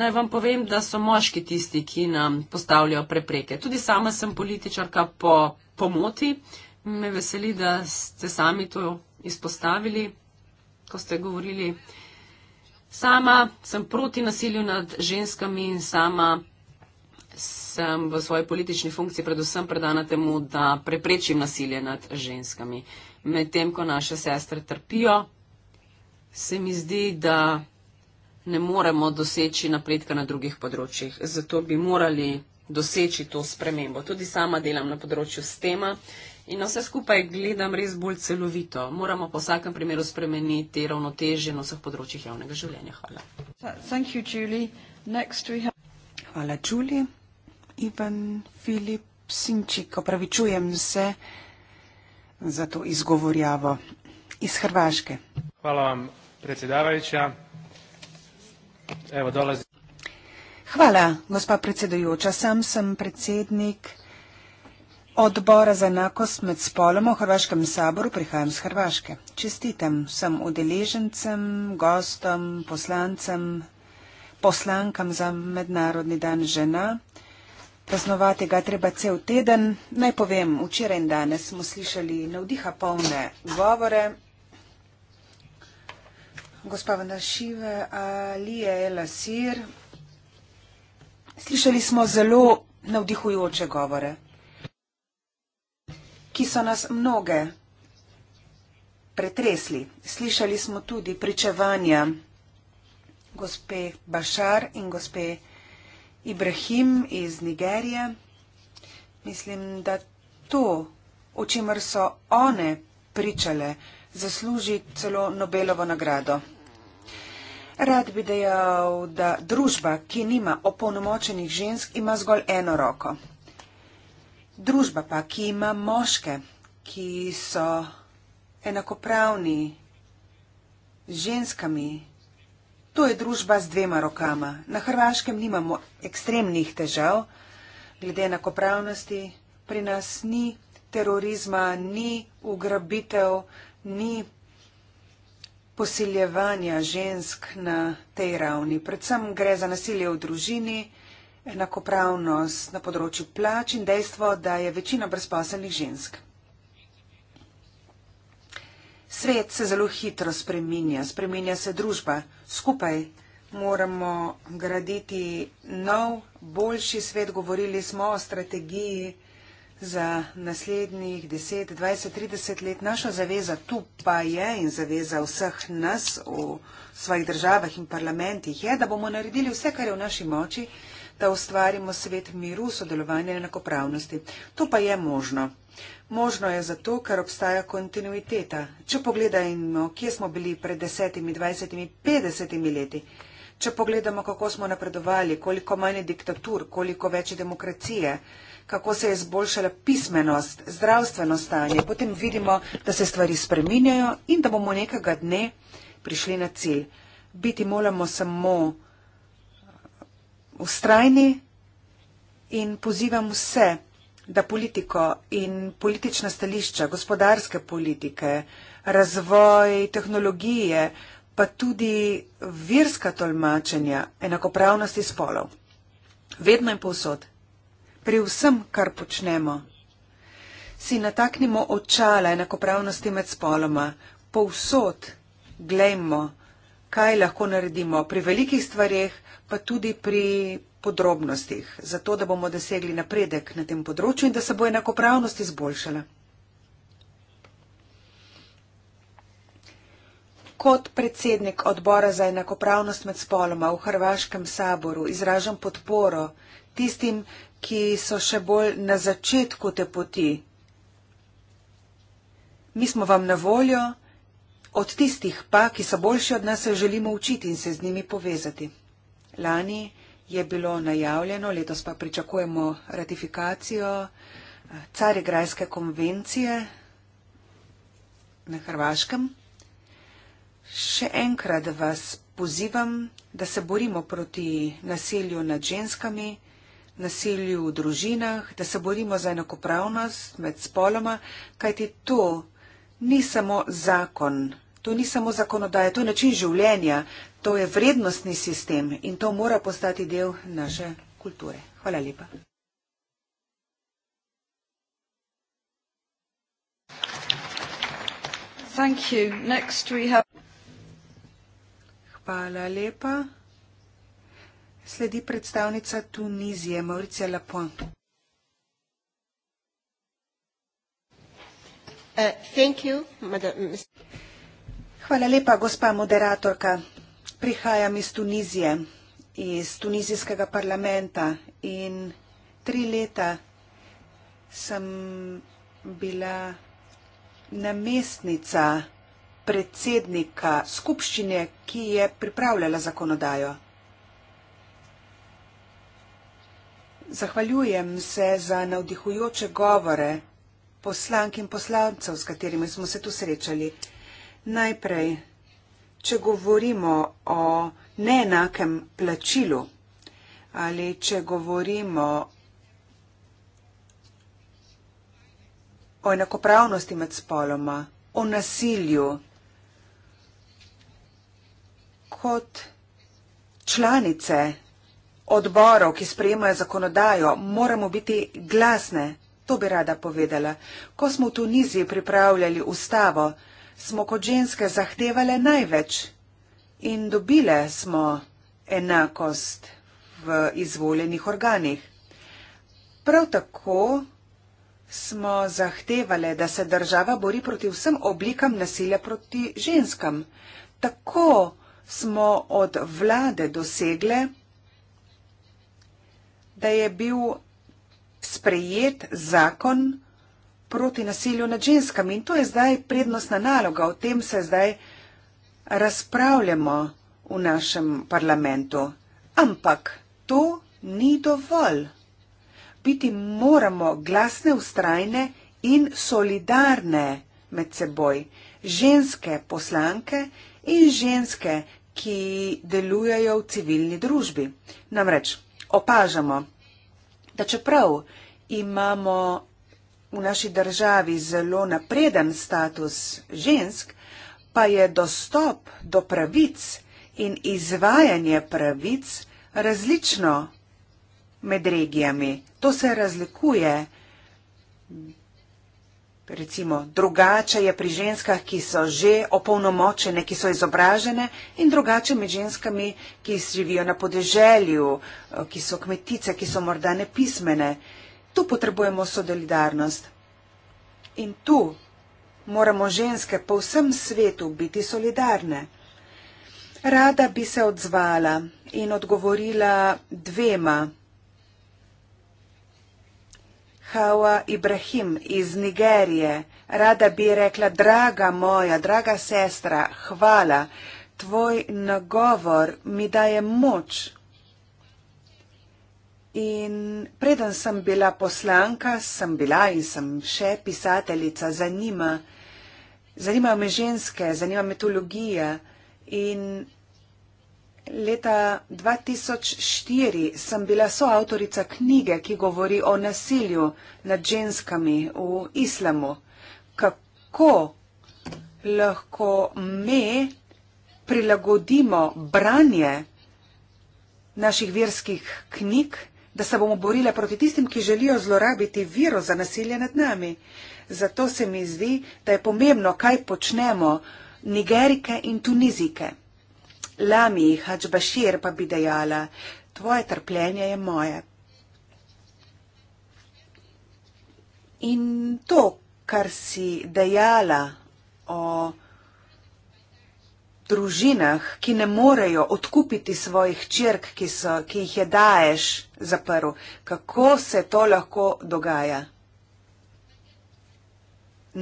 Naj vam povem, da so moški tisti, ki nam postavljajo prepreke. Tudi sama sem političarka po pomoti. Me veseli, da ste sami to izpostavili, ko ste govorili. Sama sem proti nasilju nad ženskami in sama sem v svoji politični funkciji predvsem predana temu, da preprečim nasilje nad ženskami. Medtem, ko naše sestre trpijo, se mi zdi, da ne moremo doseči napredka na drugih področjih. Zato bi morali doseči to spremembo. Tudi sama delam na področju STEMA in na vse skupaj gledam res bolj celovito. Moramo po vsakem primeru spremeniti ravnotežje na vseh področjih javnega življenja. Hvala. You, Julie. Have... Hvala, Julie. Ivan Filip Sinčik, opravičujem se za to izgovorjavo iz Hrvaške. Hvala vam, predsedavajuća. Evo, dolazi. Hvala, gospa predsedujoča. Sam sem predsednik odbora za enakost med spoloma v Hrvaškem saboru, prihajam z Hrvaške. Čestitam sem udeležencem, gostom, poslancem, poslankam za Mednarodni dan žena. Praznovati ga treba cel teden. Naj povem, včeraj in danes smo slišali navdiha polne govore, gospa Vnašive Alije Elasir. Slišali smo zelo navdihujoče govore, ki so nas mnoge pretresli. Slišali smo tudi pričevanja gospe Bašar in gospe Ibrahim iz Nigerije. Mislim, da to, o čemer so one pričale, zasluži celo Nobelovo nagrado. Rad bi dejal, da družba, ki nima opolnomočenih žensk, ima zgolj eno roko. Družba pa, ki ima moške, ki so enakopravni z ženskami, to je družba z dvema rokama. Na Hrvaškem nimamo ekstremnih težav glede enakopravnosti, pri nas ni terorizma, ni ugrabitev ni posiljevanja žensk na tej ravni. Predvsem gre za nasilje v družini, enakopravnost na področju plač in dejstvo, da je večina brezposelnih žensk. Svet se zelo hitro spreminja, spreminja se družba. Skupaj moramo graditi nov, boljši svet. Govorili smo o strategiji za naslednjih 10, 20, 30 let. Naša zaveza tu pa je in zaveza vseh nas v svojih državah in parlamentih je, da bomo naredili vse, kar je v naši moči, da ustvarimo svet miru, sodelovanja in enakopravnosti. To pa je možno. Možno je zato, ker obstaja kontinuiteta. Če pogledajmo, kje smo bili pred desetimi, dvajsetimi, petdesetimi leti, če pogledamo, kako smo napredovali, koliko manj diktatur, koliko več demokracije, kako se je izboljšala pismenost, zdravstveno stanje, potem vidimo, da se stvari spreminjajo in da bomo nekega dne prišli na cilj. Biti moramo samo ustrajni uh, in pozivam vse, da politiko in politična stališča, gospodarske politike, razvoj tehnologije, pa tudi virska tolmačenja enakopravnosti spolov. Vedno in povsod pri vsem, kar počnemo. Si nataknimo očala enakopravnosti med spoloma, povsod gledimo, kaj lahko naredimo pri velikih stvarih, pa tudi pri podrobnostih, zato da bomo dosegli napredek na tem področju in da se bo enakopravnost izboljšala. Kot predsednik odbora za enakopravnost med spoloma v Hrvaškem saboru izražam podporo tistim, ki so še bolj na začetku te poti. Mi smo vam na voljo, od tistih pa, ki so boljši od nas, želimo učiti in se z njimi povezati. Lani je bilo najavljeno, letos pa pričakujemo ratifikacijo eh, Carigrajske konvencije na Hrvaškem. Še enkrat vas pozivam, da se borimo proti nasilju nad ženskami nasilju v družinah, da se borimo za enakopravnost med spoloma, kajti to ni samo zakon, to ni samo zakonodaja, to je način življenja, to je vrednostni sistem in to mora postati del naše kulture. Hvala lepa. Hvala lepa. Sledi predstavnica Tunizije, Mauricio Lapointe. Uh, thank you, madam. Hvala lepa, gospa moderatorka. Prihajam iz Tunizije, iz tunizijskega parlamenta in tri leta sem bila namestnica predsednika skupščine, ki je pripravljala zakonodajo. Zahvaljujem se za navdihujoče govore poslank in poslancev, s katerimi smo se tu srečali. Najprej, če govorimo o neenakem plačilu ali če govorimo o enakopravnosti med spoloma, o nasilju, kot članice odborov, ki sprejemajo zakonodajo, moramo biti glasne. To bi rada povedala. Ko smo v Tuniziji pripravljali ustavo, smo kot ženske zahtevali največ in dobile smo enakost v izvoljenih organih. Prav tako smo zahtevali, da se država bori proti vsem oblikam nasilja proti ženskam. Tako smo od vlade dosegle, da je bil sprejet zakon proti nasilju nad ženskami in to je zdaj prednostna naloga, o tem se zdaj razpravljamo v našem parlamentu. Ampak to ni dovolj. Biti moramo glasne, ustrajne in solidarne med seboj. Ženske poslanke in ženske, ki delujejo v civilni družbi. Namreč, opažamo, da čeprav imamo v naši državi zelo napreden status žensk, pa je dostop do pravic in izvajanje pravic različno med regijami. To se razlikuje recimo drugače je pri ženskah, ki so že opolnomočene, ki so izobražene in drugače med ženskami, ki živijo na podeželju, eh, ki so kmetice, ki so morda nepismene. Tu potrebujemo solidarnost. In tu moramo ženske po vsem svetu biti solidarne. Rada bi se odzvala in odgovorila dvema Hawa Ibrahim iz Nigerije. Rada bi rekla, draga moja, draga sestra, hvala. Tvoj nagovor mi daje moč. In preden sem bila poslanka, sem bila in sem še pisateljica, zanima, zanima me ženske, zanima me teologija in leta 2004 sem bila soavtorica knjige, ki govori o nasilju nad ženskami v islamu. Kako lahko me prilagodimo branje naših verskih knjig, da se bomo borile proti tistim, ki želijo zlorabiti viro za nasilje nad nami. Zato se mi zdi, da je pomembno, kaj počnemo nigerike in tunizike. Lami, hač bašir pa bi dejala, tvoje trpljenje je moje. In to, kar si dejala o družinah, ki ne morejo odkupiti svojih črk, ki, so, ki jih je daješ zaprl, kako se to lahko dogaja?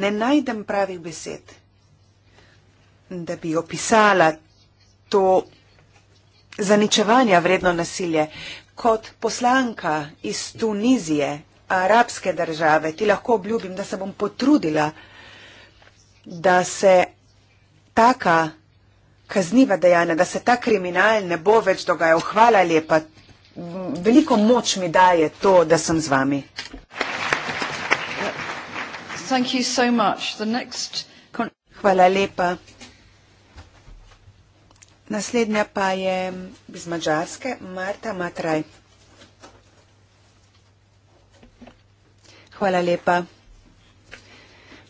Ne najdem pravih besed, da bi opisala to zaničevanja vredno nasilje. Kot poslanka iz Tunizije, arabske države, ti lahko obljubim, da se bom potrudila, da se taka kazniva dejanja, da se ta kriminal ne bo več dogajal. Hvala lepa. Veliko moč mi daje to, da sem z vami. Hvala lepa. Naslednja pa je iz Mačarske, Marta Matraj. Hvala lepa.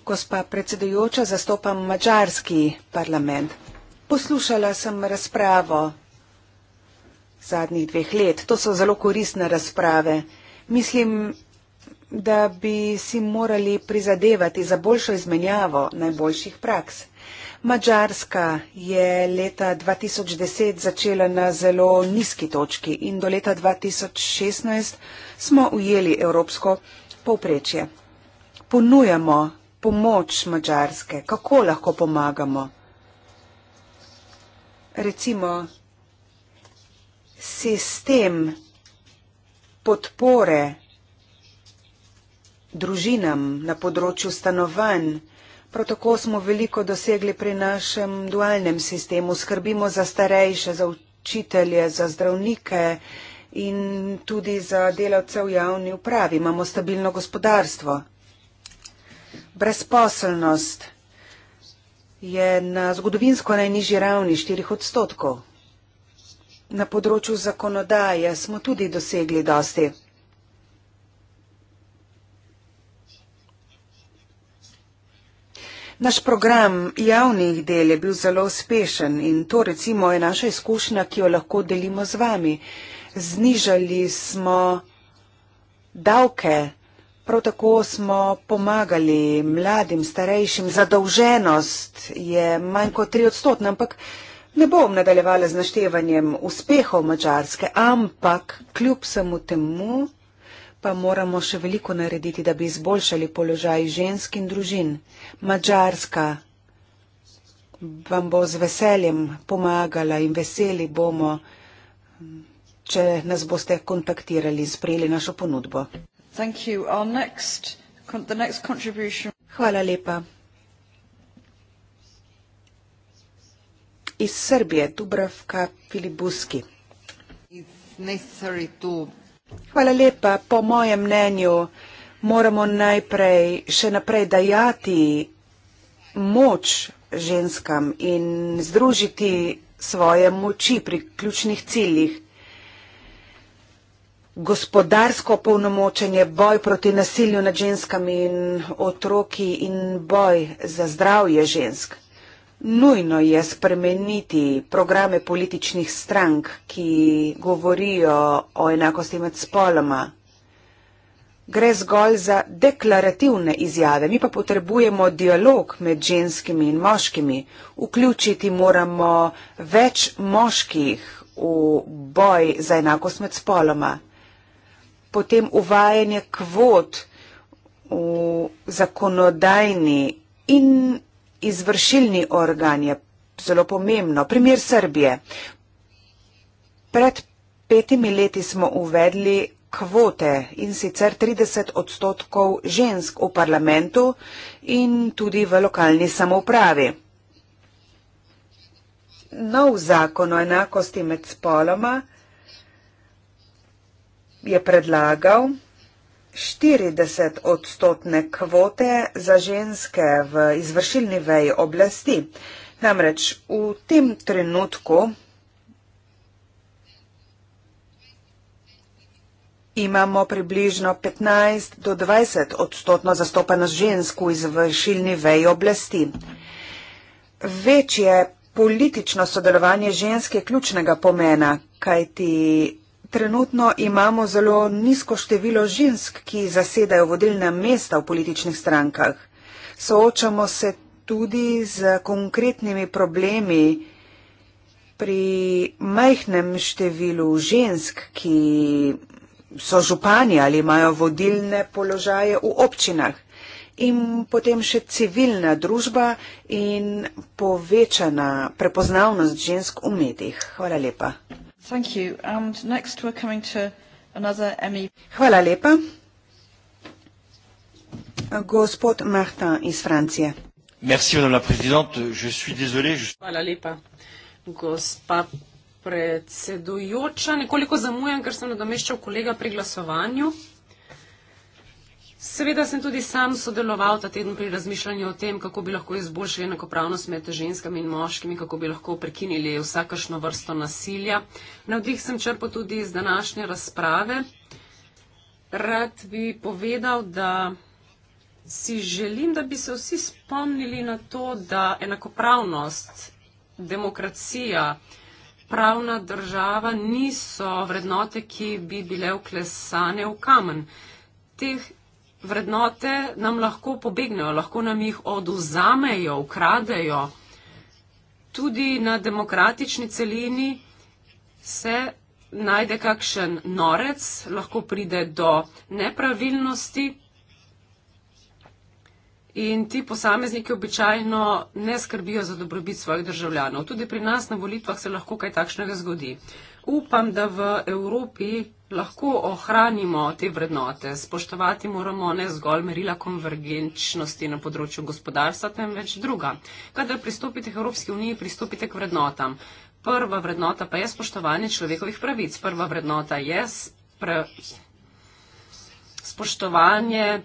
Gospa predsedujoča, zastopam mačarski parlament. Poslušala sem razpravo zadnjih dveh let. To so zelo koristne razprave. Mislim, da bi si morali prizadevati za boljšo izmenjavo najboljših praks. Mačarska je leta 2010 začela na zelo nizki točki in do leta 2016 smo ujeli evropsko povprečje. Ponujamo pomoč Mačarske, kako lahko pomagamo. Recimo sistem podpore družinam na področju stanovanj, Prav tako smo veliko dosegli pri našem dualnem sistemu. Skrbimo za starejše, za učitelje, za zdravnike in tudi za delavce v javni upravi. Imamo stabilno gospodarstvo. Brezposelnost je na zgodovinsko najnižji ravni 4 odstotkov. Na področju zakonodaje smo tudi dosegli dosti. Naš program javnih del je bil zelo uspešen in to recimo je naša izkušnja, ki jo lahko delimo z vami. Znižali smo davke, prav tako smo pomagali mladim, starejšim, zadolženost je manj kot tri odstotna, ampak ne bom nadaljevala z naštevanjem uspehov Mačarske, ampak kljub samo temu pa moramo še veliko narediti, da bi izboljšali položaj žensk in družin. Mačarska vam bo z veseljem pomagala in veseli bomo, če nas boste kontaktirali in sprejeli našo ponudbo. Hvala lepa. Iz Srbije, Dubravka Filibuski. Hvala lepa. Po mojem mnenju moramo najprej še naprej dajati moč ženskam in združiti svoje moči pri ključnih ciljih. Gospodarsko polnomočenje, boj proti nasilju nad ženskami in otroki in boj za zdravje žensk. Nujno je spremeniti programe političnih strank, ki govorijo o enakosti med spoloma. Gre zgolj za deklarativne izjave, mi pa potrebujemo dialog med ženskimi in moškimi. Vključiti moramo več moških v boj za enakost med spoloma. Potem uvajanje kvot v zakonodajni in izvršilni organ je zelo pomembno. Primer Srbije. Pred petimi leti smo uvedli kvote in sicer 30 odstotkov žensk v parlamentu in tudi v lokalni samoupravi. Nov zakon o enakosti med spoloma je predlagal, 40-odstotne kvote za ženske v izvršilni veji oblasti. Namreč v tem trenutku imamo približno 15-20-odstotno zastopanost žensk v izvršilni veji oblasti. Večje politično sodelovanje žensk je ključnega pomena, kajti Trenutno imamo zelo nizko število žensk, ki zasedajo vodilna mesta v političnih strankah. Soočamo se tudi z konkretnimi problemi pri majhnem številu žensk, ki so župani ali imajo vodilne položaje v občinah. In potem še civilna družba in povečana prepoznavnost žensk v medijih. Hvala lepa. Thank you. And next we're coming to another MEP. Hvala lepa. Gospod Martin iz Francije. Merci, madame la présidente. Je suis désolé. Je... Hvala lepa. Gospa predsedujoča, nekoliko zamujam, ker sem nadomeščal kolega pri glasovanju. Seveda sem tudi sam sodeloval ta teden pri razmišljanju o tem, kako bi lahko izboljšali enakopravnost med ženskami in moškimi, kako bi lahko prekinili vsakašno vrsto nasilja. Navdih sem črpal tudi iz današnje razprave. Rad bi povedal, da si želim, da bi se vsi spomnili na to, da enakopravnost, demokracija, pravna država niso vrednote, ki bi bile uklesane v kamen. Teh vrednote nam lahko pobegnejo, lahko nam jih oduzamejo, ukradejo. Tudi na demokratični celini se najde kakšen norec, lahko pride do nepravilnosti in ti posamezniki običajno ne skrbijo za dobrobit svojih državljanov. Tudi pri nas na volitvah se lahko kaj takšnega zgodi. Upam, da v Evropi lahko ohranimo te vrednote. Spoštovati moramo ne zgolj merila konvergenčnosti na področju gospodarstva, temveč druga. Kadar pristopite k Evropski uniji, pristopite k vrednotam. Prva vrednota pa je spoštovanje človekovih pravic. Prva vrednota je spra... spoštovanje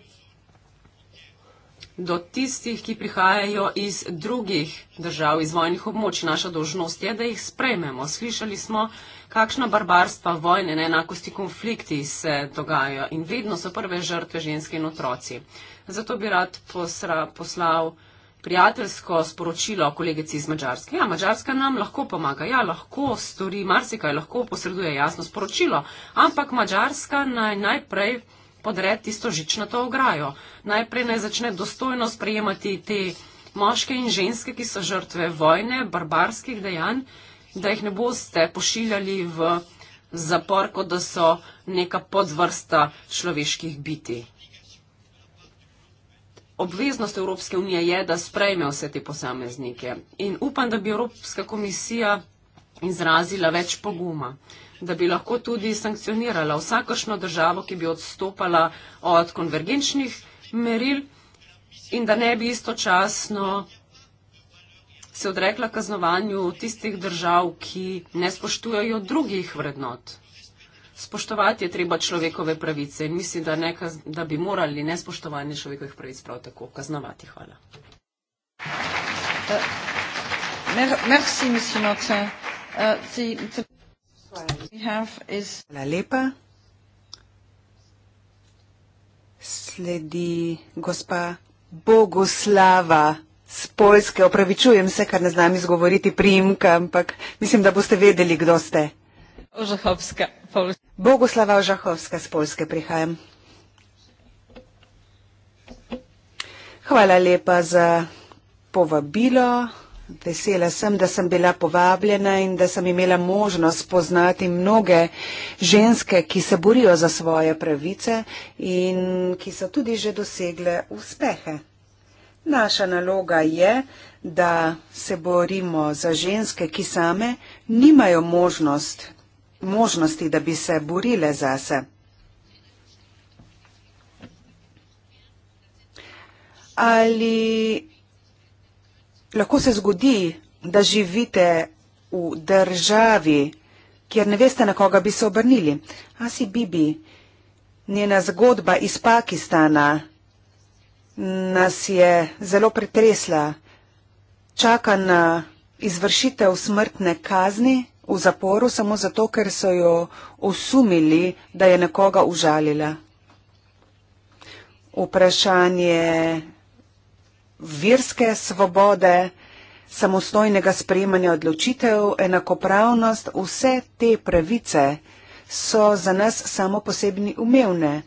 do tistih, ki prihajajo iz drugih držav, iz vojnih območij. Naša dožnost je, da jih sprejmemo. Slišali smo, kakšna barbarstva, vojne, neenakosti, konflikti se dogajajo in vedno so prve žrtve ženske in otroci. Zato bi rad posra, poslal prijateljsko sporočilo kolegici iz Mačarske. Ja, Mačarska nam lahko pomaga, ja, lahko stori marsikaj, lahko posreduje jasno sporočilo, ampak Mačarska naj najprej podre tisto žičnato ograjo. Najprej naj začne dostojno sprejemati te moške in ženske, ki so žrtve vojne, barbarskih dejanj da jih ne boste pošiljali v zapor, kot da so neka podvrsta človeških biti. Obveznost Evropske unije je, da sprejme vse te posameznike in upam, da bi Evropska komisija izrazila več poguma, da bi lahko tudi sankcionirala vsakršno državo, ki bi odstopala od konvergenčnih meril in da ne bi istočasno se odrekla kaznovanju tistih držav, ki ne spoštujajo drugih vrednot. Spoštovati je treba človekove pravice in mislim, da, ne, da bi morali nespoštovanje človekovih pravic prav tako kaznovati. Hvala. Eh, eh, Hvala lepa. Sledi gospa Bogoslava s Poljske, opravičujem se, ker ne znam izgovoriti priimka, ampak mislim, da boste vedeli, kdo ste. Ožahovska, Poljska. Bogoslava Ožahovska, s Poljske prihajam. Hvala lepa za povabilo. Vesela sem, da sem bila povabljena in da sem imela možnost spoznati mnoge ženske, ki se borijo za svoje pravice in ki so tudi že dosegle uspehe. Naša naloga je, da se borimo za ženske, ki same nimajo možnost, možnosti, da bi se borile za se. Ali lahko se zgodi, da živite v državi, kjer ne veste, na koga bi se obrnili? Asi Bibi, njena zgodba iz Pakistana nas je zelo pretresla. Čaka na izvršitev smrtne kazni v zaporu samo zato, ker so jo osumili, da je nekoga užalila. Vprašanje virske svobode, samostojnega sprejemanja odločitev, enakopravnost, vse te pravice so za nas samo posebni umevne.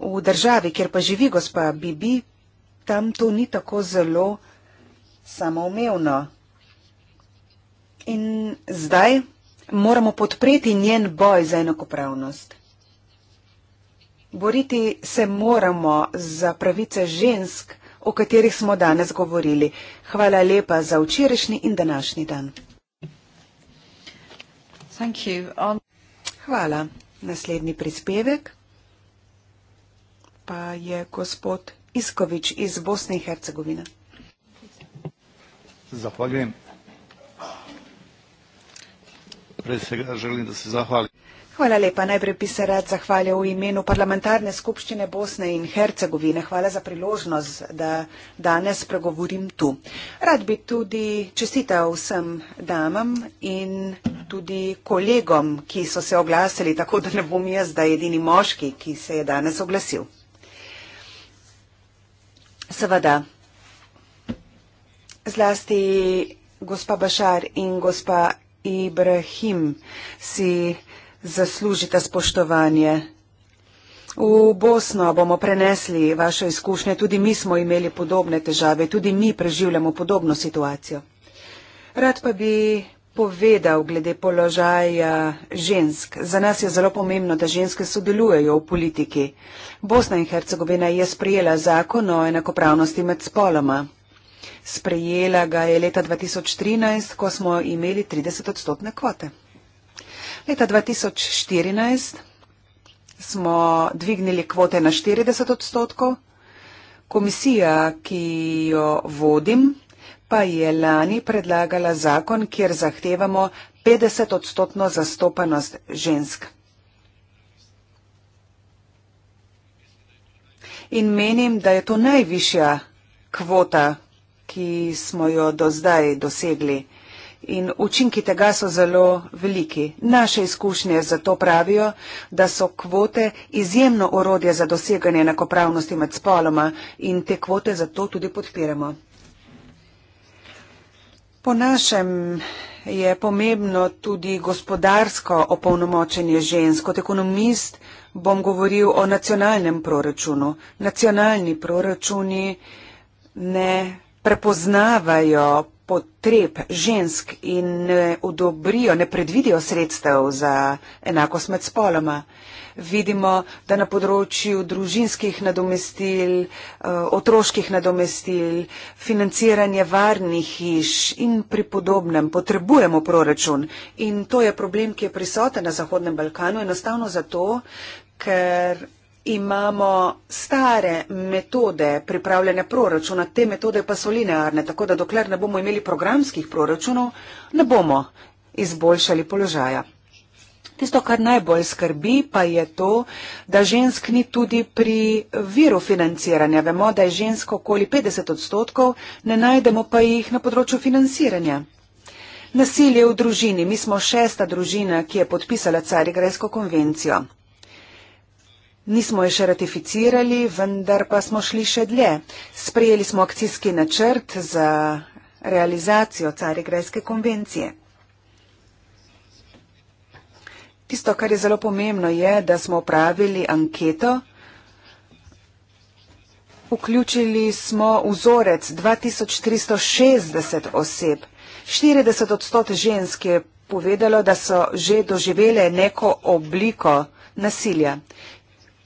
V državi, kjer pa živi gospa Bibi, tam to ni tako zelo samoumevno. In zdaj moramo podpreti njen boj za enakopravnost. Boriti se moramo za pravice žensk, o katerih smo danes govorili. Hvala lepa za včerajšnji in današnji dan. Hvala. Naslednji prispevek pa je gospod Iskovič iz Bosne in Hercegovine. Zahvaljujem. Pred vsega želim, da se zahvalim. Hvala lepa. Najprej bi se rad zahvalil v imenu parlamentarne skupščine Bosne in Hercegovine. Hvala za priložnost, da danes pregovorim tu. Rad bi tudi čestital vsem damam in tudi kolegom, ki so se oglasili, tako da ne bom jaz, da je edini moški, ki se je danes oglasil. Seveda. Zlasti gospa Bašar in gospa Ibrahim si zaslužite spoštovanje. V Bosno bomo prenesli vaše izkušnje, tudi mi smo imeli podobne težave, tudi mi preživljamo podobno situacijo. Rad pa bi povedal glede položaja žensk. Za nas je zelo pomembno, da ženske sodelujejo v politiki. Bosna in Hercegovina je sprejela zakon o enakopravnosti med spoloma. Sprejela ga je leta 2013, ko smo imeli 30 odstotne kvote. Leta 2014 smo dvignili kvote na 40 odstotkov. Komisija, ki jo vodim, pa je lani predlagala zakon, kjer zahtevamo 50 odstotno zastopanost žensk. In menim, da je to najvišja kvota, ki smo jo do zdaj dosegli. In učinki tega so zelo veliki. Naše izkušnje zato pravijo, da so kvote izjemno orodje za doseganje enakopravnosti med spoloma in te kvote zato tudi podpiramo. Po našem je pomembno tudi gospodarsko opolnomočenje žensk. Kot ekonomist bom govoril o nacionalnem proračunu. Nacionalni proračuni ne prepoznavajo potreb žensk in ne odobrijo, ne predvidijo sredstev za enakost med spoloma vidimo, da na področju družinskih nadomestil, eh, otroških nadomestil, financiranje varnih hiš in pri podobnem potrebujemo proračun. In to je problem, ki je prisoten na Zahodnem Balkanu, enostavno zato, ker imamo stare metode pripravljanja proračuna, te metode pa so linearne, tako da dokler ne bomo imeli programskih proračunov, ne bomo izboljšali položaja. Tisto, kar najbolj skrbi, pa je to, da žensk ni tudi pri viru financiranja. Vemo, da je žensko okoli 50 odstotkov, ne najdemo pa jih na področju financiranja. Nasilje v družini. Mi smo šesta družina, ki je podpisala Carigrajsko konvencijo. Nismo jo še ratificirali, vendar pa smo šli še dlje. Sprejeli smo akcijski načrt za realizacijo Carigrajske konvencije. Tisto, kar je zelo pomembno, je, da smo upravili anketo. Vključili smo vzorec 2360 oseb. 40 odstot žensk je povedalo, da so že doživele neko obliko nasilja.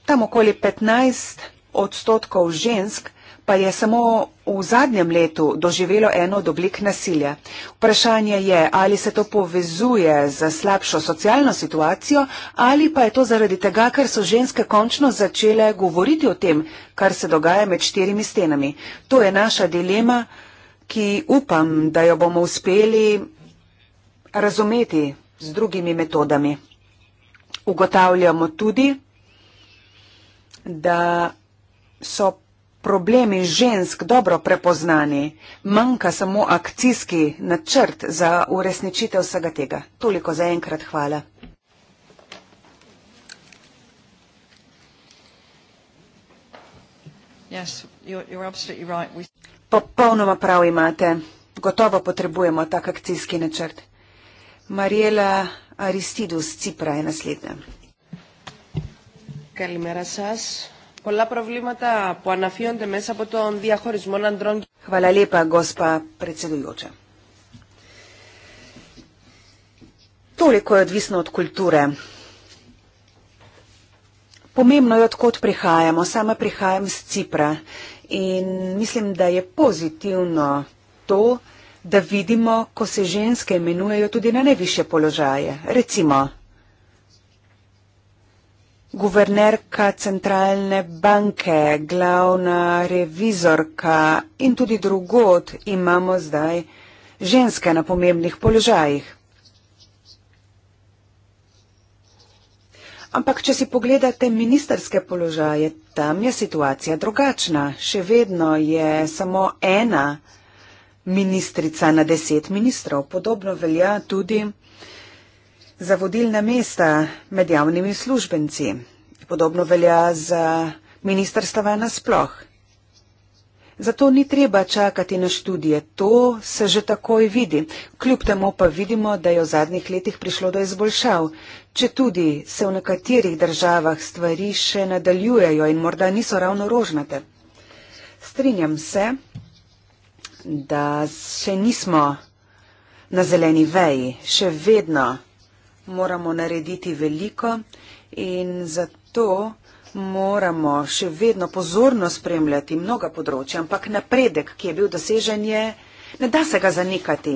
Tam okoli 15 odstotkov žensk pa je samo v zadnjem letu doživelo eno od oblik nasilja. Vprašanje je, ali se to povezuje z slabšo socialno situacijo ali pa je to zaradi tega, ker so ženske končno začele govoriti o tem, kar se dogaja med štirimi stenami. To je naša dilema, ki upam, da jo bomo uspeli razumeti z drugimi metodami. Ugotavljamo tudi, da so problemi žensk dobro prepoznani, manjka samo akcijski načrt za uresničitev vsega tega. Toliko za enkrat hvala. Yes, you're, you're right. We... Popolnoma prav imate. Gotovo potrebujemo tak akcijski načrt. Mariela Aristidus Cipra je naslednja. Kalimera Sas πολλά προβλήματα που αναφύονται μέσα από τον διαχωρισμό αντρών. Χαβαλαλίπα, γκόσπα, πρετσιδουλούτσα. Toliko je odvisno od kulture. Pomembno je, odkot prihajamo. Sama prihajam z Cipra in mislim, da je pozitivno to, da vidimo, ko se ženske imenujejo tudi na najviše položaje. Recimo, guvernerka centralne banke, glavna revizorka in tudi drugod imamo zdaj ženske na pomembnih položajih. Ampak, če si pogledate ministerske položaje, tam je situacija drugačna. Še vedno je samo ena ministrica na deset ministrov. Podobno velja tudi za vodilna mesta med javnimi službenci. Podobno velja za ministrstva nasploh. Zato ni treba čakati na študije, to se že takoj vidi. Kljub temu pa vidimo, da je v zadnjih letih prišlo do izboljšav, če tudi se v nekaterih državah stvari še nadaljujejo in morda niso ravno rožnate. Strinjam se, da še nismo na zeleni veji, še vedno moramo narediti veliko in zato moramo še vedno pozorno spremljati mnoga področja, ampak napredek, ki je bil dosežen, je, ne da se ga zanikati.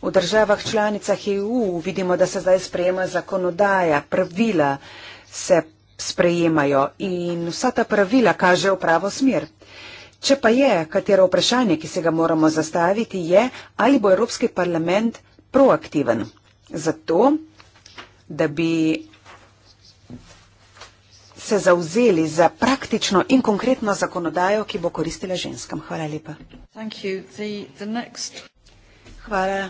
V državah članicah EU vidimo, da se zdaj sprejema zakonodaja, pravila se sprejemajo in vsa ta pravila kaže v pravo smer. Če pa je, katero vprašanje, ki se ga moramo zastaviti, je, ali bo Evropski parlament proaktiven. Zato da bi se zauzeli za praktično in konkretno zakonodajo, ki bo koristila ženskam. Hvala lepa. The, the next... Hvala.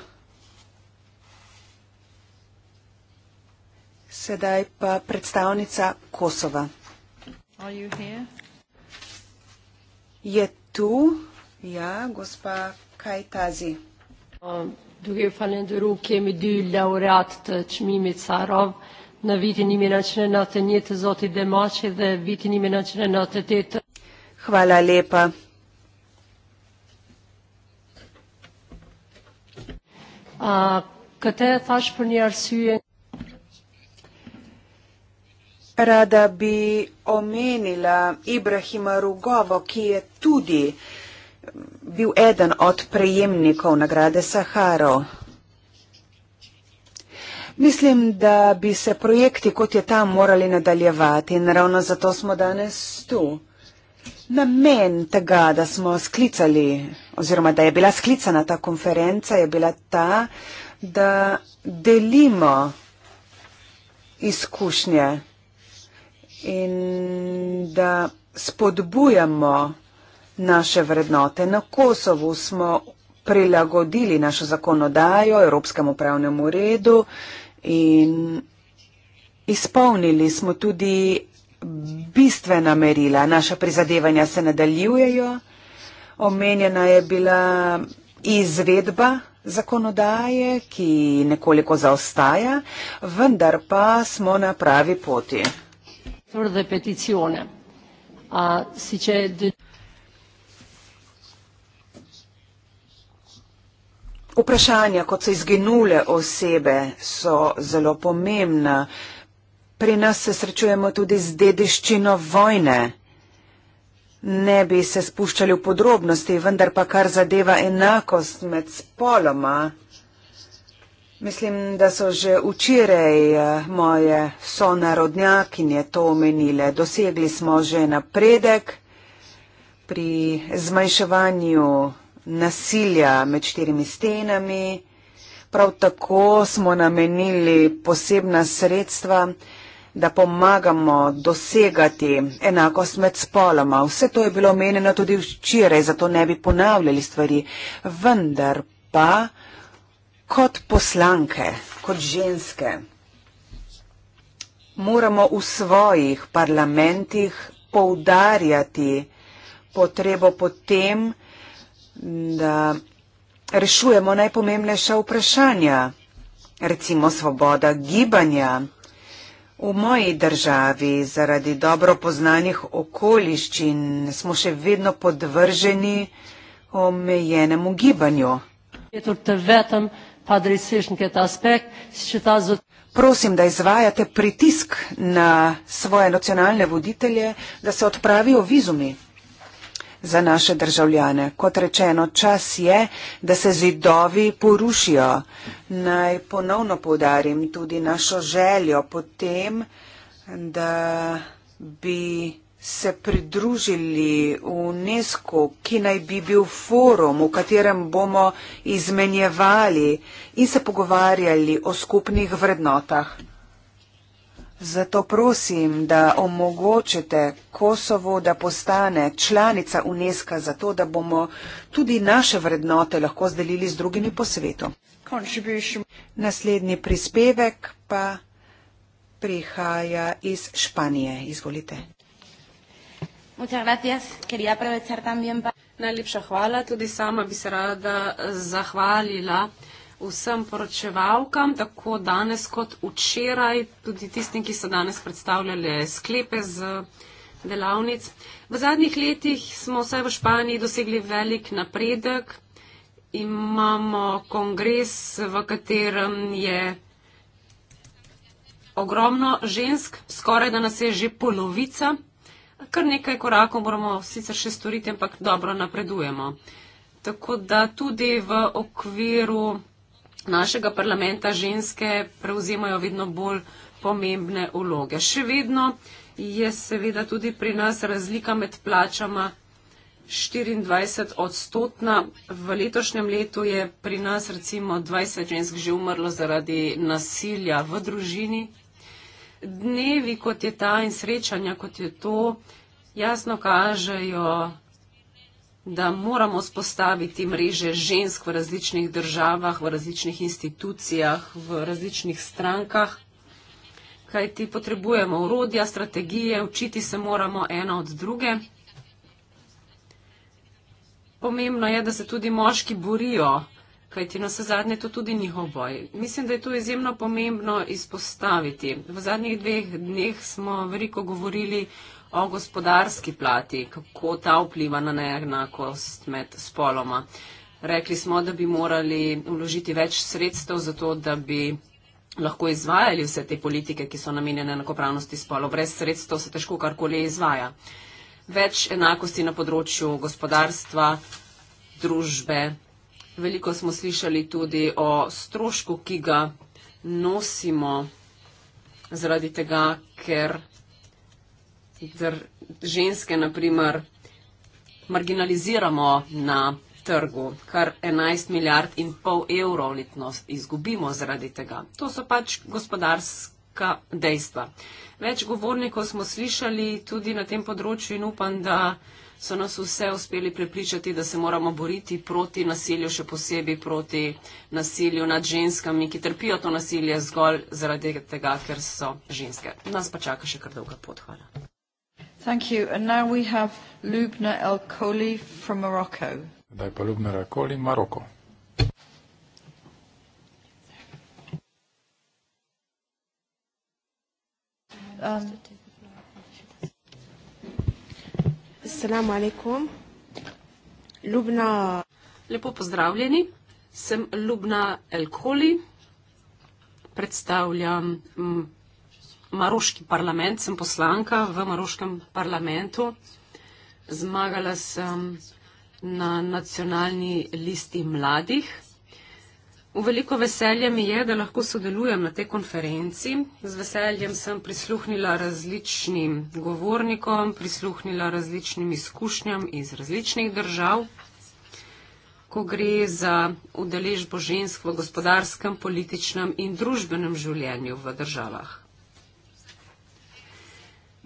Sedaj pa predstavnica Kosova. Je tu? Ja, gospa Kajtazi. Um, Duke falenderu kemi dy laureat të qmimit Sarov në vitin 1991 të Zotit Demaci dhe vitin 1998 të... Hvala lepa. A, këte thash për një arsye... Rada bi omenila Ibrahima Rugovo, ki je tudi uh, bil eden od prejemnikov nagrade Saharo. Mislim, da bi se projekti kot je tam morali nadaljevati in ravno zato smo danes tu. Namen tega, da smo sklicali oziroma da je bila sklicana ta konferenca, je bila ta, da delimo izkušnje in da spodbujamo naše vrednote. Na Kosovu smo prilagodili našo zakonodajo Evropskemu pravnemu redu in izpolnili smo tudi bistvena merila. Naša prizadevanja se nadaljujejo. Omenjena je bila izvedba zakonodaje, ki nekoliko zaostaja, vendar pa smo na pravi poti. Vprašanja, kot so izginule osebe, so zelo pomembna. Pri nas se srečujemo tudi z dediščino vojne. Ne bi se spuščali v podrobnosti, vendar pa kar zadeva enakost med spoloma. Mislim, da so že včeraj eh, moje sonarodnjakinje to omenile. Dosegli smo že napredek pri zmanjševanju nasilja med štirimi stenami. Prav tako smo namenili posebna sredstva, da pomagamo dosegati enakost med spoloma. Vse to je bilo omenjeno tudi včeraj, zato ne bi ponavljali stvari. Vendar pa kot poslanke, kot ženske, moramo v svojih parlamentih poudarjati potrebo potem, da rešujemo najpomembnejša vprašanja, recimo svoboda gibanja. V moji državi zaradi dobro poznanih okoliščin smo še vedno podvrženi omejenemu gibanju. Prosim, da izvajate pritisk na svoje nacionalne voditelje, da se odpravijo vizumi za naše državljane. Kot rečeno, čas je, da se zidovi porušijo. Naj ponovno povdarim tudi našo željo potem, da bi se pridružili UNESCO, ki naj bi bil forum, v katerem bomo izmenjevali in se pogovarjali o skupnih vrednotah. Zato prosim, da omogočite Kosovo, da postane članica UNESCO, zato da bomo tudi naše vrednote lahko delili z drugimi po svetu. Naslednji prispevek pa prihaja iz Španije. Izvolite. Najlepša hvala. Tudi sama bi se rada zahvalila vsem poročevalkam, tako danes kot včeraj, tudi tistim, ki so danes predstavljali sklepe z delavnic. V zadnjih letih smo vsaj v Španiji dosegli velik napredek. Imamo kongres, v katerem je ogromno žensk, skoraj da nas je že polovica. Kar nekaj korakov moramo sicer še storiti, ampak dobro napredujemo. Tako da tudi v okviru našega parlamenta ženske prevzemajo vedno bolj pomembne vloge. Še vedno je seveda tudi pri nas razlika med plačama 24 odstotna. V letošnjem letu je pri nas recimo 20 žensk že umrlo zaradi nasilja v družini. Dnevi, kot je ta in srečanja, kot je to, jasno kažejo da moramo spostaviti mreže žensk v različnih državah, v različnih institucijah, v različnih strankah, kajti potrebujemo urodja, strategije, učiti se moramo ena od druge. Pomembno je, da se tudi moški borijo, kajti na vse zadnje je to tudi njihov boj. Mislim, da je to izjemno pomembno izpostaviti. V zadnjih dveh dneh smo veliko govorili o gospodarski plati, kako ta vpliva na neenakost med spoloma. Rekli smo, da bi morali vložiti več sredstev za to, da bi lahko izvajali vse te politike, ki so namenjene enakopravnosti spolov. Brez sredstev se težko karkoli izvaja. Več enakosti na področju gospodarstva, družbe. Veliko smo slišali tudi o strošku, ki ga nosimo zaradi tega, ker ter ženske, naprimer, marginaliziramo na trgu, kar 11 milijard in pol evrov letnost izgubimo zaradi tega. To so pač gospodarska dejstva. Več govornikov smo slišali tudi na tem področju in upam, da so nas vse uspeli prepričati, da se moramo boriti proti nasilju, še posebej proti nasilju nad ženskami, ki trpijo to nasilje zgolj zaradi tega, ker so ženske. Nas pa čaka še kar dolga pot. Hvala. Thank you. And now we have Lubna El Koli from Morocco. Zdaj pa Lubna El Koli, Maroko. Um, Assalamu alaikum. Lubna. Lepo pozdravljeni. Sem Lubna El Koli. Predstavljam mm, Maroški parlament, sem poslanka v Maroškem parlamentu. Zmagala sem na nacionalni listi mladih. V veliko veselje mi je, da lahko sodelujem na tej konferenci. Z veseljem sem prisluhnila različnim govornikom, prisluhnila različnim izkušnjam iz različnih držav. Ko gre za udeležbo žensk v gospodarskem, političnem in družbenem življenju v državah.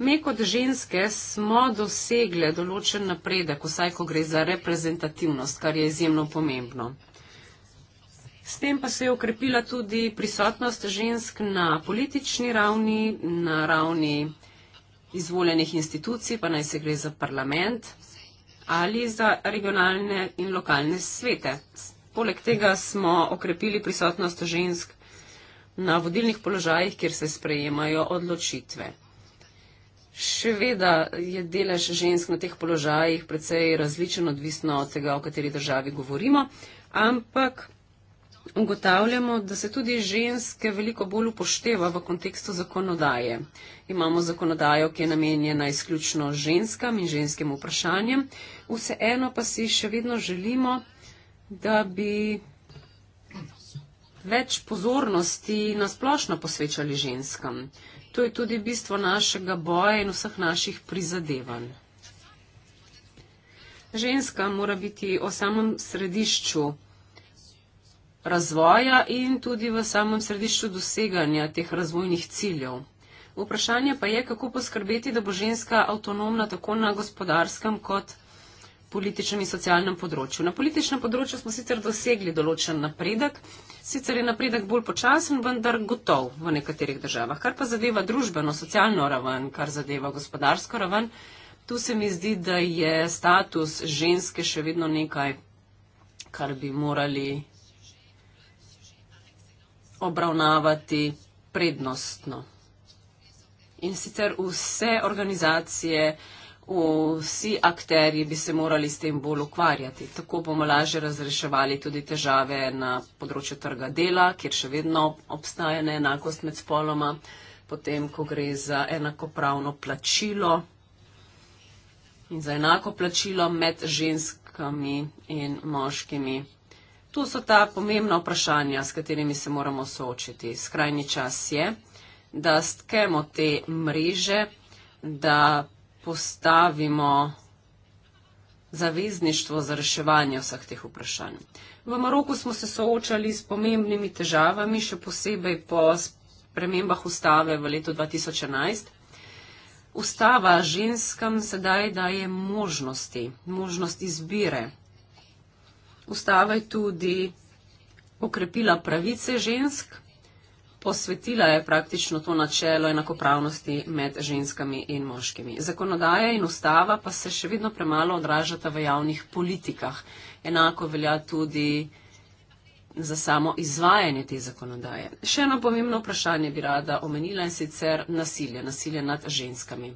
Mi kot ženske smo dosegle določen napredek, vsaj ko gre za reprezentativnost, kar je izjemno pomembno. S tem pa se je ukrepila tudi prisotnost žensk na politični ravni, na ravni izvoljenih institucij, pa naj se gre za parlament ali za regionalne in lokalne svete. Poleg tega smo okrepili prisotnost žensk na vodilnih položajih, kjer se sprejemajo odločitve. Še vedno je delež žensk na teh položajih precej različen, odvisno od tega, o kateri državi govorimo, ampak ugotavljamo, da se tudi ženske veliko bolj upošteva v kontekstu zakonodaje. Imamo zakonodajo, ki je namenjena izključno ženskam in ženskim vprašanjem, vseeno pa si še vedno želimo, da bi več pozornosti nasplošno posvečali ženskam. To je tudi bistvo našega boja in vseh naših prizadevanj. Ženska mora biti v samem središču razvoja in tudi v samem središču doseganja teh razvojnih ciljev. Vprašanje pa je, kako poskrbeti, da bo ženska avtonomna tako na gospodarskem kot na političnem in socialnem področju. Na političnem področju smo sicer dosegli določen napredek, sicer je napredek bolj počasen, vendar gotov v nekaterih državah. Kar pa zadeva družbeno, socialno raven, kar zadeva gospodarsko raven, tu se mi zdi, da je status ženske še vedno nekaj, kar bi morali obravnavati prednostno. In sicer vse organizacije, vsi akteri bi se morali s tem bolj ukvarjati. Tako bomo lažje razreševali tudi težave na področju trga dela, kjer še vedno obstaja neenakost med spoloma, potem, ko gre za enakopravno plačilo in za enako plačilo med ženskami in moškimi. Tu so ta pomembna vprašanja, s katerimi se moramo soočiti. Skrajni čas je, da stkemo te mreže, da postavimo zavezništvo za reševanje vseh teh vprašanj. V Maroku smo se soočali s pomembnimi težavami, še posebej po spremembah ustave v letu 2011. Ustava ženskam sedaj daje možnosti, možnost izbire. Ustava je tudi okrepila pravice žensk, Posvetila je praktično to načelo enakopravnosti med ženskami in moškimi. Zakonodaja in ustava pa se še vedno premalo odražata v javnih politikah. Enako velja tudi za samo izvajanje te zakonodaje. Še eno pomembno vprašanje bi rada omenila in sicer nasilje, nasilje nad ženskami.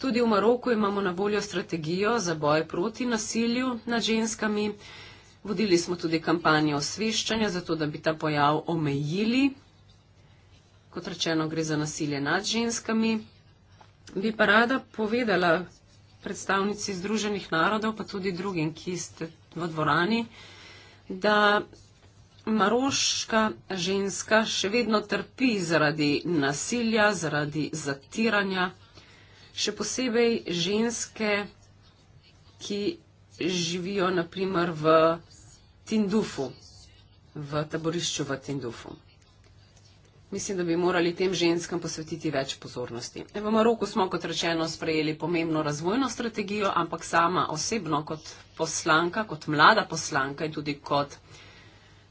Tudi v Maroku imamo na voljo strategijo za boj proti nasilju nad ženskami. Vodili smo tudi kampanjo osveščanja, zato da bi ta pojav omejili kot rečeno, gre za nasilje nad ženskami. Bi pa rada povedala predstavnici Združenih narodov, pa tudi drugim, ki ste v dvorani, da maroška ženska še vedno trpi zaradi nasilja, zaradi zatiranja, še posebej ženske, ki živijo naprimer v Tindufu, v taborišču v Tindufu mislim, da bi morali tem ženskam posvetiti več pozornosti. E, v Maroku smo, kot rečeno, sprejeli pomembno razvojno strategijo, ampak sama osebno kot poslanka, kot mlada poslanka in tudi kot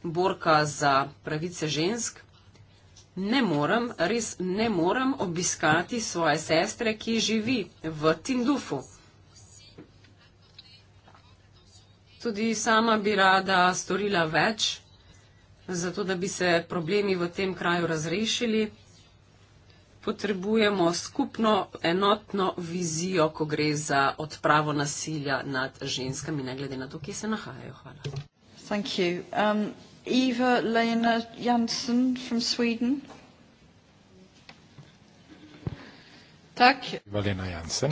borka za pravice žensk, ne morem, res ne morem obiskati svoje sestre, ki živi v Tindufu. Tudi sama bi rada storila več zato da bi se problemi v tem kraju razrešili, potrebujemo skupno enotno vizijo, ko gre za odpravo nasilja nad ženskami, ne glede na to, kje se nahajajo. Hvala. Um, Eva Lena Jansen from Sweden. Tak. Eva Lena Jansen.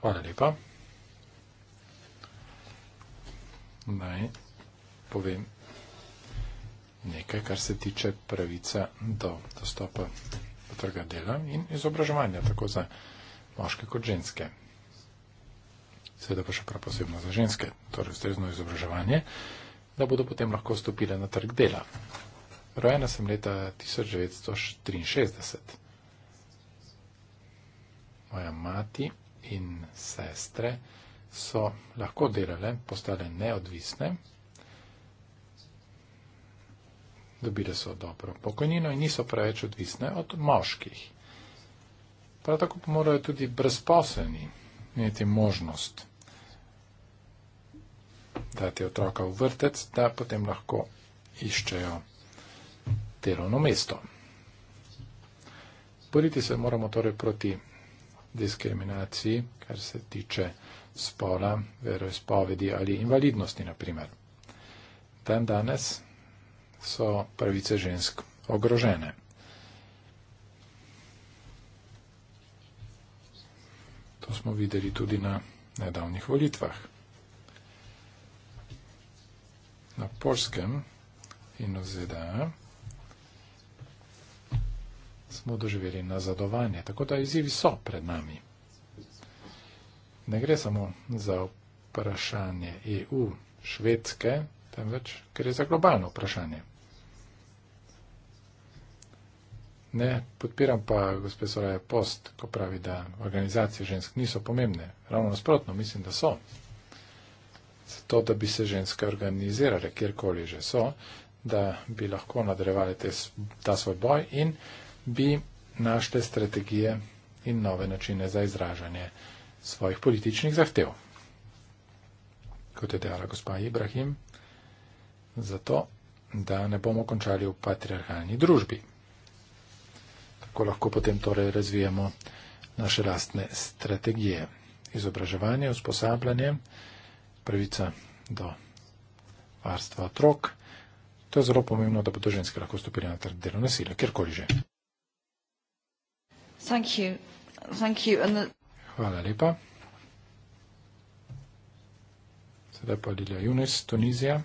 Hvala lepa. Nej povem nekaj, kar se tiče pravice do dostopa do trga dela in izobraževanja, tako za moške kot ženske. Seveda pa še prav posebno za ženske, torej ustrezno izobraževanje, da bodo potem lahko stopile na trg dela. Rojena sem leta 1963. Moja mati in sestre so lahko delale, postale neodvisne, dobile so dobro pokojnino in niso preveč odvisne od moških. Prav tako pa morajo tudi brezposleni imeti možnost dati otroka v vrtec, da potem lahko iščejo delovno mesto. Boriti se moramo torej proti diskriminaciji, kar se tiče spola, veroizpovedi ali invalidnosti, na primer. Dan danes so pravice žensk ogrožene. To smo videli tudi na nedavnih volitvah. Na Polskem in v ZDA smo doživeli nazadovanje, tako da izzivi so pred nami. Ne gre samo za vprašanje EU, švedske, temveč gre za globalno vprašanje. Ne, podpiram pa gospod Soraja Post, ko pravi, da organizacije žensk niso pomembne. Ravno nasprotno, mislim, da so. Zato, da bi se ženske organizirale, kjerkoli že so, da bi lahko nadrevali te, ta svoj boj in bi našle strategije in nove načine za izražanje svojih političnih zahtev. Kot je dejala gospa Ibrahim, zato, da ne bomo končali v patriarhalni družbi ko lahko potem torej razvijamo naše lastne strategije. Izobraževanje, usposabljanje, pravica do varstva otrok. To je zelo pomembno, da bodo ženske lahko stopili na trg delovne sile, kjerkoli že. Thank you. Thank you. The... Hvala lepa. Sedaj pa Lilja Junis, Tunizija.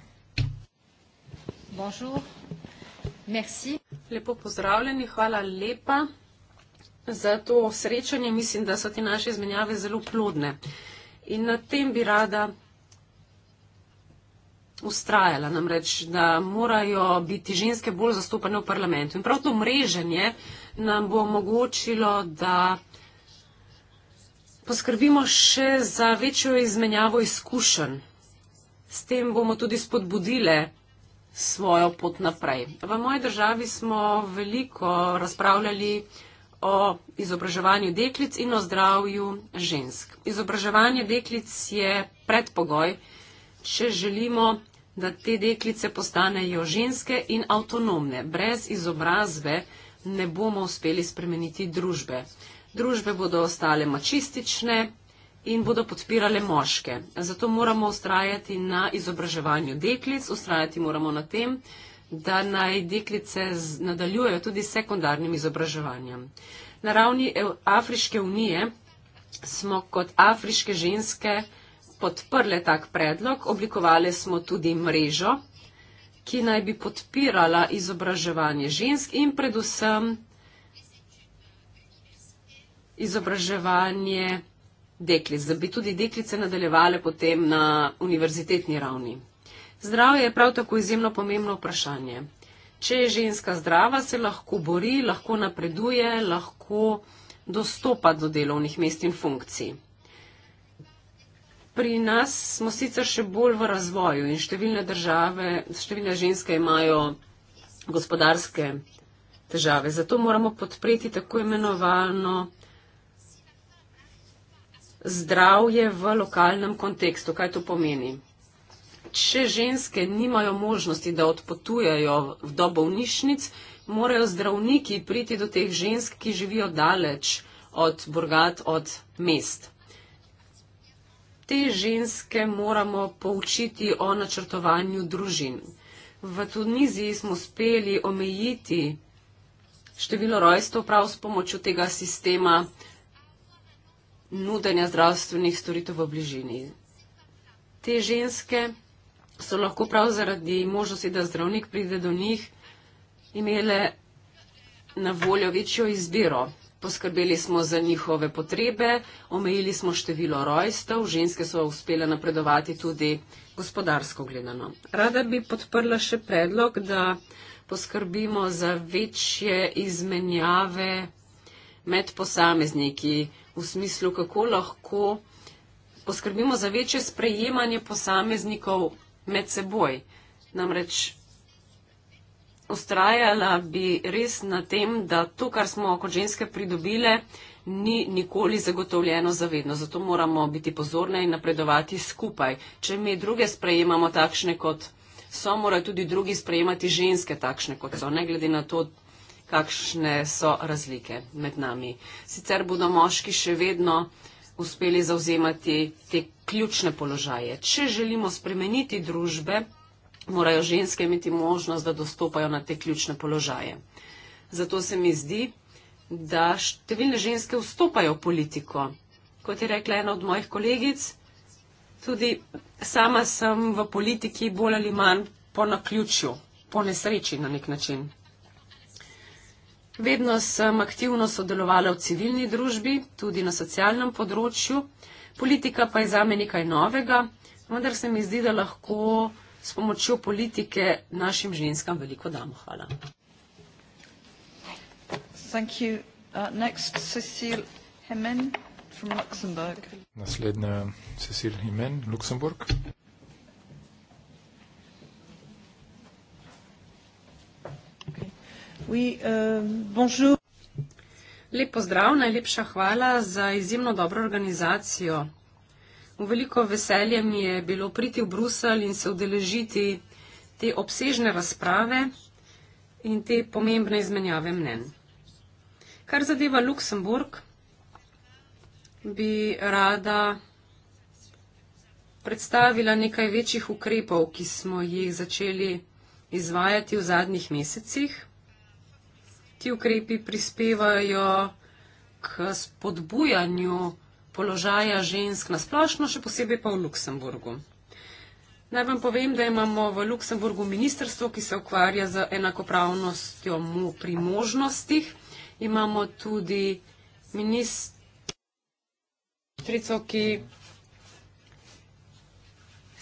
Bonjour. Merci. Lepo pozdravljeni, hvala lepa za to srečanje. Mislim, da so ti naše izmenjave zelo plodne. In na tem bi rada ustrajala, namreč, da morajo biti ženske bolj zastopane v parlamentu. In prav to mreženje nam bo omogočilo, da poskrbimo še za večjo izmenjavo izkušenj. S tem bomo tudi spodbudile svojo pot naprej. V moji državi smo veliko razpravljali o izobraževanju deklic in o zdravju žensk. Izobraževanje deklic je predpogoj, če želimo, da te deklice postanejo ženske in avtonomne. Brez izobrazbe ne bomo uspeli spremeniti družbe. Družbe bodo ostale mačistične, in bodo podpirale moške. Zato moramo ustrajati na izobraževanju deklic, ustrajati moramo na tem, da naj deklice nadaljujejo tudi s sekundarnim izobraževanjem. Na ravni Afriške unije smo kot afriške ženske podprle tak predlog, oblikovali smo tudi mrežo, ki naj bi podpirala izobraževanje žensk in predvsem izobraževanje deklic, da bi tudi deklice nadaljevale potem na univerzitetni ravni. Zdravje je prav tako izjemno pomembno vprašanje. Če je ženska zdrava, se lahko bori, lahko napreduje, lahko dostopa do delovnih mest in funkcij. Pri nas smo sicer še bolj v razvoju in številne države, številne ženske imajo gospodarske težave. Zato moramo podpreti tako imenovano zdravje v lokalnem kontekstu. Kaj to pomeni? Če ženske nimajo možnosti, da odpotujejo do bolnišnic, morajo zdravniki priti do teh žensk, ki živijo daleč od burgat, od mest. Te ženske moramo poučiti o načrtovanju družin. V Tuniziji smo uspeli omejiti število rojstev prav s pomočjo tega sistema nudenja zdravstvenih storitev v bližini. Te ženske so lahko prav zaradi možnosti, da zdravnik pride do njih, imele na voljo večjo izbiro. Poskrbeli smo za njihove potrebe, omejili smo število rojstev, ženske so uspele napredovati tudi gospodarsko gledano. Rada bi podprla še predlog, da poskrbimo za večje izmenjave med posamezniki, v smislu, kako lahko poskrbimo za večje sprejemanje posameznikov med seboj. Namreč ustrajala bi res na tem, da to, kar smo kot ženske pridobile, ni nikoli zagotovljeno zavedno. Zato moramo biti pozorne in napredovati skupaj. Če mi druge sprejemamo takšne, kot so, morajo tudi drugi sprejemati ženske takšne, kot so, ne glede na to, kakšne so razlike med nami. Sicer bodo moški še vedno uspeli zauzemati te ključne položaje. Če želimo spremeniti družbe, morajo ženske imeti možnost, da dostopajo na te ključne položaje. Zato se mi zdi, da številne ženske vstopajo v politiko. Kot je rekla ena od mojih kolegic, tudi sama sem v politiki bolj ali manj po naključju, po nesreči na nek način. Vedno sem aktivno sodelovala v civilni družbi, tudi na socialnem področju. Politika pa je za me nekaj novega, vendar se mi zdi, da lahko s pomočjo politike našim ženskam veliko damo. Hvala. Uh, Naslednja je Cecil Himen, Luksemburg. Oui, euh, bonjour. Lep pozdrav, najlepša hvala za izjemno dobro organizacijo. V veliko veselje mi je bilo priti v Brusel in se udeležiti te obsežne razprave in te pomembne izmenjave mnen. Kar zadeva Luksemburg, bi rada predstavila nekaj večjih ukrepov, ki smo jih začeli izvajati v zadnjih mesecih ti ukrepi prispevajo k spodbujanju položaja žensk na splošno, še posebej pa v Luksemburgu. Naj vam povem, da imamo v Luksemburgu ministrstvo, ki se ukvarja z enakopravnostjo mu pri možnostih. Imamo tudi ministrico, ki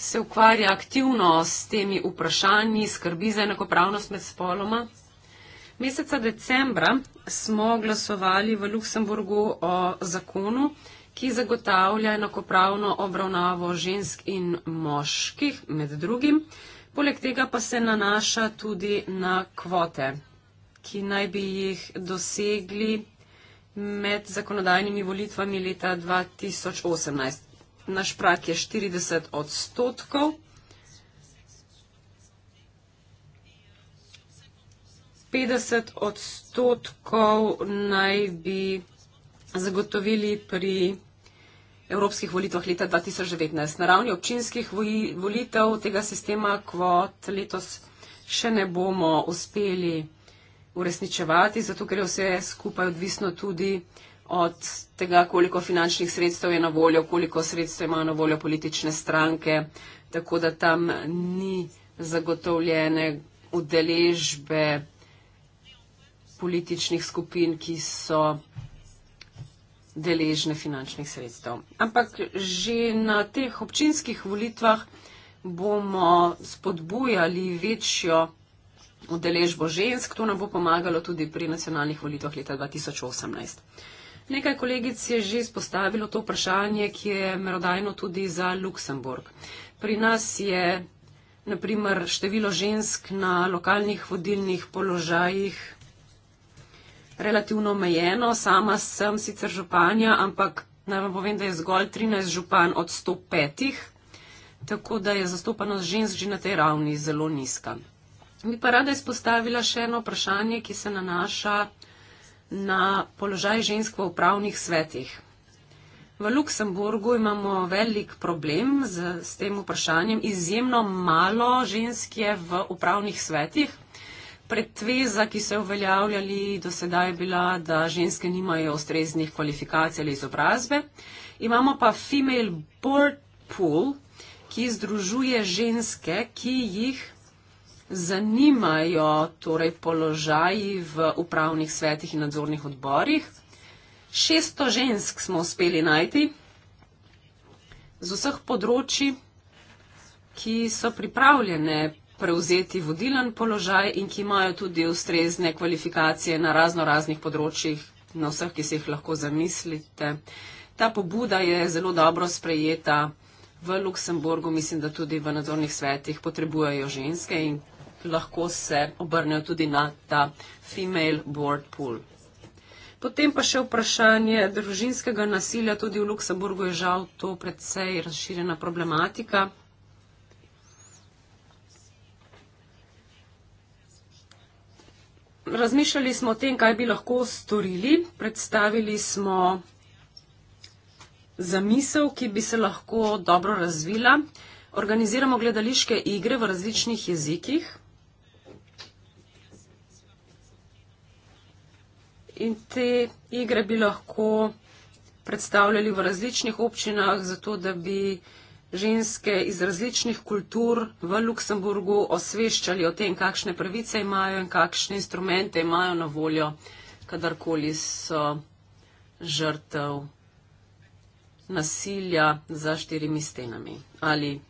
se ukvarja aktivno s temi vprašanji, skrbi za enakopravnost med spoloma. Meseca decembra smo glasovali v Luksemburgu o zakonu, ki zagotavlja enakopravno obravnavo žensk in moških, med drugim. Poleg tega pa se nanaša tudi na kvote, ki naj bi jih dosegli med zakonodajnimi volitvami leta 2018. Naš prak je 40 odstotkov. 50 odstotkov naj bi zagotovili pri evropskih volitvah leta 2019. Na ravni občinskih volitev tega sistema kvot letos še ne bomo uspeli uresničevati, zato ker je vse skupaj odvisno tudi od tega, koliko finančnih sredstev je na voljo, koliko sredstev imajo na voljo politične stranke, tako da tam ni zagotovljene udeležbe političnih skupin, ki so deležne finančnih sredstev. Ampak že na teh občinskih volitvah bomo spodbujali večjo udeležbo žensk. To nam bo pomagalo tudi pri nacionalnih volitvah leta 2018. Nekaj kolegic je že izpostavilo to vprašanje, ki je merodajno tudi za Luksemburg. Pri nas je naprimer število žensk na lokalnih vodilnih položajih relativno omejeno. Sama sem sicer županja, ampak naj vam povem, da je zgolj 13 župan od 105, tako da je zastopanost žensk že na tej ravni zelo nizka. Mi pa rada izpostavila še eno vprašanje, ki se nanaša na položaj žensk v upravnih svetih. V Luksemburgu imamo velik problem z, z tem vprašanjem. Izjemno malo žensk je v upravnih svetih pretveza, ki so jo uveljavljali do sedaj, bila, da ženske nimajo ustreznih kvalifikacij ali izobrazbe. Imamo pa female board pool, ki združuje ženske, ki jih zanimajo torej položaji v upravnih svetih in nadzornih odborih. 600 žensk smo uspeli najti z vseh področji, ki so pripravljene prevzeti vodilen položaj in ki imajo tudi ustrezne kvalifikacije na razno raznih področjih, na vseh, ki se jih lahko zamislite. Ta pobuda je zelo dobro sprejeta v Luksemburgu, mislim, da tudi v nadzornih svetih potrebujejo ženske in lahko se obrnejo tudi na ta female board pool. Potem pa še vprašanje družinskega nasilja. Tudi v Luksemburgu je žal to predvsej razširjena problematika. razmišljali smo o tem, kaj bi lahko storili, predstavili smo zamisel, ki bi se lahko dobro razvila. Organiziramo gledališke igre v različnih jezikih. In te igre bi lahko predstavljali v različnih občinah, zato da bi uh, ženske iz različnih kultur v Luksemburgu osveščali o tem, kakšne pravice imajo in kakšne instrumente imajo na voljo, kadarkoli so žrtev nasilja za štirimi stenami ali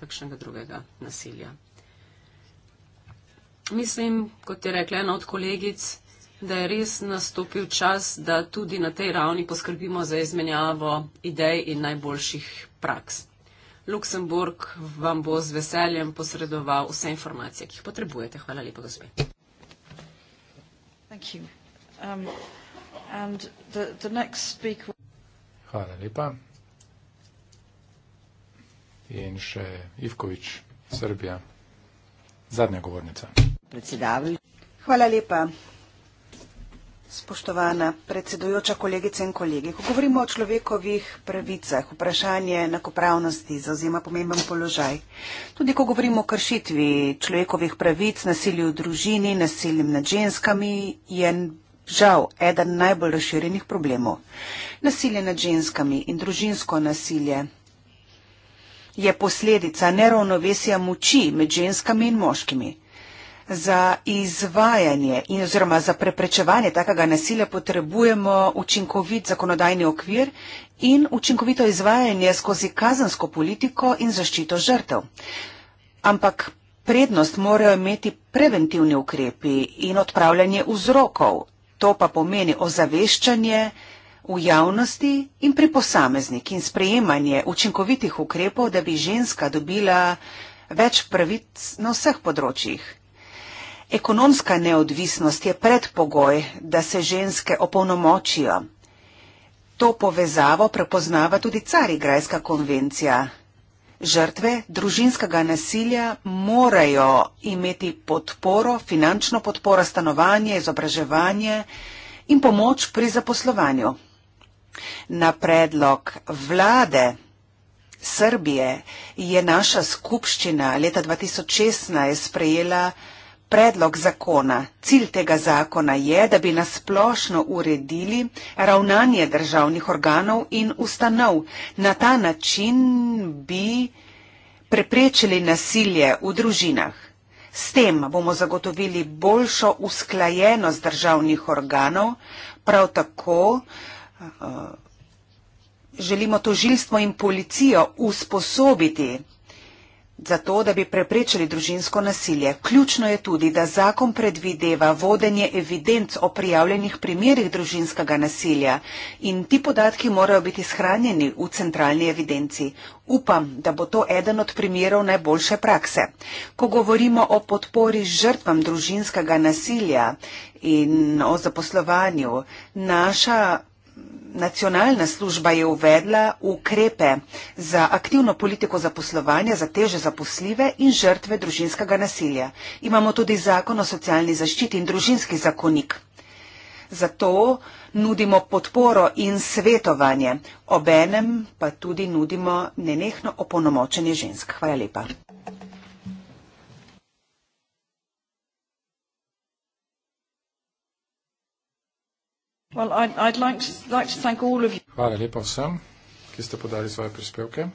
kakšnega drugega nasilja. Mislim, kot je rekla ena od kolegic, da je res nastopil čas, da tudi na tej ravni poskrbimo za izmenjavo idej in najboljših praks. Luksemburg vam bo z veseljem posredoval vse informacije, ki jih potrebujete. Hvala lepa, gospe. Um, Hvala lepa. In še Ivković, Srbija, zadnja govornica. Hvala lepa. Spoštovana predsedujoča, kolegice in kolegi, ko govorimo o človekovih pravicah, vprašanje enakopravnosti zauzema pomemben položaj. Tudi ko govorimo o kršitvi človekovih pravic, nasilju v družini, nasiljem nad ženskami, je žal eden najbolj razširjenih problemov. Nasilje nad ženskami in družinsko nasilje je posledica neravnovesja moči med ženskami in moškimi za izvajanje in oziroma za preprečevanje takega nasilja potrebujemo učinkovit zakonodajni okvir in učinkovito izvajanje skozi kazansko politiko in zaščito žrtev. Ampak prednost morajo imeti preventivni ukrepi in odpravljanje vzrokov. To pa pomeni ozaveščanje v javnosti in pri posameznik in sprejemanje učinkovitih ukrepov, da bi ženska dobila več pravic na vseh področjih. Ekonomska neodvisnost je predpogoj, da se ženske opolnomočijo. To povezavo prepoznava tudi Carigrajska konvencija. Žrtve družinskega nasilja morajo imeti podporo, finančno podporo, stanovanje, izobraževanje in pomoč pri zaposlovanju. Na predlog vlade Srbije je naša skupščina leta 2016 sprejela Predlog zakona, cilj tega zakona je, da bi nasplošno uredili ravnanje državnih organov in ustanov. Na ta način bi preprečili nasilje v družinah. S tem bomo zagotovili boljšo usklajenost državnih organov, prav tako eh, želimo tožilstvo in policijo usposobiti Zato, da bi preprečili družinsko nasilje, ključno je tudi, da zakon predvideva vodenje evidenc o prijavljenih primerih družinskega nasilja in ti podatki morajo biti shranjeni v centralni evidenci. Upam, da bo to eden od primerov najboljše prakse. Ko govorimo o podpori žrtvam družinskega nasilja in o zaposlovanju, naša nacionalna služba je uvedla ukrepe za aktivno politiko zaposlovanja za teže zaposljive in žrtve družinskega nasilja. Imamo tudi zakon o socialni zaščiti in družinski zakonik. Zato nudimo podporo in svetovanje, obenem pa tudi nudimo nenehno opolnomočenje žensk. Hvala lepa. Hvala lepa vsem, ki ste podali svoje prispevke.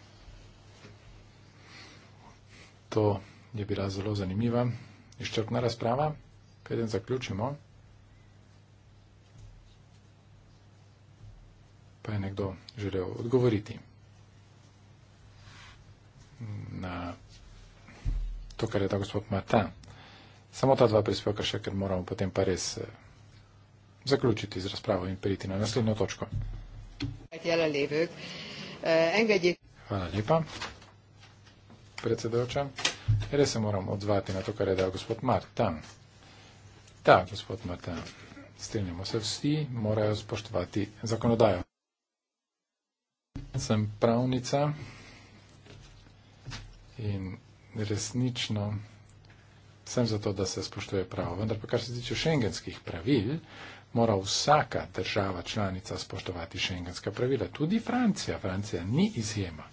To je bila zelo zanimiva izčrpna razprava. Preden zaključimo, pa je nekdo želel odgovoriti na to, kar je ta gospod Martin. Samo ta dva prispevka še, ker moramo potem pa res. Eh, zaključiti z razpravo in priti na naslednjo točko. Hvala lepa. Hvala lepa, predsedoča. Res se moram odzvati na to, kar je dal gospod Martan. Da, gospod Martan, strinjamo se vsi, morajo spoštovati zakonodajo. Sem pravnica in resnično sem za to, da se spoštuje pravo. Vendar pa kar se tiče šengenskih pravil, mora vsaka država članica spoštovati šengenska pravila, tudi Francija. Francija ni izjema.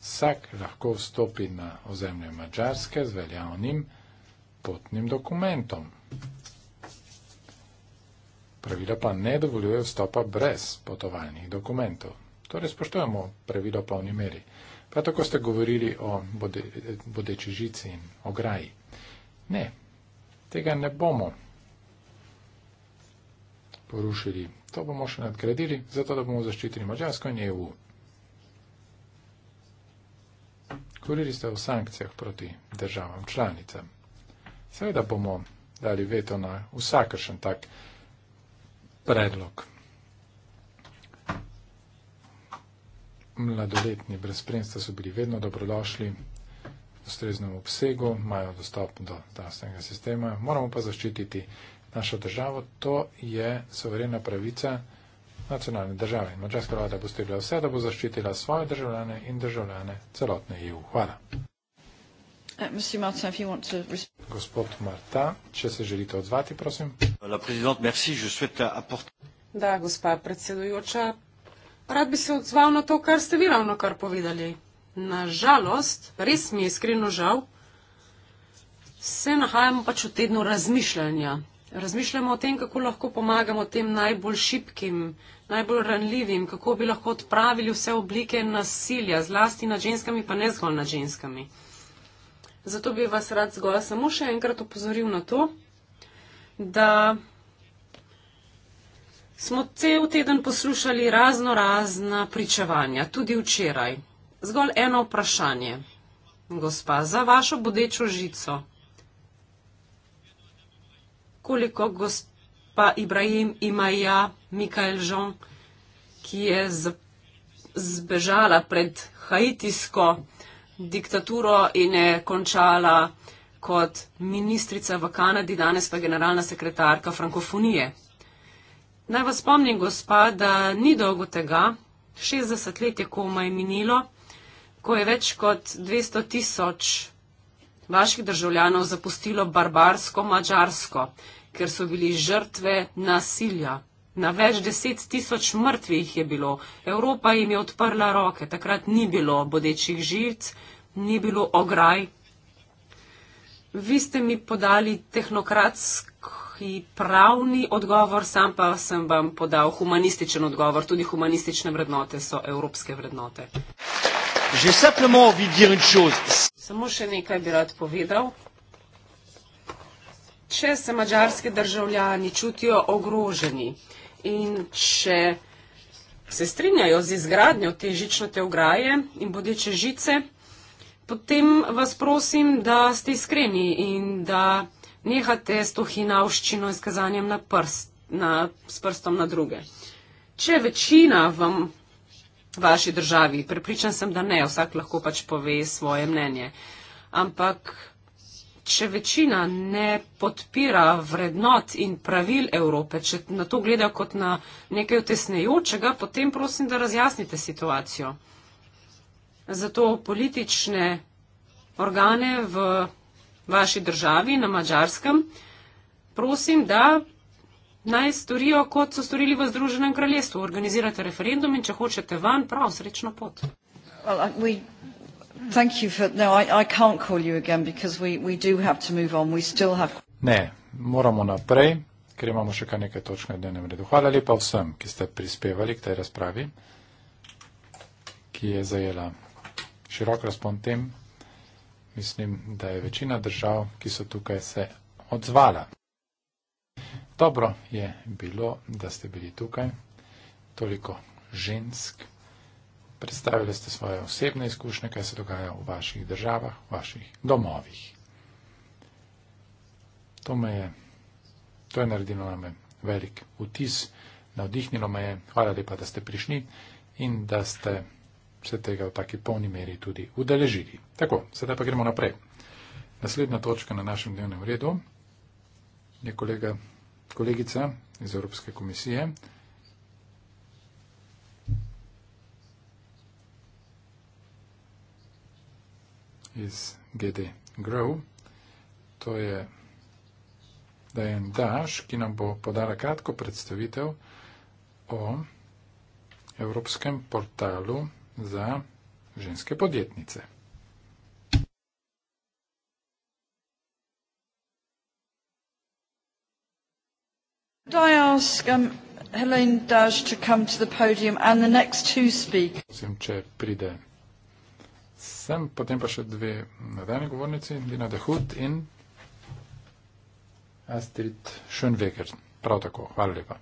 Vsak lahko vstopi na ozemlje Mačarske z veljavnim potnim dokumentom. Pravila pa ne dovoljuje vstopa brez potovalnih dokumentov. Torej spoštujemo pravilo polni meri. Prav tako ste govorili o bode, bodeči žici in ograji. Ne, tega ne bomo porušili. To bomo še nadgradili, zato da bomo zaščitili Mačarsko in EU. Govorili ste o sankcijah proti državam članicam. Seveda bomo dali veto na vsakršen tak predlog. Mladoletni brez spremstva so bili vedno dobrodošli, ustreznem obsegu, imajo dostop do zdravstvenega sistema, moramo pa zaščititi našo državo. To je soverena pravica nacionalne države. Mačarska vlada bo stregla vse, da bo zaščitila svoje državljane in državljane celotne EU. Hvala. Uh, Martin, Gospod Marta, če se želite odzvati, prosim. Merci, da, gospa predsedujoča, rad bi se odzval na to, kar ste vi ravno kar povedali na žalost, res mi je iskreno žal, se nahajamo pač v tednu razmišljanja. Razmišljamo o tem, kako lahko pomagamo tem najbolj šipkim, najbolj ranljivim, kako bi lahko odpravili vse oblike nasilja, zlasti nad ženskami, pa ne zgolj nad ženskami. Zato bi vas rad zgolj samo še enkrat opozoril na to, da smo cel teden poslušali razno razna pričevanja, tudi včeraj. Zgolj eno vprašanje. Gospa, za vašo bodečo žico, koliko gospa Ibrahim ima ja, Mikael Žon, ki je zbežala pred haitijsko diktaturo in je končala kot ministrica v Kanadi, danes pa generalna sekretarka frankofonije. Naj vas spomnim, gospa, da ni dolgo tega, 60 let je komaj minilo ko je več kot 200 tisoč vaših državljanov zapustilo barbarsko Mačarsko, ker so bili žrtve nasilja. Na več deset tisoč mrtvih je bilo. Evropa jim je odprla roke. Takrat ni bilo bodečih žic, ni bilo ograj. Vi ste mi podali tehnokratski pravni odgovor, sam pa sem vam podal humanističen odgovor. Tudi humanistične vrednote so evropske vrednote že simplement envie de dire une chose. Samo še nekaj bi rad povedal. Če se mađarski državljani čutijo ogroženi in če se strinjajo z izgradnjo te žičnate ograje in bodeče žice, potem vas prosim, da ste iskreni in da nehate s to hinavščino in skazanjem na prst, na, s prstom na druge. Če večina vam vaši državi. Prepričan sem, da ne, vsak lahko pač pove svoje mnenje. Ampak, če večina ne podpira vrednot in pravil Evrope, če na to gleda kot na nekaj otesnejočega, potem prosim, da razjasnite situacijo. Zato politične organe v vaši državi na Mačarskem prosim, da naj storijo, kot so storili v Združenem kraljestvu. Organizirate referendum in če hočete van, prav srečno pot. Well, we... Thank you for... No, I, I can't call you again because we, we do have to move on. We still have... Ne, moramo naprej, ker imamo še kar nekaj točk na dnevnem redu. Hvala lepa vsem, ki ste prispevali k tej razpravi, ki je zajela širok razpon tem. Mislim, da je večina držav, ki so tukaj, se odzvala. Dobro je bilo, da ste bili tukaj, toliko žensk, predstavili ste svoje osebne izkušnje, kaj se dogaja v vaših državah, v vaših domovih. To, je, to je naredilo na me velik vtis, navdihnilo me je, hvala lepa, da ste prišli in da ste se tega v taki polni meri tudi udeležili. Tako, sedaj pa gremo naprej. Naslednja točka na našem dnevnem redu je kolega kolegica iz Evropske komisije. iz GD Grow. To je Dajan Daš, ki nam bo podala kratko predstavitev o Evropskem portalu za ženske podjetnice. Could I ask um, Helene Dash to come to the podium and the next two speakers? Potem pa še dve nadaljne govornici, Dina Dehut in Astrid Schönweger. Prav tako, hvala lepa.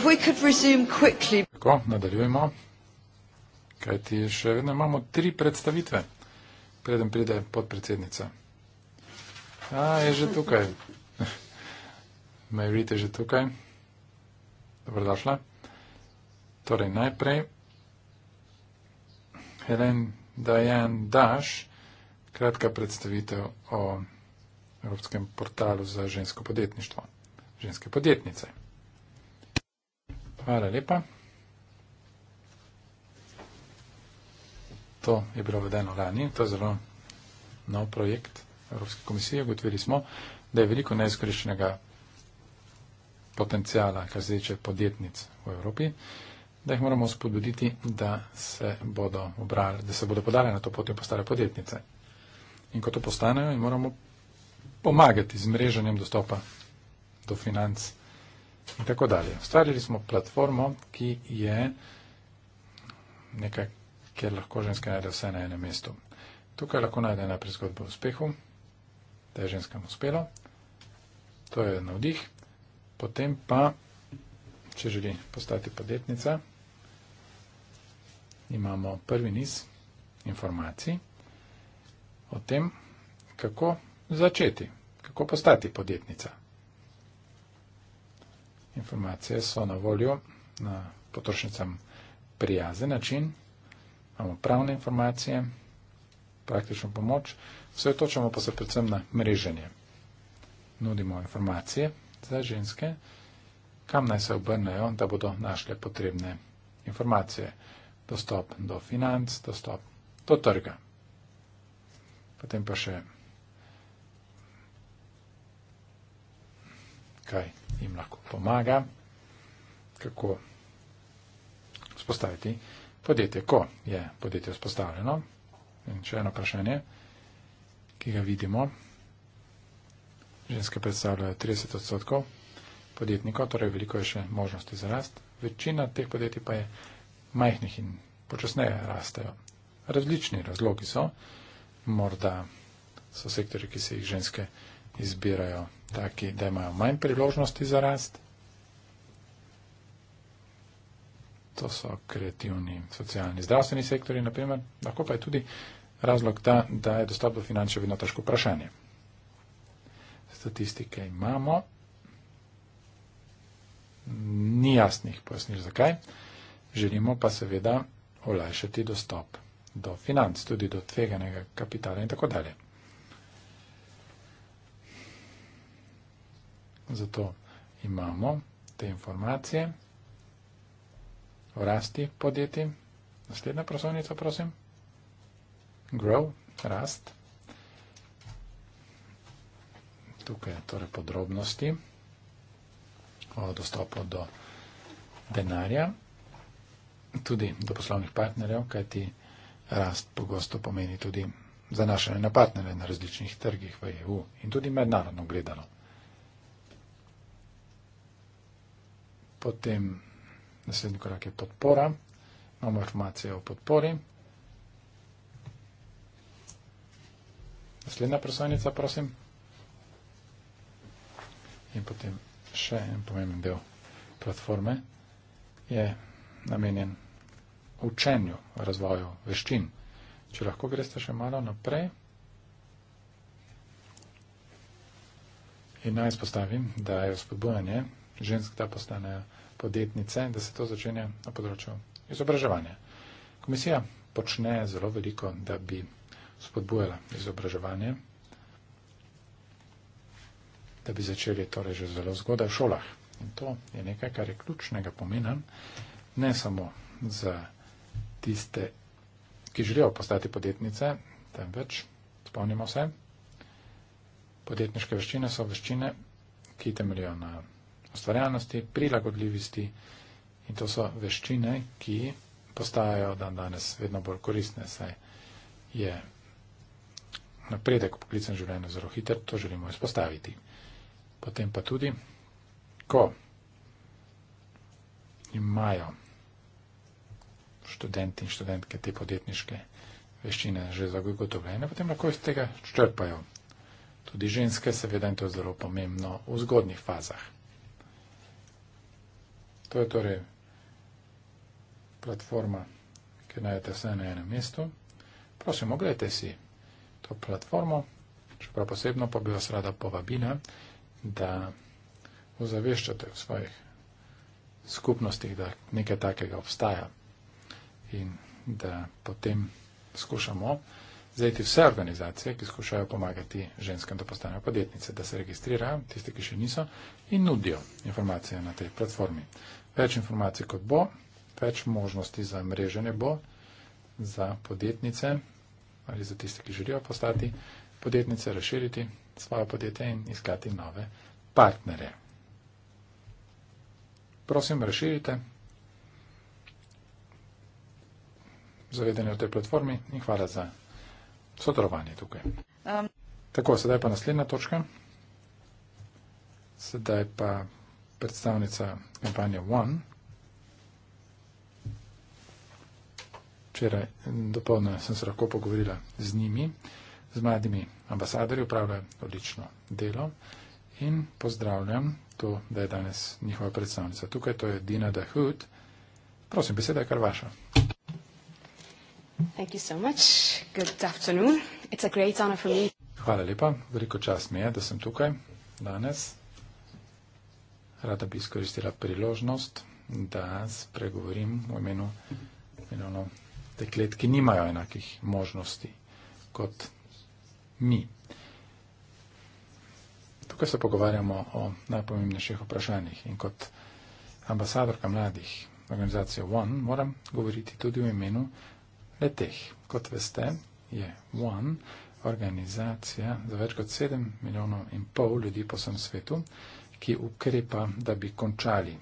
Tako, nadaljujemo, kajti še vedno imamo tri predstavitve, preden pride podpredsednica. A, je že tukaj. Majorit je že tukaj. Dobrodošla. Torej, najprej Helen Dajan Daš, kratka predstavitev o Evropskem portalu za žensko podjetništvo, ženske podjetnice. Hvala lepa. To je bilo vedeno lani, to je zelo nov projekt Evropske komisije. Ugotovili smo, da je veliko neizkoriščenega potencijala, kar se tiče podjetnic v Evropi, da jih moramo spodbuditi, da se bodo, obrali, da se bodo podali na to pot in postale podjetnice. In ko to postanejo, jim moramo pomagati z mreženjem dostopa do financ in tako dalje. Ustvarili smo platformo, ki je nekaj, kjer lahko ženske najde vse na enem mestu. Tukaj lahko najde najprej zgodbo o uspehu, da je ženskam uspelo, to je navdih, potem pa, če želi postati podjetnica, imamo prvi niz informacij o tem, kako začeti, kako postati podjetnica informacije so na voljo na potrošnicam prijazen način. Imamo pravne informacije, praktično pomoč. Vse točamo pa se predvsem na mreženje. Nudimo informacije za ženske, kam naj se obrnejo, da bodo našle potrebne informacije. Dostop do financ, dostop do trga. Potem pa še kaj. Okay jim lahko pomaga, kako spostaviti podjetje, ko je podjetje spostavljeno. In še eno vprašanje, ki ga vidimo. Ženske predstavljajo 30 odstotkov podjetnikov, torej veliko je še možnosti za rast. Večina teh podjetij pa je majhnih in počasneje rastejo. Različni razlogi so, morda so sektori, ki se jih ženske izbirajo taki, da imajo manj priložnosti za rast. To so kreativni socialni zdravstveni sektori, naprimer. Lahko pa je tudi razlog ta, da je dostop do finančev vedno težko vprašanje. Statistike imamo. Ni jasnih pojasnil, zakaj. Želimo pa seveda olajšati dostop do financ, tudi do tveganega kapitala in tako dalje. Zato imamo te informacije o rasti podjetij. Naslednja prosovnica, prosim. Grow, rast. Tukaj torej podrobnosti o dostopu do denarja, tudi do poslovnih partnerjev, kajti rast pogosto pomeni tudi zanašanje na partnerje na različnih trgih v EU in tudi mednarodno gledano. potem naslednji korak je podpora, imamo informacije o podpori. Naslednja prosojnica, prosim. In potem še en pomemben del platforme je namenjen učenju, razvoju veščin. Če lahko greste še malo naprej. In naj spostavim, da je vzpodbojanje žensk, da postanejo podjetnice, da se to začne na področju izobraževanja. Komisija počne zelo veliko, da bi spodbujala izobraževanje, da bi začeli torej že zelo zgodaj v šolah. In to je nekaj, kar je ključnega pomena, ne samo za tiste, ki želijo postati podjetnice, temveč, spomnimo se, podjetniške veščine so veščine, ki temeljijo na ustvarjalnosti, prilagodljivosti in to so veščine, ki postajajo dan danes vedno bolj koristne, saj je napredek v poklicnem življenju zelo hiter, to želimo izpostaviti. Potem pa tudi, ko imajo študenti in študentke te podjetniške veščine že zagotovljene, potem lahko iz tega črpajo. Tudi ženske, seveda, in to je zelo pomembno v zgodnih fazah. To je torej platforma, ki najdete vse na enem mestu. Prosim, oglejte si to platformo, čeprav posebno pa bi vas rada povabila, da ozaveščate v svojih skupnostih, da nekaj takega obstaja in da potem skušamo zajeti vse organizacije, ki skušajo pomagati ženskem, da postanejo podjetnice, da se registrirajo, tisti, ki še niso, in nudijo informacije na tej platformi. Več informacij kot bo, več možnosti za mreženje bo, za podjetnice ali za tiste, ki želijo postati podjetnice, razširiti svoje podjetje in iskati nove partnere. Prosim, razširite zavedanje o tej platformi in hvala za sodelovanje tukaj. Um. Tako, sedaj pa naslednja točka. Sedaj pa predstavnica kampanje One. Včeraj dopolne sem se lahko pogovorila z njimi, z mladimi ambasadorji, upravlja odlično delo in pozdravljam to, da je danes njihova predstavnica. Tukaj to je Dina Dahut. Prosim, beseda je kar vaša. Thank you so much. Good afternoon. It's a great honor for me. Hvala lepa. Veliko čast mi je, da sem tukaj danes rada bi izkoristila priložnost, da spregovorim v imenu imenovno deklet, ki nimajo enakih možnosti kot mi. Tukaj se pogovarjamo o najpomembnejših vprašanjih in kot ambasadorka mladih organizacije One moram govoriti tudi v imenu leteh. Kot veste, je One organizacija za več kot 7 milijonov in pol ljudi po vsem svetu, ki ukrepa, da bi končali,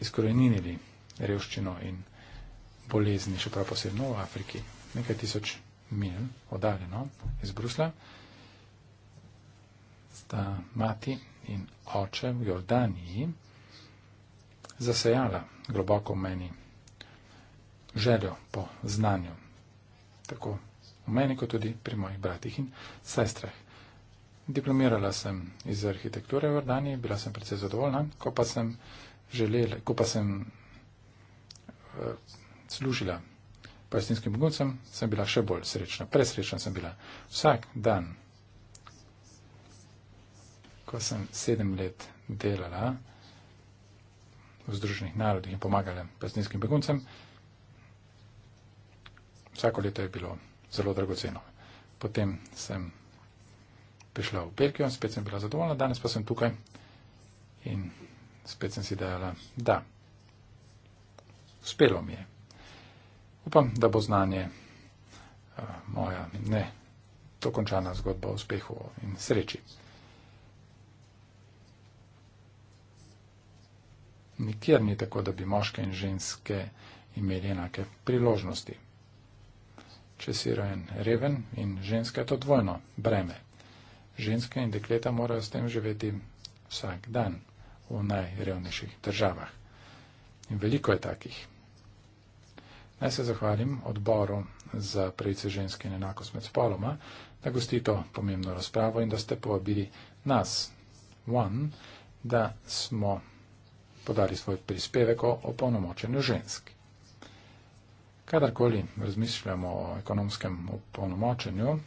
izkorenili revščino in bolezni, še prav posebno v Afriki, nekaj tisoč mil oddaljeno iz Brusla, sta mati in oče v Jordaniji zasejala globoko v meni željo po znanju, tako v meni, kot tudi pri mojih bratih in sestrah. Diplomirala sem iz arhitekture v Jordani, bila sem precej zadovoljna, ko pa sem, želel, ko pa sem uh, služila palestinskim beguncem, sem bila še bolj srečna. Presrečna sem bila. Vsak dan, ko sem sedem let delala v Združenih narodih in pomagala palestinskim beguncem, vsako leto je bilo zelo dragoceno. Potem sem prišla v Belgijo, spet sem bila zadovoljna, danes pa sem tukaj in spet sem si dejala, da, uspelo mi je. Upam, da bo znanje uh, moja, ne, to končana zgodba o uspehu in sreči. Nikjer ni tako, da bi moške in ženske imeli enake priložnosti. Če si rojen reven in ženska, je to dvojno breme ženske in dekleta morajo s tem živeti vsak dan v najrevnejših državah. In veliko je takih. Naj se zahvalim odboru za pravice ženske in enakost med spoloma, da gosti to pomembno razpravo in da ste povabili nas, One, da smo podali svoj prispevek o opolnomočenju žensk. Kadarkoli razmišljamo o ekonomskem opolnomočenju,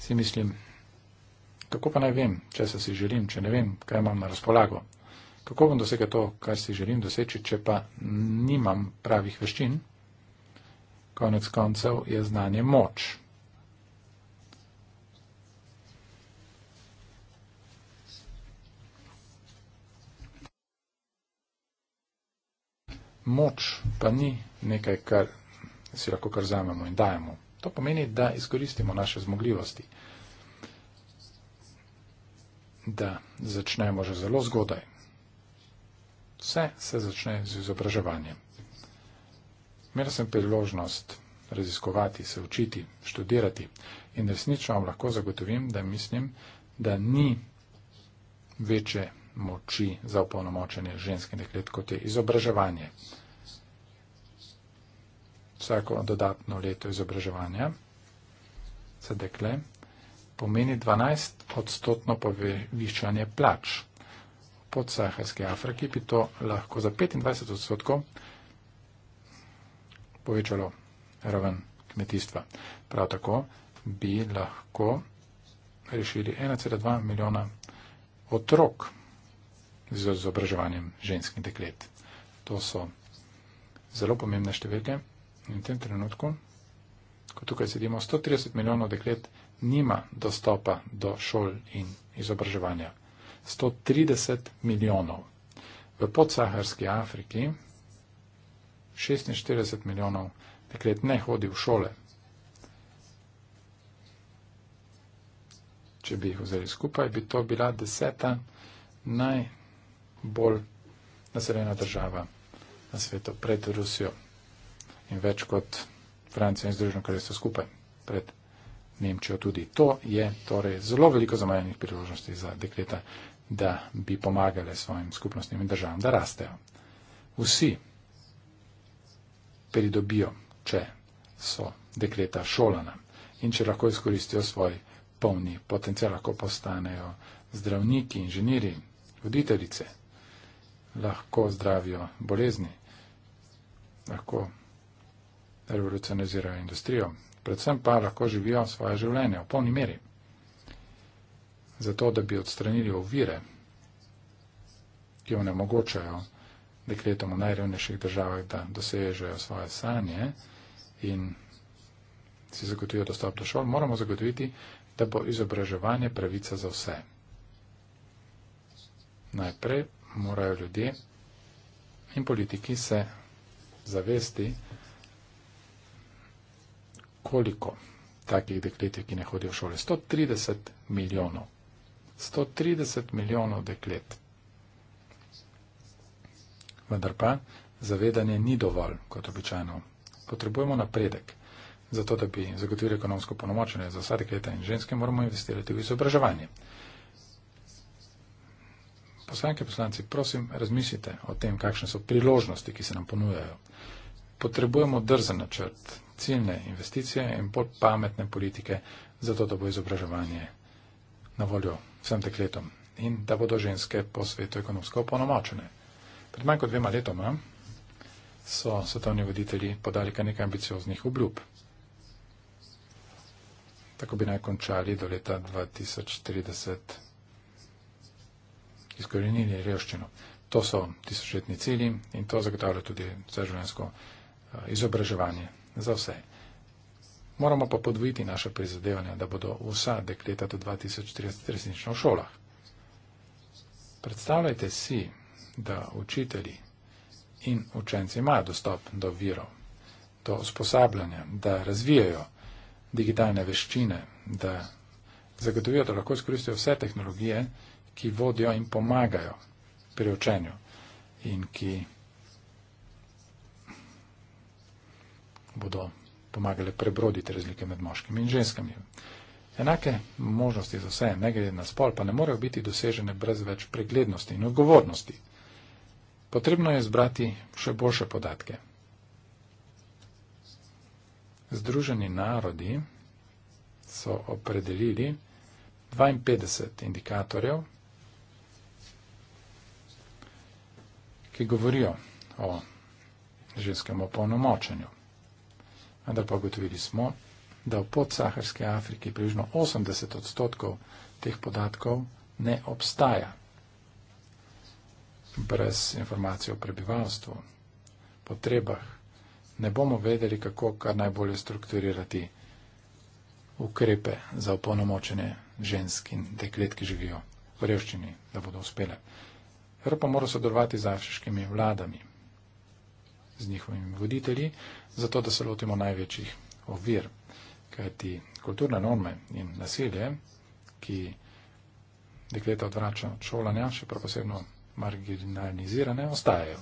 si mislim, kako pa naj vem, če se si želim, če ne vem, kaj imam na razpolago. Kako bom dosegel to, kar si želim doseči, če pa nimam pravih veščin? Konec koncev je znanje moč. Moč pa ni nekaj, kar si lahko kar zamemo in dajemo. To pomeni, da izkoristimo naše zmogljivosti, da začnemo že zelo zgodaj. Vse se začne z izobraževanjem. Imel sem priložnost raziskovati, se učiti, študirati in resnično vam lahko zagotovim, da mislim, da ni večje moči za opolnomočenje ženske deklet, kot je izobraževanje vsako dodatno leto izobraževanja za dekle pomeni 12 odstotno povišanje plač. V podsaharski Afriki bi to lahko za 25 odstotkov povečalo raven kmetijstva. Prav tako bi lahko rešili 1,2 milijona otrok z izobraževanjem ženskih deklet. To so zelo pomembne številke. In v tem trenutku, ko tukaj sedimo, 130 milijonov deklet nima dostopa do šol in izobraževanja. 130 milijonov. V podsaharski Afriki 46 milijonov deklet ne hodi v šole. Če bi jih vzeli skupaj, bi to bila deseta najbolj naseljena država na svetu pred Rusijo in več kot Francija in Združeno kraljestvo skupaj pred Nemčijo tudi. To je torej zelo veliko zamajenih priložnosti za dekleta, da bi pomagale svojim skupnostnim državam, da rastejo. Vsi pridobijo, če so dekleta šolana in če lahko izkoristijo svoj polni potencial, lahko postanejo zdravniki, inženiri, voditeljice, lahko zdravijo bolezni, lahko revolucionizirajo industrijo, predvsem pa lahko živijo svoje življenje v polni meri. Zato, da bi odstranili ovire, ki onemogočajo dekretom v najrevnejših državah, da dosežejo svoje sanje in si zagotovijo dostop do šol, moramo zagotoviti, da bo izobraževanje pravica za vse. Najprej morajo ljudje in politiki se zavesti, koliko takih deklet je, ki ne hodijo v šole. 130 milijonov. 130 milijonov deklet. Vendar pa zavedanje ni dovolj, kot običajno. Potrebujemo napredek. Zato, da bi zagotovili ekonomsko ponomočenje za vsa dekleta in ženske, moramo investirati v izobraževanje. Poslanke, poslanci, prosim, razmislite o tem, kakšne so priložnosti, ki se nam ponujajo. Potrebujemo drzen načrt, ciljne investicije in bolj pametne politike, zato da bo izobraževanje na voljo vsem dekletom in da bodo ženske po svetu ekonomsko ponomočene. Pred manj kot dvema letoma so svetovni voditelji podali kar nekaj ambicioznih obljub. Tako bi naj končali do leta 2030 izkorenili revščino. To so tisočletni cilji in to zagotavlja tudi vse življensko eh, izobraževanje za vse. Moramo pa podvojiti naše prizadevanja, da bodo vsa dekleta do 2030 resnično v šolah. Predstavljajte si, da učitelji in učenci imajo dostop do virov, do usposabljanja, da razvijajo digitalne veščine, da zagotovijo, da lahko izkoristijo vse tehnologije, ki vodijo in pomagajo pri učenju in ki bodo pomagale prebroditi razlike med moškimi in ženskami. Enake možnosti za vse, ne glede na spol, pa ne morejo biti dosežene brez več preglednosti in odgovornosti. Potrebno je zbrati še boljše podatke. Združeni narodi so opredelili 52 indikatorjev, ki govorijo o ženskem opolnomočenju vendar pa ugotovili smo, da v podsaharski Afriki približno 80 odstotkov teh podatkov ne obstaja. Brez informacij o prebivalstvu, potrebah, ne bomo vedeli, kako kar najbolje strukturirati ukrepe za opolnomočene žensk in deklet, ki živijo v revščini, da bodo uspele. Evropa mora sodelovati z afriškimi vladami, z njihovimi voditelji, zato da se lotimo največjih ovir. Kajti kulturne norme in nasilje, ki dekleta odvrača od šolanja, še prav posebno marginalizirane, ostajajo.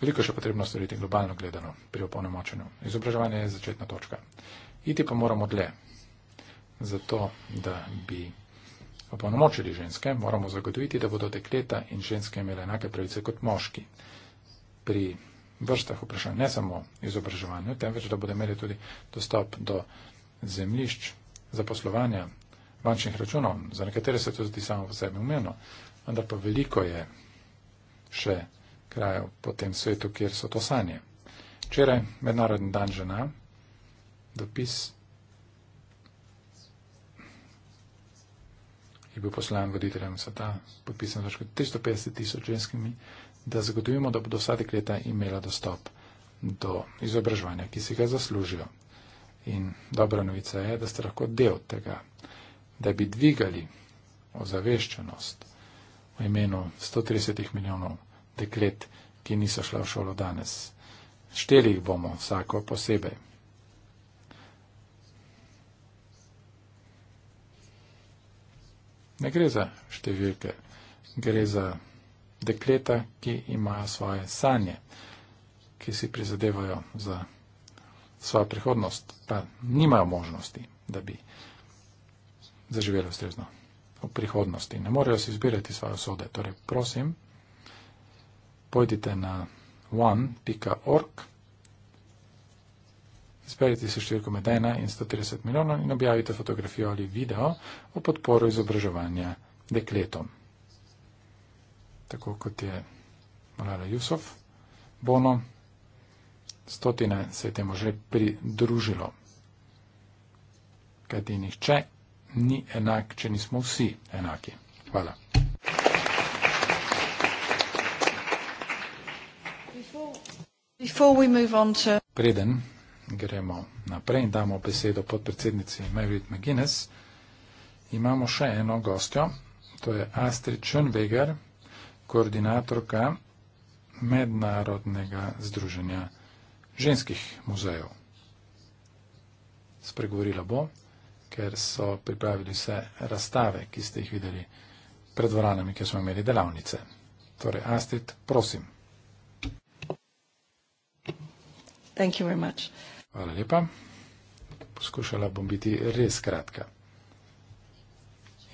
Veliko še potrebno storiti globalno gledano pri opolnomočenju. Izobraževanje je začetna točka. Iti pa moramo dlje. Zato, da bi opolnomočili ženske, moramo zagotoviti, da bodo dekleta in ženske imele enake pravice kot moški pri vrstah vprašanj, ne samo izobraževanju, temveč da bodo imeli tudi dostop do zemljišč za poslovanje bančnih računov. Za nekatere se to tudi samo v sebi umeno, vendar pa veliko je še krajev po tem svetu, kjer so to sanje. Včeraj, Mednarodni dan žena, dopis je bil poslan voditeljem sveta, podpisan več kot 350 tisoč ženskimi da zagotovimo, da bodo vsa dekleta imela dostop do izobraževanja, ki si ga zaslužijo. In dobra novica je, da ste lahko del tega, da bi dvigali ozaveščenost v imenu 130 milijonov deklet, ki niso šla v šolo danes. Šteli jih bomo vsako posebej. Ne gre za številke, gre za dekleta, ki imajo svoje sanje, ki si prizadevajo za svojo prihodnost, pa nimajo možnosti, da bi zaživelo ustrezno v prihodnosti. Ne morejo si izbirati svoje usode. Torej, prosim, pojdite na one.org, izberite se številko med 1 in 130 milijonov in objavite fotografijo ali video o podporu izobraževanja dekletom tako kot je Morala Jusuf Bono. Stotine se je temu že pridružilo. Kajti nihče ni enak, če nismo vsi enaki. Hvala. Preden gremo naprej in damo besedo podpredsednici Mary McGuinness, imamo še eno gostjo, to je Astrid Schönweger, koordinatorka Mednarodnega združenja ženskih muzejev. Spregovorila bo, ker so pripravili vse razstave, ki ste jih videli pred dvoranami, kjer smo imeli delavnice. Torej, Astrid, prosim. Thank you very much. Hvala lepa. Poskušala bom biti res kratka.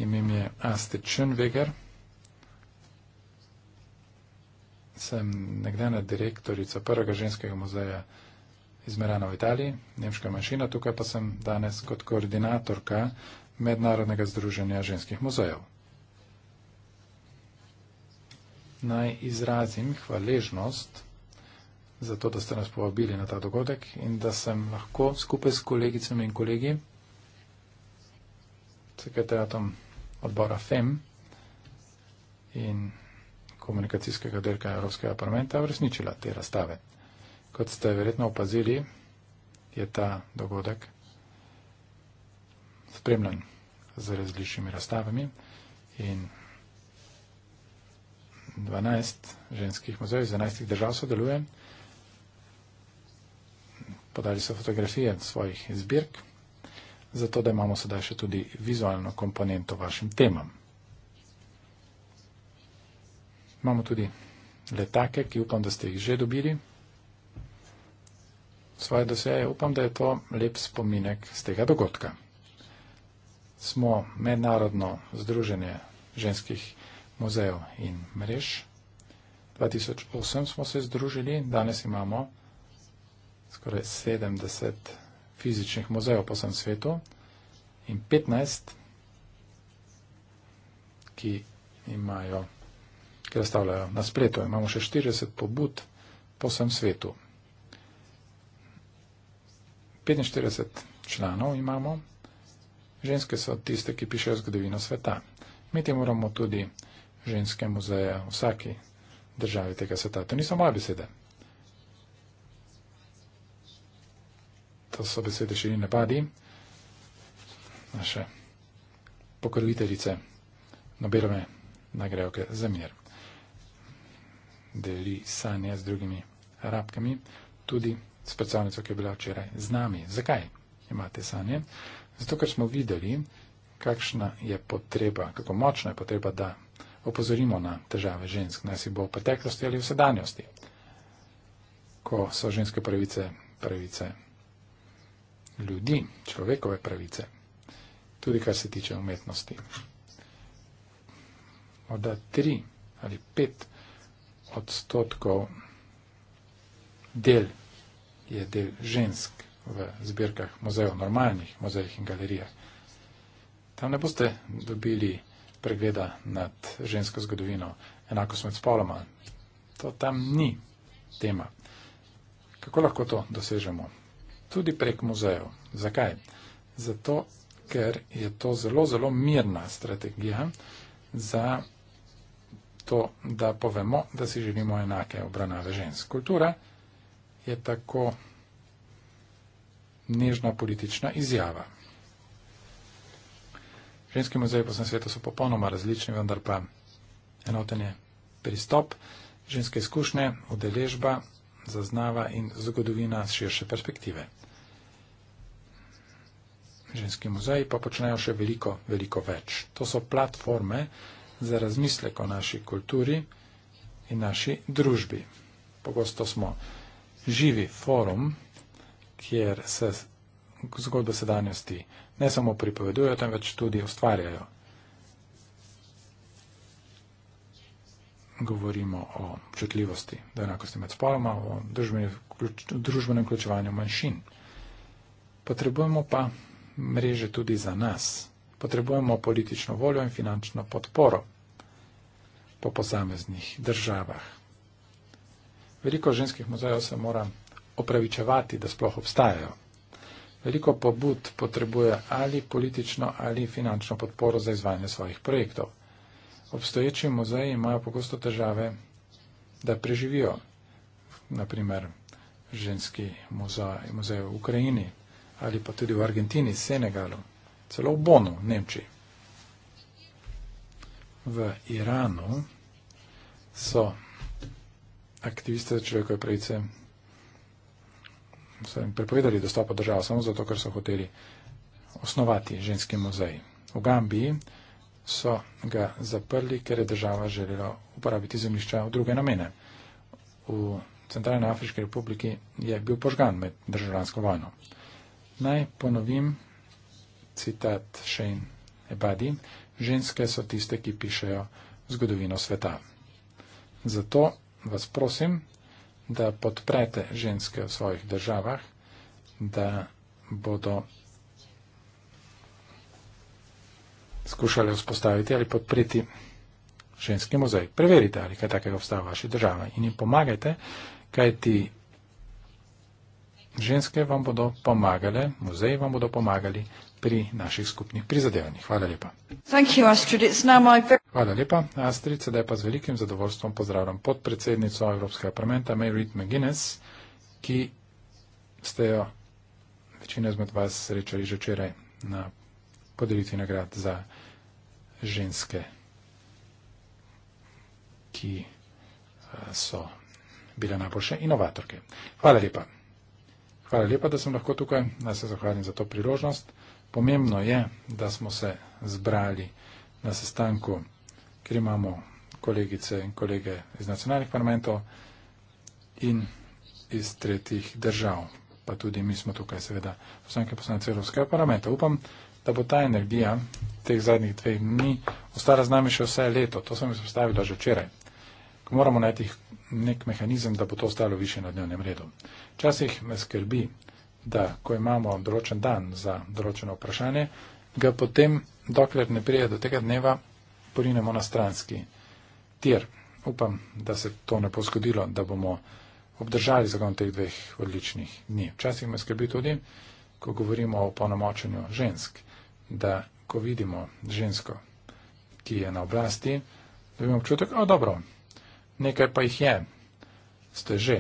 Ime mi je Astrid Schönweger. sem nekdana direktorica prvega ženskega muzeja iz Merana v Italiji, nemška manjšina, tukaj pa sem danes kot koordinatorka Mednarodnega združenja ženskih muzejev. Naj izrazim hvaležnost za to, da ste nas povabili na ta dogodek in da sem lahko skupaj s kolegicami in kolegi, sekretariatom odbora FEM in komunikacijskega delka Evropskega parlamenta uresničila te razstave. Kot ste verjetno opazili, je ta dogodek spremljen z različnimi razstavami in 12 ženskih muzejev iz 11 držav sodeluje. Podali so fotografije svojih zbirk, zato da imamo sedaj še tudi vizualno komponento vašim temam. Imamo tudi letake, ki upam, da ste jih že dobili. Svoje doseje upam, da je to lep spominek z tega dogodka. Smo mednarodno združenje ženskih muzejev in mrež. 2008 smo se združili, danes imamo skoraj 70 fizičnih muzejev po vsem svetu in 15, ki imajo ki razstavljajo na spletu. Imamo še 40 pobud po vsem svetu. 45 članov imamo. Ženske so tiste, ki pišejo zgodovino sveta. Mi ti moramo tudi ženske muzeje v vsaki državi tega sveta. To niso moje besede. To so besede Širine Badi, naše pokroviteljice Nobelove nagrajoke za mir deli sanje z drugimi arabkami, tudi s predstavnico, ki je bila včeraj z nami. Zakaj imate sanje? Zato, ker smo videli, kakšna je potreba, kako močna je potreba, da opozorimo na težave žensk, naj si bo v preteklosti ali v sedanjosti, ko so ženske pravice pravice ljudi, človekove pravice, tudi kar se tiče umetnosti. Morda tri ali pet odstotkov del je del žensk v zbirkah muzejev, normalnih muzejih in galerijah. Tam ne boste dobili pregleda nad žensko zgodovino, enako smo med spoloma. To tam ni tema. Kako lahko to dosežemo? Tudi prek muzejev. Zakaj? Zato, ker je to zelo, zelo mirna strategija za to, da povemo, da si želimo enake obravnave žensk. Kultura je tako nežna politična izjava. Ženski muzeji po vsem svetu so popolnoma različni, vendar pa enoten je pristop, ženske izkušnje, udeležba, zaznava in zgodovina z širše perspektive. Ženski muzeji pa počnejo še veliko, veliko več. To so platforme, za razmislek o naši kulturi in naši družbi. Pogosto smo živi forum, kjer se zgodbe sedanjosti ne samo pripovedujejo, temveč tudi ustvarjajo. Govorimo o občutljivosti, da je enakosti med spoloma, o družbenem vključevanju manjšin. Potrebujemo pa mreže tudi za nas. Potrebujemo politično voljo in finančno podporo po posameznih državah. Veliko ženskih muzejev se mora opravičevati, da sploh obstajajo. Veliko pobud potrebuje ali politično ali finančno podporo za izvajanje svojih projektov. Obstoječi muzeji imajo pogosto težave, da preživijo. Naprimer, ženski muzej, muzej v Ukrajini ali pa tudi v Argentini, Senegalu, celo v Bonu, Nemčiji. V Iranu so aktiviste človekove pravice prepovedali dostop v državo samo zato, ker so hoteli osnovati ženski muzej. V Gambiji so ga zaprli, ker je država želela uporabiti zemljišča v druge namene. V Centralno Afriški republiki je bil požgan med državljansko vojno. Naj ponovim citat Shane Ebadi. Ženske so tiste, ki pišejo zgodovino sveta. Zato vas prosim, da podprete ženske v svojih državah, da bodo skušali vzpostaviti ali podpreti ženski muzej. Preverite, ali kaj takega obstaja v vaši državi in jim pomagajte, kaj ti ženske vam bodo pomagale, muzeji vam bodo pomagali pri naših skupnih prizadevanjih. Hvala lepa. Thank you, Hvala lepa, Astrid, sedaj pa z velikim zadovoljstvom pozdravljam podpredsednico Evropskega parlamenta Mary McGuinness, ki ste jo večina izmed vas srečali že včeraj na podelitvi nagrad za ženske, ki eh, so bile najboljše inovatorke. Hvala lepa. Hvala lepa, da sem lahko tukaj. Naj se zahvalim za to priložnost. Pomembno je, da smo se zbrali na sestanku ker imamo kolegice in kolege iz nacionalnih parlamentov in iz tretjih držav. Pa tudi mi smo tukaj, seveda, poslanke poslance Evropskega parlamenta. Upam, da bo ta energija teh zadnjih dveh dni ostala z nami še vse leto. To sem izpostavila že včeraj. Ko moramo najti nek mehanizem, da bo to ostalo više na dnevnem redu. Včasih me skrbi, da ko imamo določen dan za določeno vprašanje, ga potem, dokler ne prije do tega dneva, porinemo na stranski tir. Upam, da se to ne bo zgodilo, da bomo obdržali zagon teh dveh odličnih dni. Včasih me skrbi tudi, ko govorimo o ponomočenju žensk, da ko vidimo žensko, ki je na oblasti, da imamo občutek, o dobro, nekaj pa jih je, ste že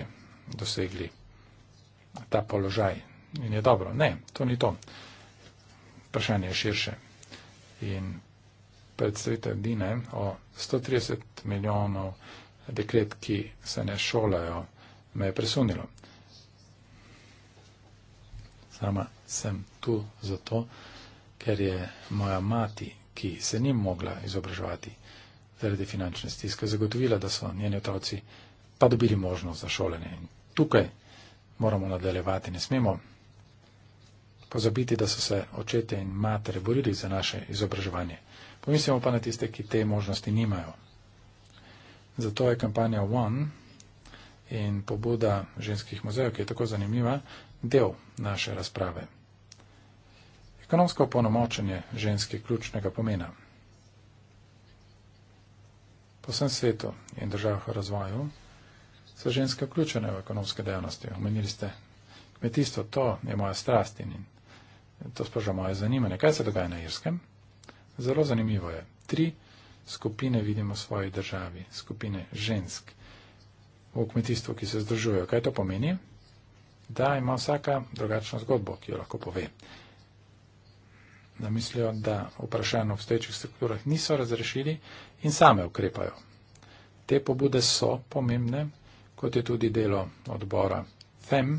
dosegli ta položaj in je dobro. Ne, to ni to. Vprašanje je širše. In predstavitev Dine o 130 milijonov deklet, ki se ne šolajo, me je presunilo. Sama sem tu zato, ker je moja mati, ki se ni mogla izobraževati zaradi finančne stiske, zagotovila, da so njeni otroci pa dobili možnost za šolanje. In tukaj moramo nadaljevati, ne smemo pozabiti, da so se očete in matere borili za naše izobraževanje. Pomislimo pa na tiste, ki te možnosti nimajo. Zato je kampanja One in pobuda ženskih muzejev, ki je tako zanimiva, del naše razprave. Ekonomsko ponomočenje ženske ključnega pomena. Po vsem svetu in državah v razvoju so ženske vključene v ekonomske dejavnosti. Omenili ste kmetijstvo, to je moja strast in to sproža moje zanimanje. Kaj se dogaja na Irskem? Zelo zanimivo je. Tri skupine vidimo v svoji državi, skupine žensk v kmetijstvu, ki se združujejo. Kaj to pomeni? Da ima vsaka drugačno zgodbo, ki jo lahko pove. Da mislijo, da vprašanje v obstoječih strukturah niso razrešili in same ukrepajo. Te pobude so pomembne, kot je tudi delo odbora FEM.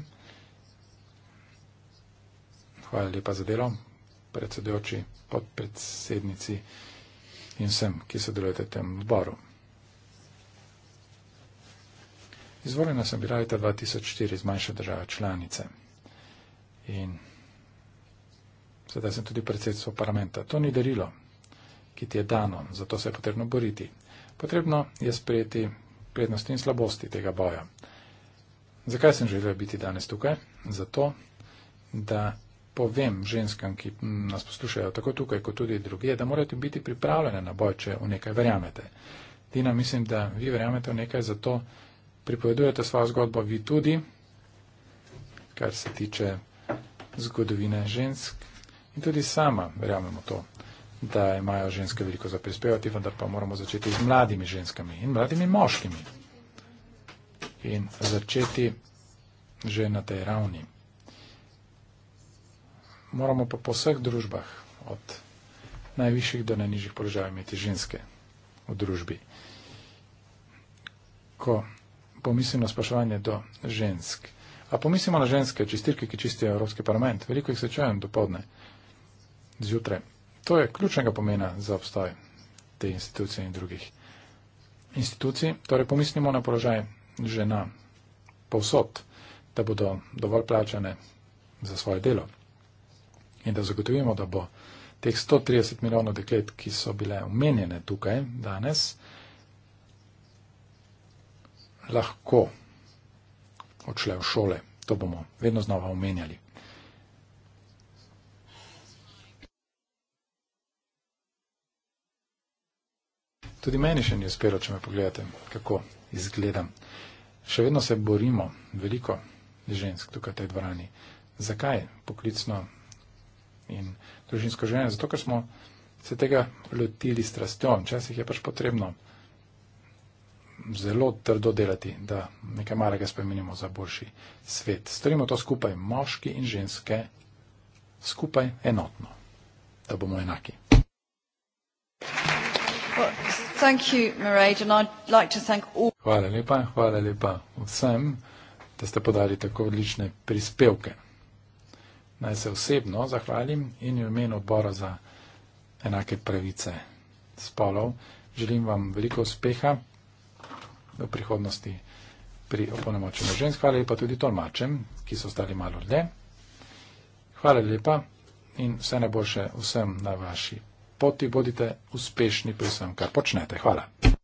Hvala lepa za delo predsedojoči, podpredsednici in vsem, ki sodelujete v tem odboru. Izvoljena sem bila leta 2004 iz manjše države članice in sedaj sem tudi predsedstvo parlamenta. To ni darilo, ki ti je dano, zato se je potrebno boriti. Potrebno je sprejeti prednosti in slabosti tega boja. Zakaj sem želel biti danes tukaj? Zato, da povem ženskam, ki nas poslušajo tako tukaj, kot tudi druge, da morate biti pripravljene na boj, če v nekaj verjamete. Tina, mislim, da vi verjamete v nekaj, zato pripovedujete svojo zgodbo vi tudi, kar se tiče zgodovine žensk. In tudi sama verjamemo to, da imajo ženske veliko za prispevati, vendar pa moramo začeti z mladimi ženskami in mladimi moškimi. In začeti že na tej ravni moramo pa po vseh družbah, od najvišjih do najnižjih položajev, imeti ženske v družbi. Ko pomislimo na spraševanje do žensk, a pomislimo na ženske čistilke, ki čistijo Evropski parlament, veliko jih srečujem dopoledne, zjutraj. To je ključnega pomena za obstoj te institucije in drugih institucij. Torej, pomislimo na položaj žena povsod, da bodo dovolj plačane za svoje delo in da zagotovimo, da bo teh 130 milijonov deklet, ki so bile omenjene tukaj danes, lahko odšle v šole. To bomo vedno znova omenjali. Tudi meni še ni uspelo, če me pogledate, kako izgledam. Še vedno se borimo, veliko žensk tukaj v tej dvorani. Zakaj poklicno in družinsko življenje, zato ker smo se tega lotili strastjo. Včasih je pač potrebno zelo trdo delati, da nekaj malega spremenimo za boljši svet. Storimo to skupaj, moški in ženske, skupaj enotno, da bomo enaki. Hvala lepa, hvala lepa vsem, da ste podali tako odlične prispevke naj se osebno zahvalim in v imenu odbora za enake pravice spolov. Želim vam veliko uspeha v prihodnosti pri oponemočenju žensk. Hvala lepa tudi tolmačem, ki so ostali malo dlje. Hvala lepa in vse najboljše vsem na vaši poti. Bodite uspešni pri vsem, kar počnete. Hvala.